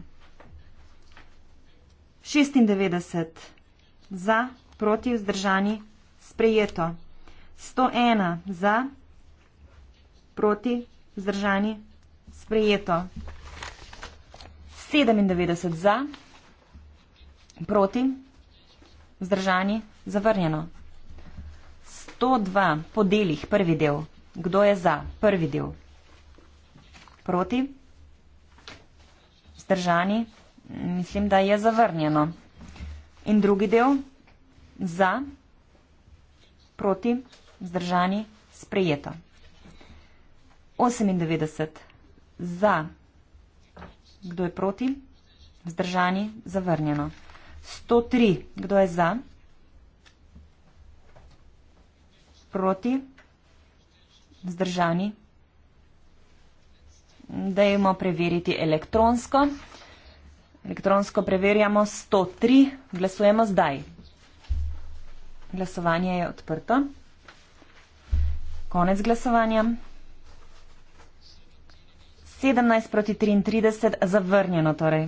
96 za, proti vzdržani, sprejeto. 101 za, proti vzdržani, sprejeto. 97 za, proti vzdržani, zavrnjeno. 102 po delih, prvi del. Kdo je za, prvi del? Proti vzdržani, mislim, da je zavrnjeno. In drugi del za, proti, vzdržani, sprejeto. 98 za, kdo je proti, vzdržani, zavrnjeno. 103, kdo je za, proti, vzdržani, dajmo preveriti elektronsko. 98 za, kdo je proti, vzdržani, zavrnjeno. Elektronsko preverjamo 103. Glasujemo zdaj. Glasovanje je odprto. Konec glasovanja. 17 proti 33, zavrnjeno torej.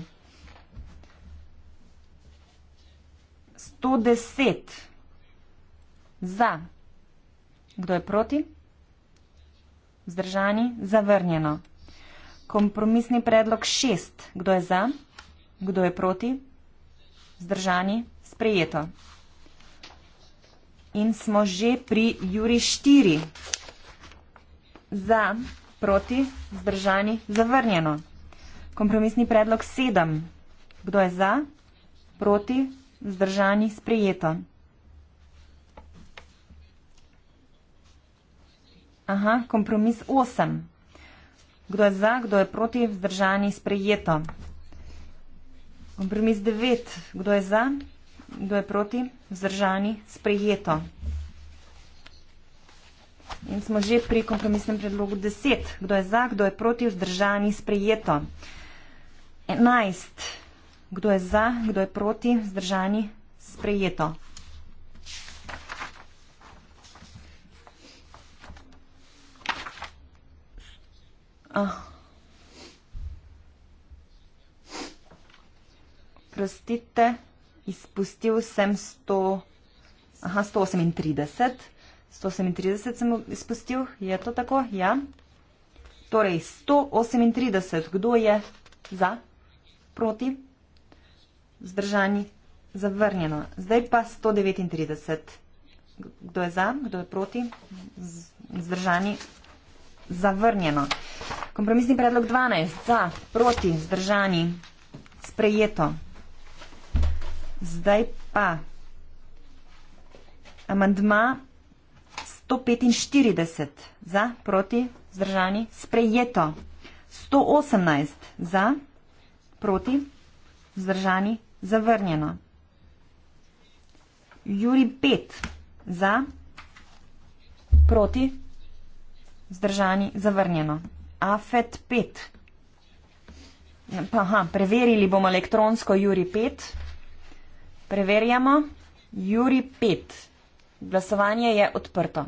110 za. Kdo je proti? Zdržani, zavrnjeno. Kompromisni predlog 6. Kdo je za? Kdo je proti? Zdržani? Sprejeto. In smo že pri Juri 4. Za, proti, zdržani, zavrnjeno. Kompromisni predlog 7. Kdo je za, proti, zdržani, sprejeto. Aha, kompromis 8. Kdo je za, kdo je proti, zdržani, sprejeto. Obremiz 9. Kdo je za? Kdo je proti? Vzdržani? Sprejeto. In smo že pri kompromisnem predlogu 10. Kdo je za? Kdo je proti? Vzdržani? Sprejeto. 11. Kdo je za? Kdo je proti? Vzdržani? Sprejeto. Oh. sprostite, izpustil sem 100, aha, 138. 138 sem izpustil, je to tako? Ja. Torej, 138, kdo je za, proti, zdržani, zavrnjeno. Zdaj pa 139, kdo je za, kdo je proti, zdržani, zavrnjeno. Kompromisni predlog 12, za, proti, zdržani, sprejeto. Zdaj pa amandma 145 za, proti, zdržani, sprejeto. 118 za, proti, zdržani, zavrnjeno. Juri 5 za, proti, zdržani, zavrnjeno. Afet 5. Ja, pa, aha, preverili bomo elektronsko Juri 5. Preverjamo. Juri 5. Glasovanje je odprto.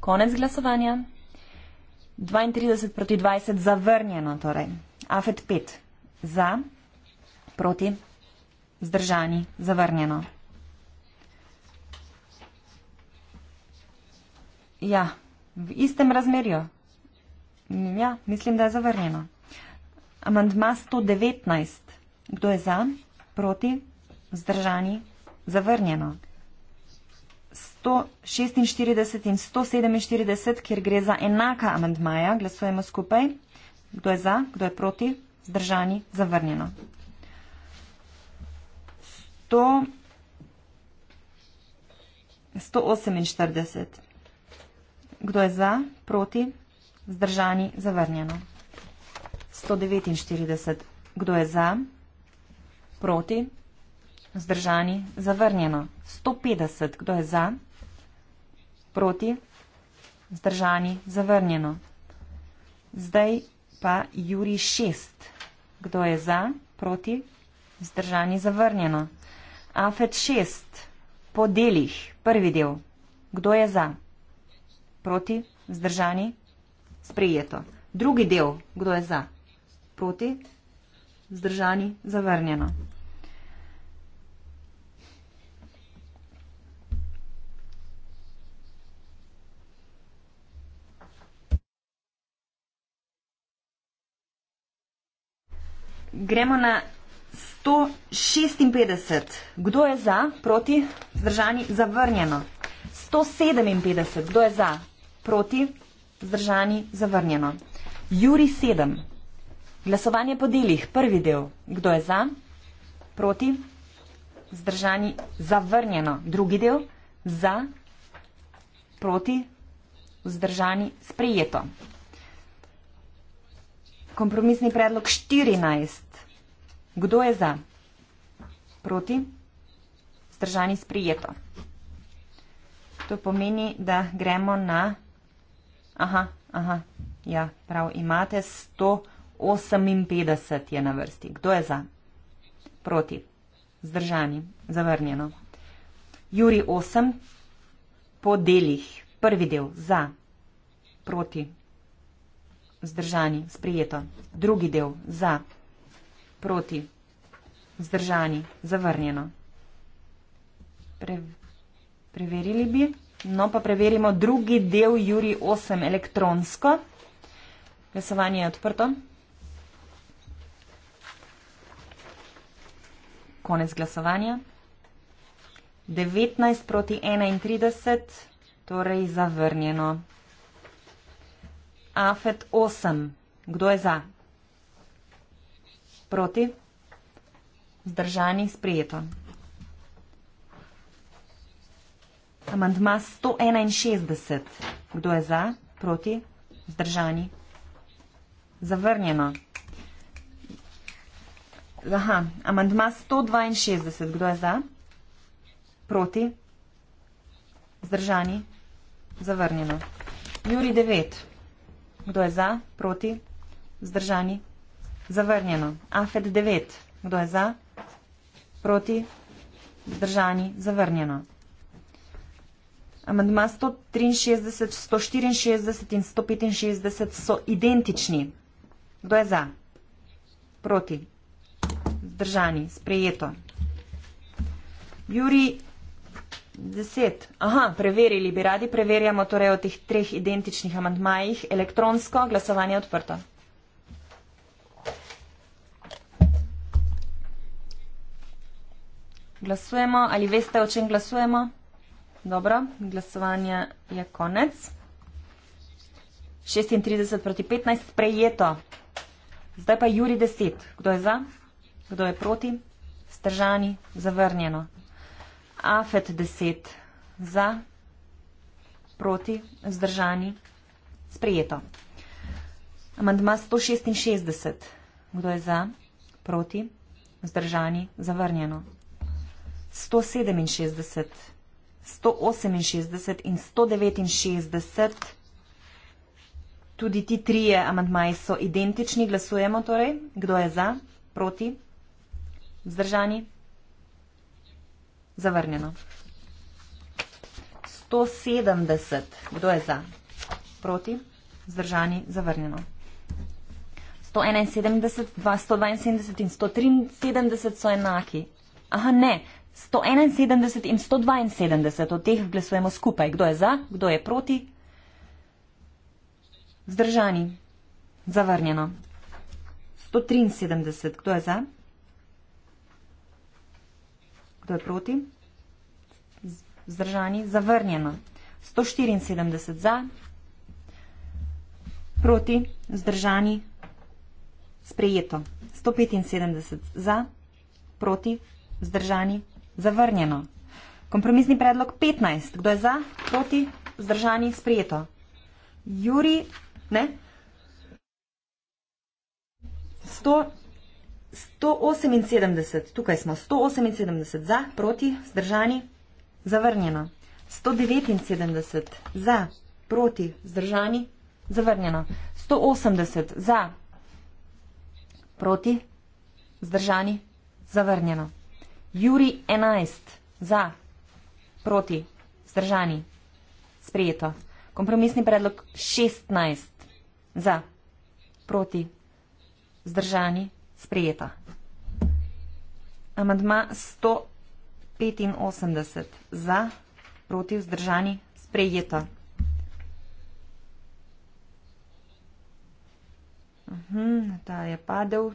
Konec glasovanja. 32 proti 20 zavrnjeno torej. Afet 5. Za, proti, zdržani, zavrnjeno. Ja, v istem razmerju. Ja, mislim, da je zavrnjeno. Amandma 119. Kdo je za? Proti? Vzdržani? Zavrnjeno. 146 in 147, kjer gre za enaka amandmaja, glasujemo skupaj. Kdo je za? Kdo je proti? Vzdržani? Zavrnjeno. 100... 148. Kdo je za, proti, vzdržani, zavrnjeno. 149. Kdo je za? Proti? Zdržani? Zavrnjeno. 150. Kdo je za? Proti? Zdržani? Zavrnjeno. Zdaj pa Juri 6. Kdo je za? Proti? Zdržani? Zavrnjeno. Afet 6. Po delih. Prvi del. Kdo je za? Proti? Zdržani? Sprejeto. Drugi del. Kdo je za? Proti? proti, zdržani, zavrnjeno. Gremo na 156. Kdo je za, proti, zdržani, zavrnjeno? 157. Kdo je za, proti, zdržani, zavrnjeno? Juri 7. Glasovanje po delih, prvi del, kdo je za, proti, zdržani, zavrnjeno. Drugi del, za, proti, vzdržani, sprejeto. Kompromisni predlog 14. Kdo je za, proti, vzdržani, sprejeto. To pomeni, da gremo na... Aha, aha, ja, prav, imate 100... 58 je na vrsti. Kdo je za? Proti. Zdržani. Zavrnjeno. Juri 8. Po delih. Prvi del. Za. Proti. Zdržani. Sprijeto. Drugi del. Za. Proti. Zdržani. Zavrnjeno. Pre, preverili bi. No, pa preverimo drugi del Juri 8 elektronsko. Glasovanje je odprto. konec glasovanja. 19 proti 31, torej zavrnjeno. Afet 8, kdo je za? Proti? Zdržani, sprijeto. Amandma 161, kdo je za? Proti? Zdržani. Zavrnjeno. Aha, amandma 162, kdo je za? Proti? Zdržani? Zavrnjeno. Juri 9, kdo je za? Proti? Zdržani? Zavrnjeno. Afed 9, kdo je za? Proti? Zdržani? Zavrnjeno. Amandma 163, 164 in 165 so identični. Kdo je za? Proti? Zdržani, sprejeto. Juri, deset. Aha, preverili bi radi, preverjamo torej o teh treh identičnih amantmajih. Elektronsko glasovanje odprto. Glasujemo, ali veste, o čem glasujemo? Dobro, glasovanje je konec. 36 proti 15, sprejeto. Zdaj pa Juri 10. Kdo je za? Kdo je proti? Stržani, zavrnjeno. Afet 10 za, proti, zdržani, sprijeto. Amandma 166. Kdo je za, proti, zdržani, zavrnjeno. 167, 168 in 169. Tudi ti trije amandmaji so identični. Glasujemo torej. Kdo je za, proti, zdržani. Vzdržani. Zavrnjeno. 170. Kdo je za? Proti. Vzdržani. Zavrnjeno. 171, 172 in 173 so enaki. Aha, ne. 171 in 172. Od teh glasujemo skupaj. Kdo je za? Kdo je proti? Vzdržani. Zavrnjeno. 173. Kdo je za? Kdo je proti? Zdržani, zavrnjeno. 174 za, proti, zdržani, sprejeto. 175 za, proti, zdržani, zavrnjeno. Kompromisni predlog 15. Kdo je za, proti, zdržani, sprejeto? Juri, ne? 100. 178, tukaj smo 178 za, proti, zdržani, zavrnjeno. 179 za, proti, zdržani, zavrnjeno. 180 za, proti, zdržani, zavrnjeno. Juri 11 za, proti, zdržani, sprejeto. Kompromisni predlog 16 za, proti, zdržani, zavrnjeno. Sprejeta. Amadma 185 za, proti vzdržani, sprejeta. Ta je padel.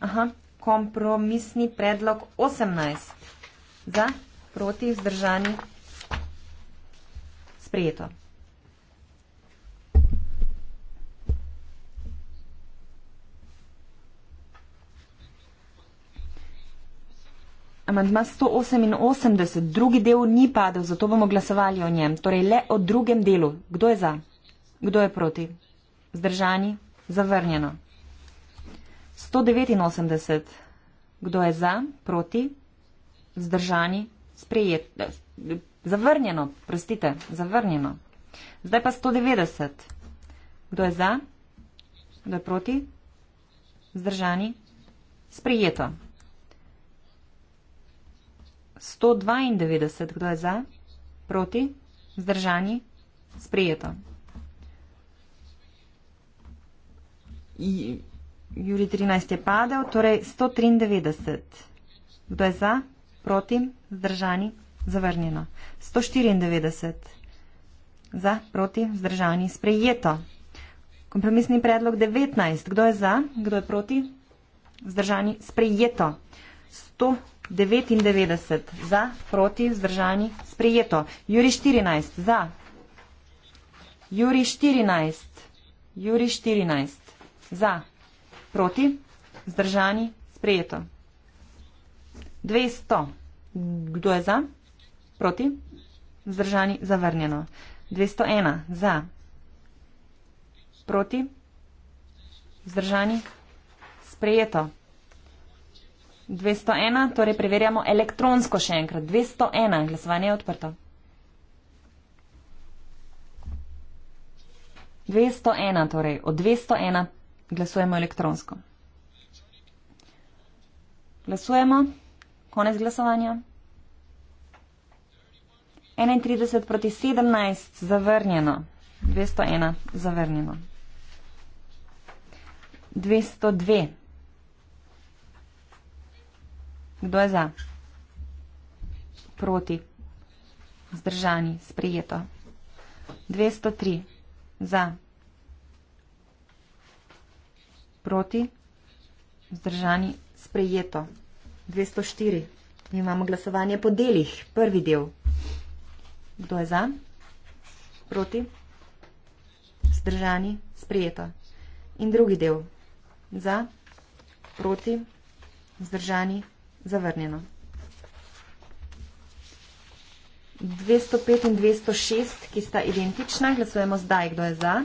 Aha, kompromisni predlog 18 za, proti vzdržani, sprejeta. Amandma 188, drugi del ni padel, zato bomo glasovali o njem. Torej, le o drugem delu. Kdo je za? Kdo je proti? Zdržani? Zavrnjeno. 189, kdo je za? Proti? Zdržani? Sprejet. Eh, zavrnjeno, prostite, zavrnjeno. Zdaj pa 190. Kdo je za? Kdo je proti? Zdržani? Sprejeto. 192, kdo je za, proti, zdržani, sprijeto. Juri 13 je padel, torej 193, kdo je za, proti, zdržani, zavrnjeno. 194, za, proti, zdržani, sprijeto. Kompromisni predlog 19, kdo je za, kdo je proti, zdržani, sprijeto. 193. 99 za, proti, vzdržani, sprijeto. Juri 14 za. Juri 14. Juri 14 za, proti, vzdržani, sprijeto. 200. Kdo je za? Proti, vzdržani, zavrnjeno. 201 za, proti, vzdržani, sprijeto. 203. 201, torej preverjamo elektronsko še enkrat. 201, glasovanje je odprto. 201, torej od 201 glasujemo elektronsko. Glasujemo, konec glasovanja. 31 proti 17, zavrnjeno. 201, zavrnjeno. 202. Kdo je za? Proti. Zdržani. Sprijeto. 203. Za. Proti. Zdržani. Sprijeto. 204. Imamo glasovanje po delih. Prvi del. Kdo je za? Proti. Zdržani. Sprijeto. In drugi del. Za. Proti. Zdržani. Sprijeto. Zavrnjeno. 205 in 206, ki sta identična, glasujemo zdaj, kdo je za.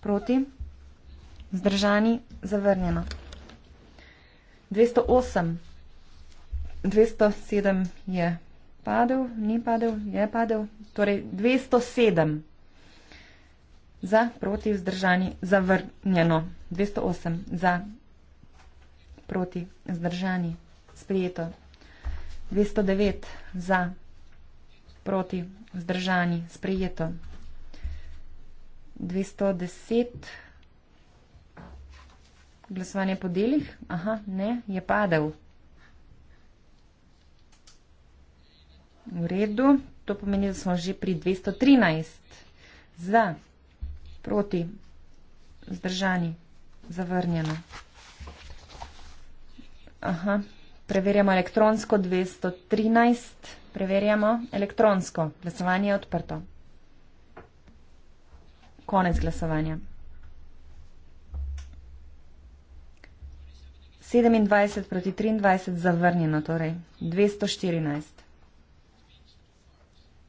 Proti. Zdržani. Zavrnjeno. 208. 207 je padel, ni padel, je padel. Torej 207. Za, proti, vzdržani, zavrnjeno. 208. Za, proti, zdržani, sprijeto. 209 za, proti, zdržani, sprijeto. 210 glasovanje po delih, aha, ne, je padel. V redu, to pomeni, da smo že pri 213 za, proti, zdržani, zavrnjeno. Aha, preverjamo elektronsko 213. Preverjamo elektronsko. Glasovanje je odprto. Konec glasovanja. 27 proti 23 zavrnjeno, torej 214.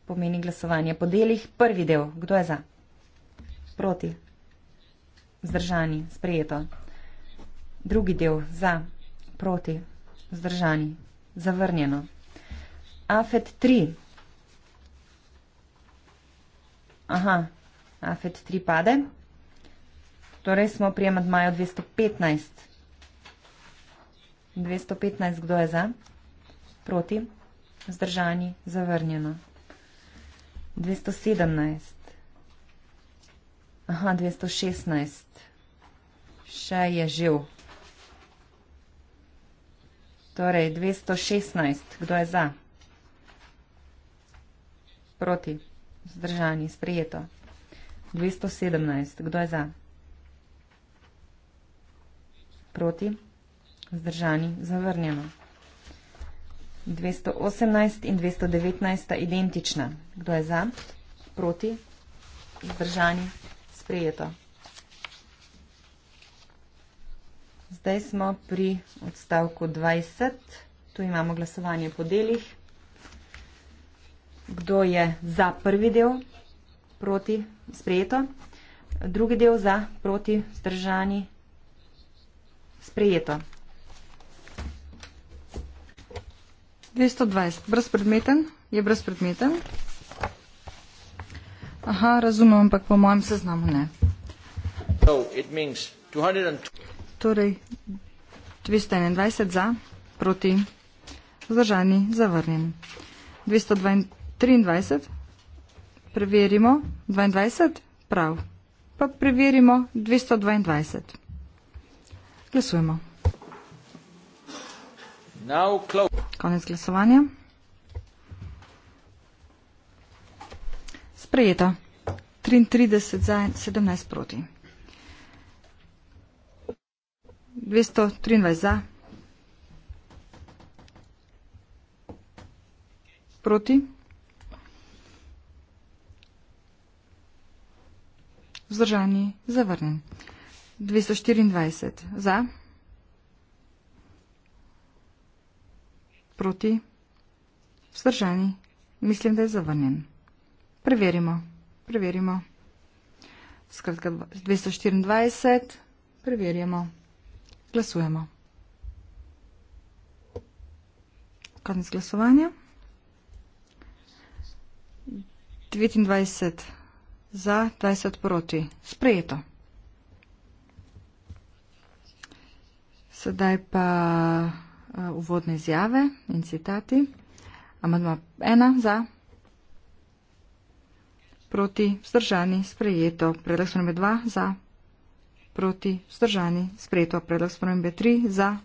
Pomeni glasovanje po delih. Prvi del. Kdo je za? Proti. Zdržani. Sprejeto. Drugi del. Za proti, zdržani, zavrnjeno. Afet 3. Aha, afet 3 pade. Torej smo pri amadmaju 215. 215, kdo je za? Proti, zdržani, zavrnjeno. 217. Aha, 216. Še je živ. Torej, 216. Kdo je za? Proti. Zdržani. Sprijeto. 217. Kdo je za? Proti. Zdržani. Zavrnjeno. 218 in 219 sta identična. Kdo je za? Proti. Zdržani. Sprijeto. 217. Zdaj smo pri odstavku 20. Tu imamo glasovanje po delih. Kdo je za prvi del proti sprejeto? Drugi del za proti zdržani sprejeto. 220. Brezpredmeten je brezpredmeten. Aha, razumem, ampak po mojem seznamu ne. No, torej 221 za, proti, vzdržani, zavrnjen. 223, preverimo, 22, prav, pa preverimo 222. Glasujemo. Konec glasovanja. Sprejeto. 33 za 17 proti. 223 za, proti. Vzdržani, zavrnjen. 224 za, proti, vzdržani, mislim, da je zavrnjen. Preverimo, preverimo. Skratka, 224, preverjamo. Glasujemo. Konec glasovanja. 29 za, 20 proti. Sprejeto. Sedaj pa eh, uvodne izjave in citati. Amadma ena za, proti, vzdržani, sprejeto. Predlag sprejme dva za, proti proti vzdržani. Sprejeto predlog spremembe 3 za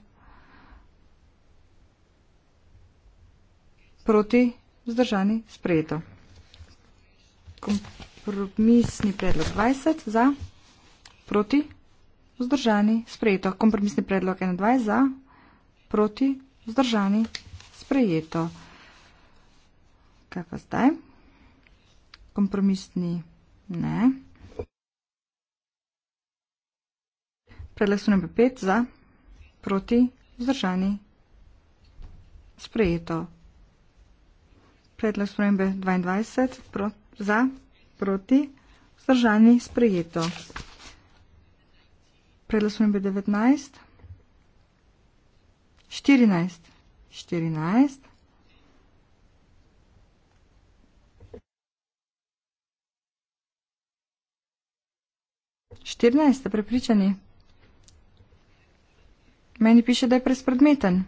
proti vzdržani. Sprejeto. Kompromisni predlog 20 za proti vzdržani. Sprejeto. Kompromisni predlog 21 za proti vzdržani. Sprejeto. Kaj pa zdaj? Kompromisni ne. Ne. Prelesno bi 5 za, proti, vzdržani, sprejeto. Predlog spremembe 22 pro, za, proti, vzdržani, sprejeto. Predlog spremembe 19, 14, 14. Štirinajste prepričanje. Meni piše, da je prespredmeten.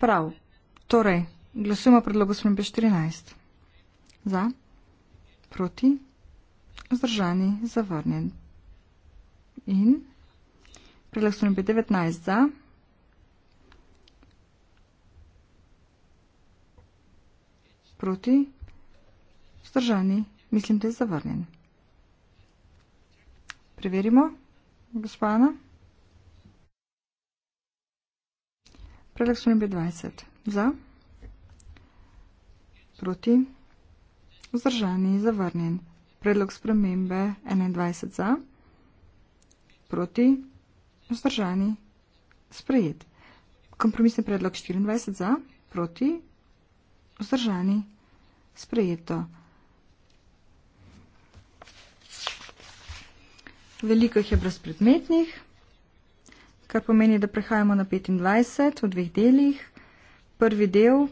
Prav. Torej, glasujemo predlogu smembe 14. Za, proti, vzdržani, zavrnjen. In predlog smembe 19 za, proti, vzdržani, mislim, da je zavrnjen. Preverimo. Gospa Ana. Predlog spremembe 20. Za. Proti. Vzdržani. Zavrnjen. Predlog spremembe 21. Za. Proti. Vzdržani. Sprejet. Kompromisni predlog 24. Za. Proti. Vzdržani. Sprejeto. Veliko jih je brezpredmetnih, kar pomeni, da prehajamo na 25 v dveh delih. Prvi del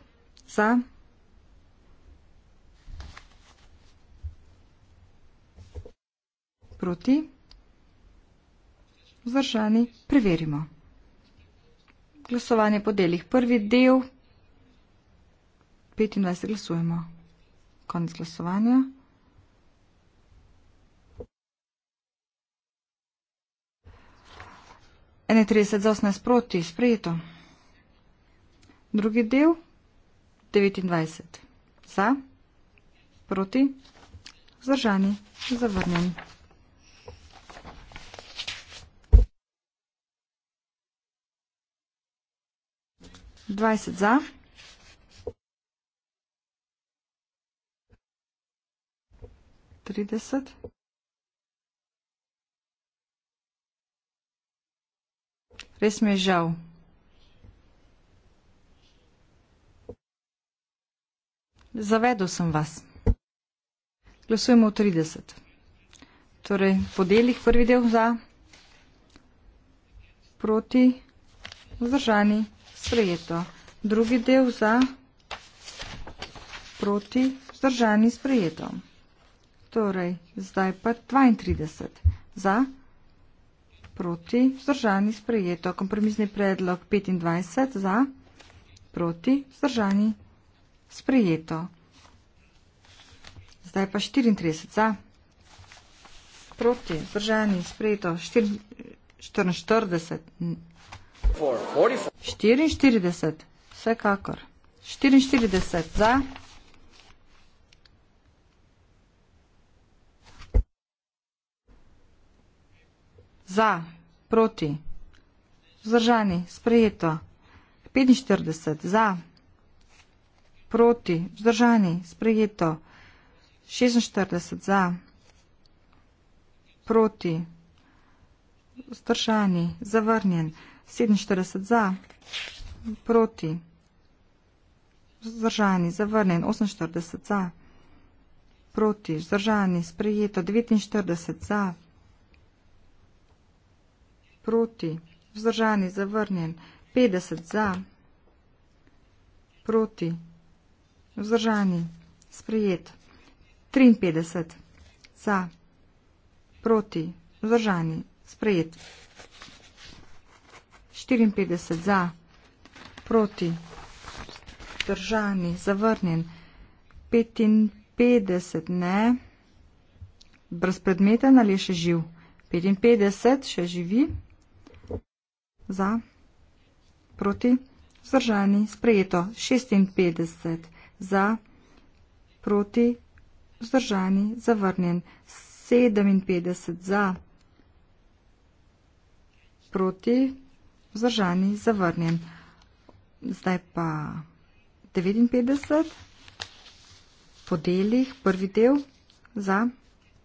za proti vzdržani preverimo. Glasovanje po delih. Prvi del 25 glasujemo. Konec glasovanja. 31 za 18 proti, sprejeto. Drugi del, 29 za, proti, zdržani, zavrnjen. Dvajset za, trideset. Res mi je žal. Zavedel sem vas. Glasujemo v 30. Torej, podelih prvi del za, proti, vzdržani, sprejeto. Drugi del za, proti, vzdržani, sprejeto. Torej, zdaj pa 32. Za, proti, vzdržani, sprejeto. Kompromisni predlog 25 za, proti, vzdržani, sprejeto. Zdaj pa 34 za, proti, vzdržani, sprejeto. 44. 44. Vsekakor. 44 za. za, proti, vzdržani, sprejeto, 45, za, proti, vzdržani, sprejeto, 46, za, proti, vzdržani, zavrnjen, 47, za, proti, vzdržani, zavrnjen, 48, za, proti, vzdržani, sprejeto, 49, za, proti, proti, vzdržani zavrnjen, 50 za, proti, vzdržani, sprejet, 53 za, proti, vzdržani, sprejet, 54 za, proti, vzdržani, zavrnjen, 55 ne, brez predmeta ali je še živ, 55 še živi, za, proti, vzdržani, sprejeto, 56 za, proti, vzdržani, zavrnjen, 57 za, proti, vzdržani, zavrnjen. Zdaj pa 59, po delih, prvi del, za,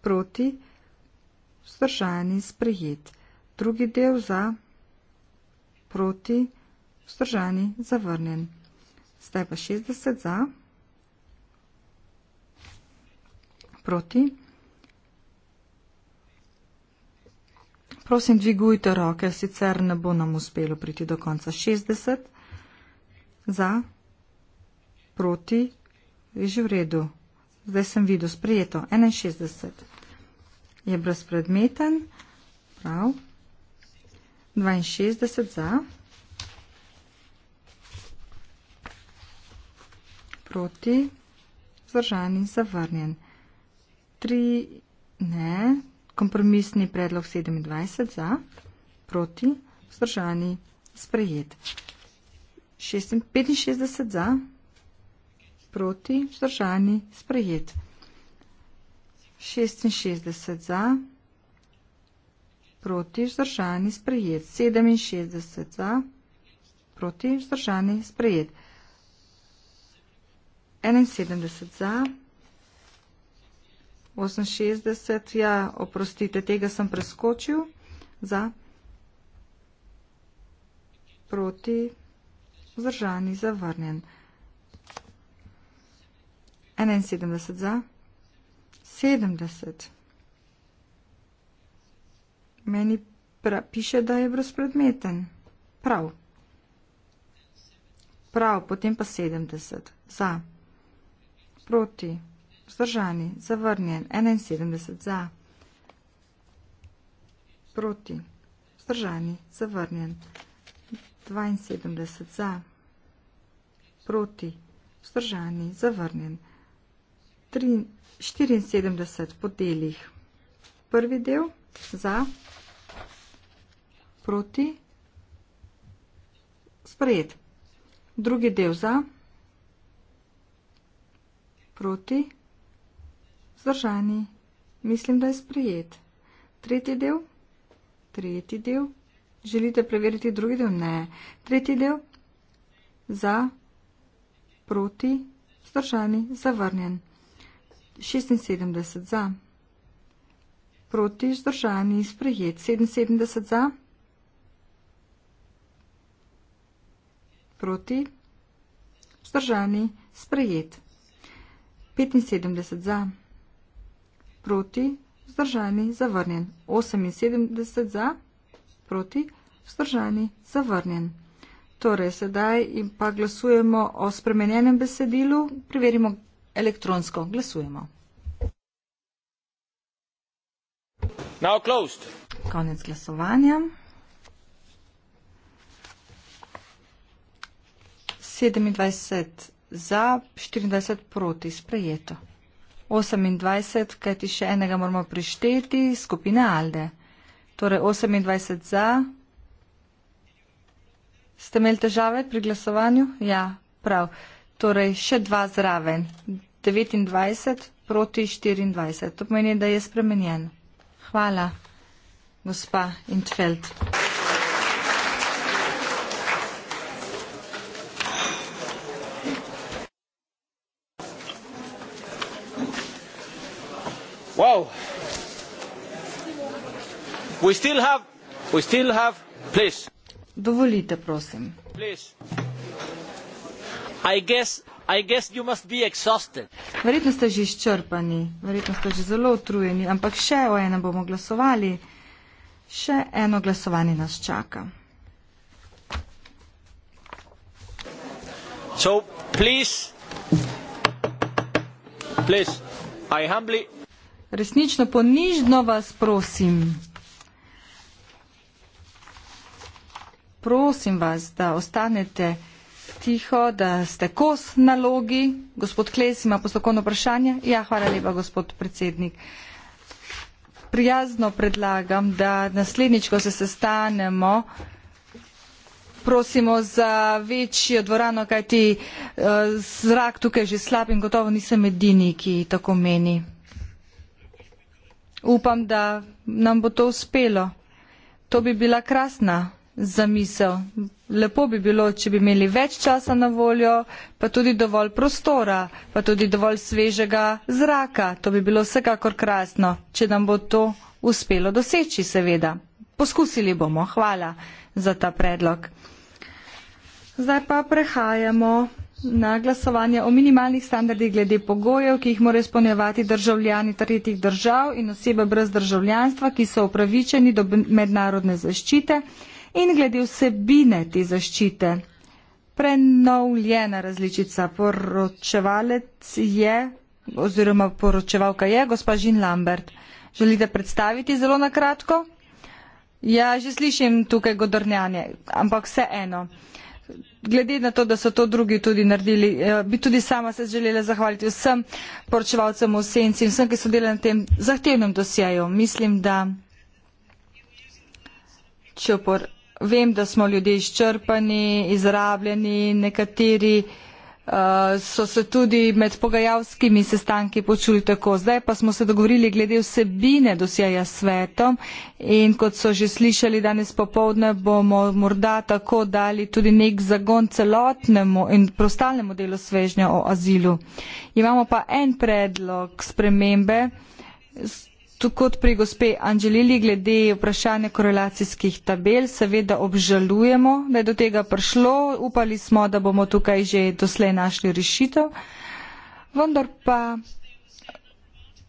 proti, vzdržani, sprejet, drugi del za, proti, proti, vzdržani, zavrnjen. Zdaj pa 60 za, proti. Prosim, dvigujte roke, sicer ne bo nam uspelo priti do konca. 60 za, proti, je že v redu. Zdaj sem videl, sprejeto, 61 je brezpredmeten, prav. 62 za, proti, zdržani, zavrnjen. 3 ne, kompromisni predlog 27 za, proti, zdržani, sprejet. 65 za, proti, zdržani, sprejet. 66 za, proti, zdržani, sprejet proti vzdržani sprejet. 67 za proti vzdržani sprejet. 71 za. 68, ja, oprostite, tega sem preskočil, za, proti, vzdržani, zavrnjen. 71 za, 70, Meni piše, da je brezpredmeten. Prav. Prav, potem pa 70. Za. Proti. Zdržani. Zavrnjen. 71. Za. Proti. Zdržani. Zavrnjen. 72. Za. Proti. Zdržani. Zavrnjen. 3, 74 po delih. Prvi del za, proti, sprejet. Drugi del za, proti, zdržani, mislim, da je sprejet. Tretji del, tretji del, želite preveriti drugi del? Ne. Tretji del, za, proti, zdržani, zavrnjen. 76 za proti vzdržani in sprejet 77 za. Proti vzdržani sprejet 75 za. Proti vzdržani zavrnjen 78 za. Proti vzdržani zavrnjen. Torej, sedaj in pa glasujemo o spremenjenem besedilu, preverimo elektronsko, glasujemo. Now closed. Konec glasovanja. 27 za, 24 proti, sprejeto. 28, kajti še enega moramo prišteti, skupina Alde. Torej 28 za. Ste imeli težave pri glasovanju? Ja, prav. Torej še dva zraven. 29 proti 24. To pomeni, da je spremenjeno. Hvala, gospa Intfeld. Wow. We still have, we still have, please. Dovolite, prosim. Please. I guess Verjetno ste že izčrpani, verjetno ste že zelo utrujeni, ampak še o enem bomo glasovali. Še eno glasovanje nas čaka. So, please, please, Resnično ponižno vas prosim. Prosim vas, da ostanete tiho, da ste kos nalogi. Gospod Kles ima postopkovno vprašanje. Ja, hvala lepa, gospod predsednik. Prijazno predlagam, da naslednjič, ko se sestanemo, prosimo za večjo dvorano, kajti eh, zrak tukaj je že slab in gotovo nisem edini, ki tako meni. Upam, da nam bo to uspelo. To bi bila krasna zamisel. Lepo bi bilo, če bi imeli več časa na voljo, pa tudi dovolj prostora, pa tudi dovolj svežega zraka. To bi bilo vsekakor krasno, če nam bo to uspelo doseči, seveda. Poskusili bomo. Hvala za ta predlog. Zdaj pa prehajamo na glasovanje o minimalnih standardih glede pogojev, ki jih morajo izpolnjevati državljani tretjih držav in osebe brez državljanstva, ki so upravičeni do mednarodne zaščite in glede vsebine te zaščite. Prenovljena različica poročevalec je oziroma poročevalka je gospa Žin Lambert. Želite predstaviti zelo na kratko? Ja, že slišim tukaj godornjanje, ampak vse eno. Glede na to, da so to drugi tudi naredili, eh, bi tudi sama se želela zahvaliti vsem poročevalcem v senci in vsem, ki so delali na tem zahtevnem dosjeju. Mislim, da če oporočevalce Vem, da smo ljudje izčrpani, izrabljeni, nekateri uh, so se tudi med pogajalskimi sestanki počuli tako. Zdaj pa smo se dogovorili glede vsebine dosjeja svetom in kot so že slišali danes popovdne, bomo morda tako dali tudi nek zagon celotnemu in prostalnemu delu svežnja o azilu. Imamo pa en predlog spremembe kot pri gospe Angelili glede vprašanja korelacijskih tabel, seveda obžalujemo, da je do tega prišlo. Upali smo, da bomo tukaj že doslej našli rešitev. Vendar pa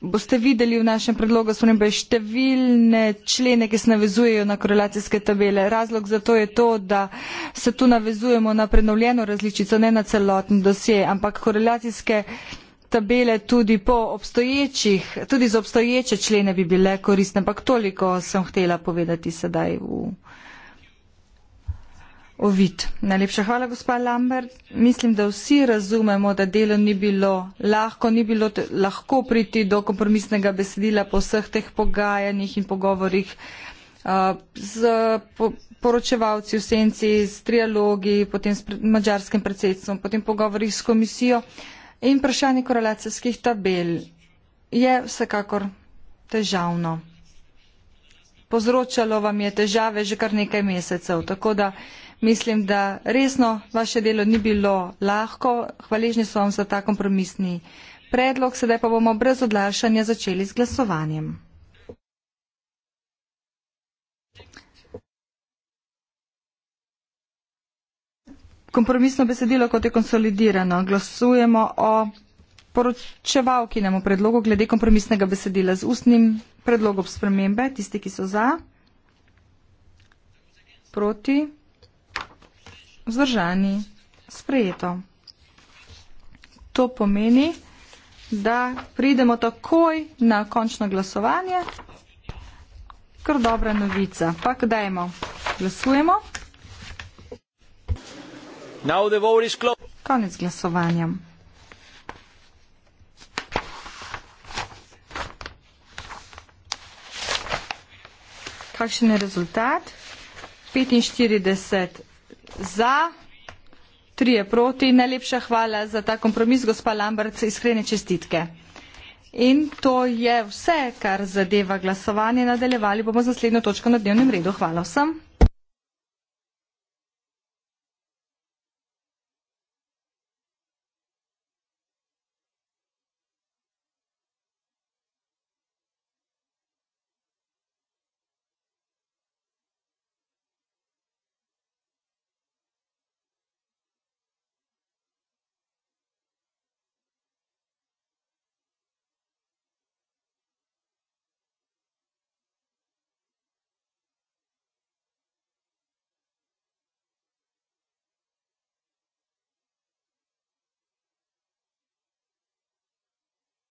boste videli v našem predlogu spremembe številne člene, ki se navezujejo na korelacijske tabele. Razlog za to je to, da se tu navezujemo na prenovljeno različico, ne na celoten dosje, ampak korelacijske tabele tabele tudi, tudi za obstoječe člene bi bile koristne, ampak toliko sem htela povedati sedaj v ovit. Najlepša hvala, gospa Lambert. Mislim, da vsi razumemo, da delo ni bilo lahko, ni bilo lahko priti do kompromisnega besedila po vseh teh pogajanjih in pogovorih uh, z poročevalci v senci, s trialogi, potem s pre, mađarskim predsedstvom, potem pogovorih s komisijo. In vprašanje korelacijskih tabel je vsekakor težavno. Pozročalo vam je težave že kar nekaj mesecev, tako da mislim, da resno vaše delo ni bilo lahko. Hvaležni so vam za ta kompromisni predlog, sedaj pa bomo brez odlašanja začeli z glasovanjem. kompromisno besedilo, kot je konsolidirano. Glasujemo o poročevalkinemu predlogu glede kompromisnega besedila z ustnim predlogom spremembe. Tisti, ki so za, proti, vzdržani, sprejeto. To pomeni, da pridemo takoj na končno glasovanje. Kar dobra novica. Pa kdajmo? Glasujemo. Konec glasovanja. Kakšen je rezultat? 45 za, 3 je proti. Najlepša hvala za ta kompromis, gospa Lambert, iskrene čestitke. In to je vse, kar zadeva glasovanje. Nadaljevali bomo z naslednjo točko na dnevnem redu. Hvala vsem.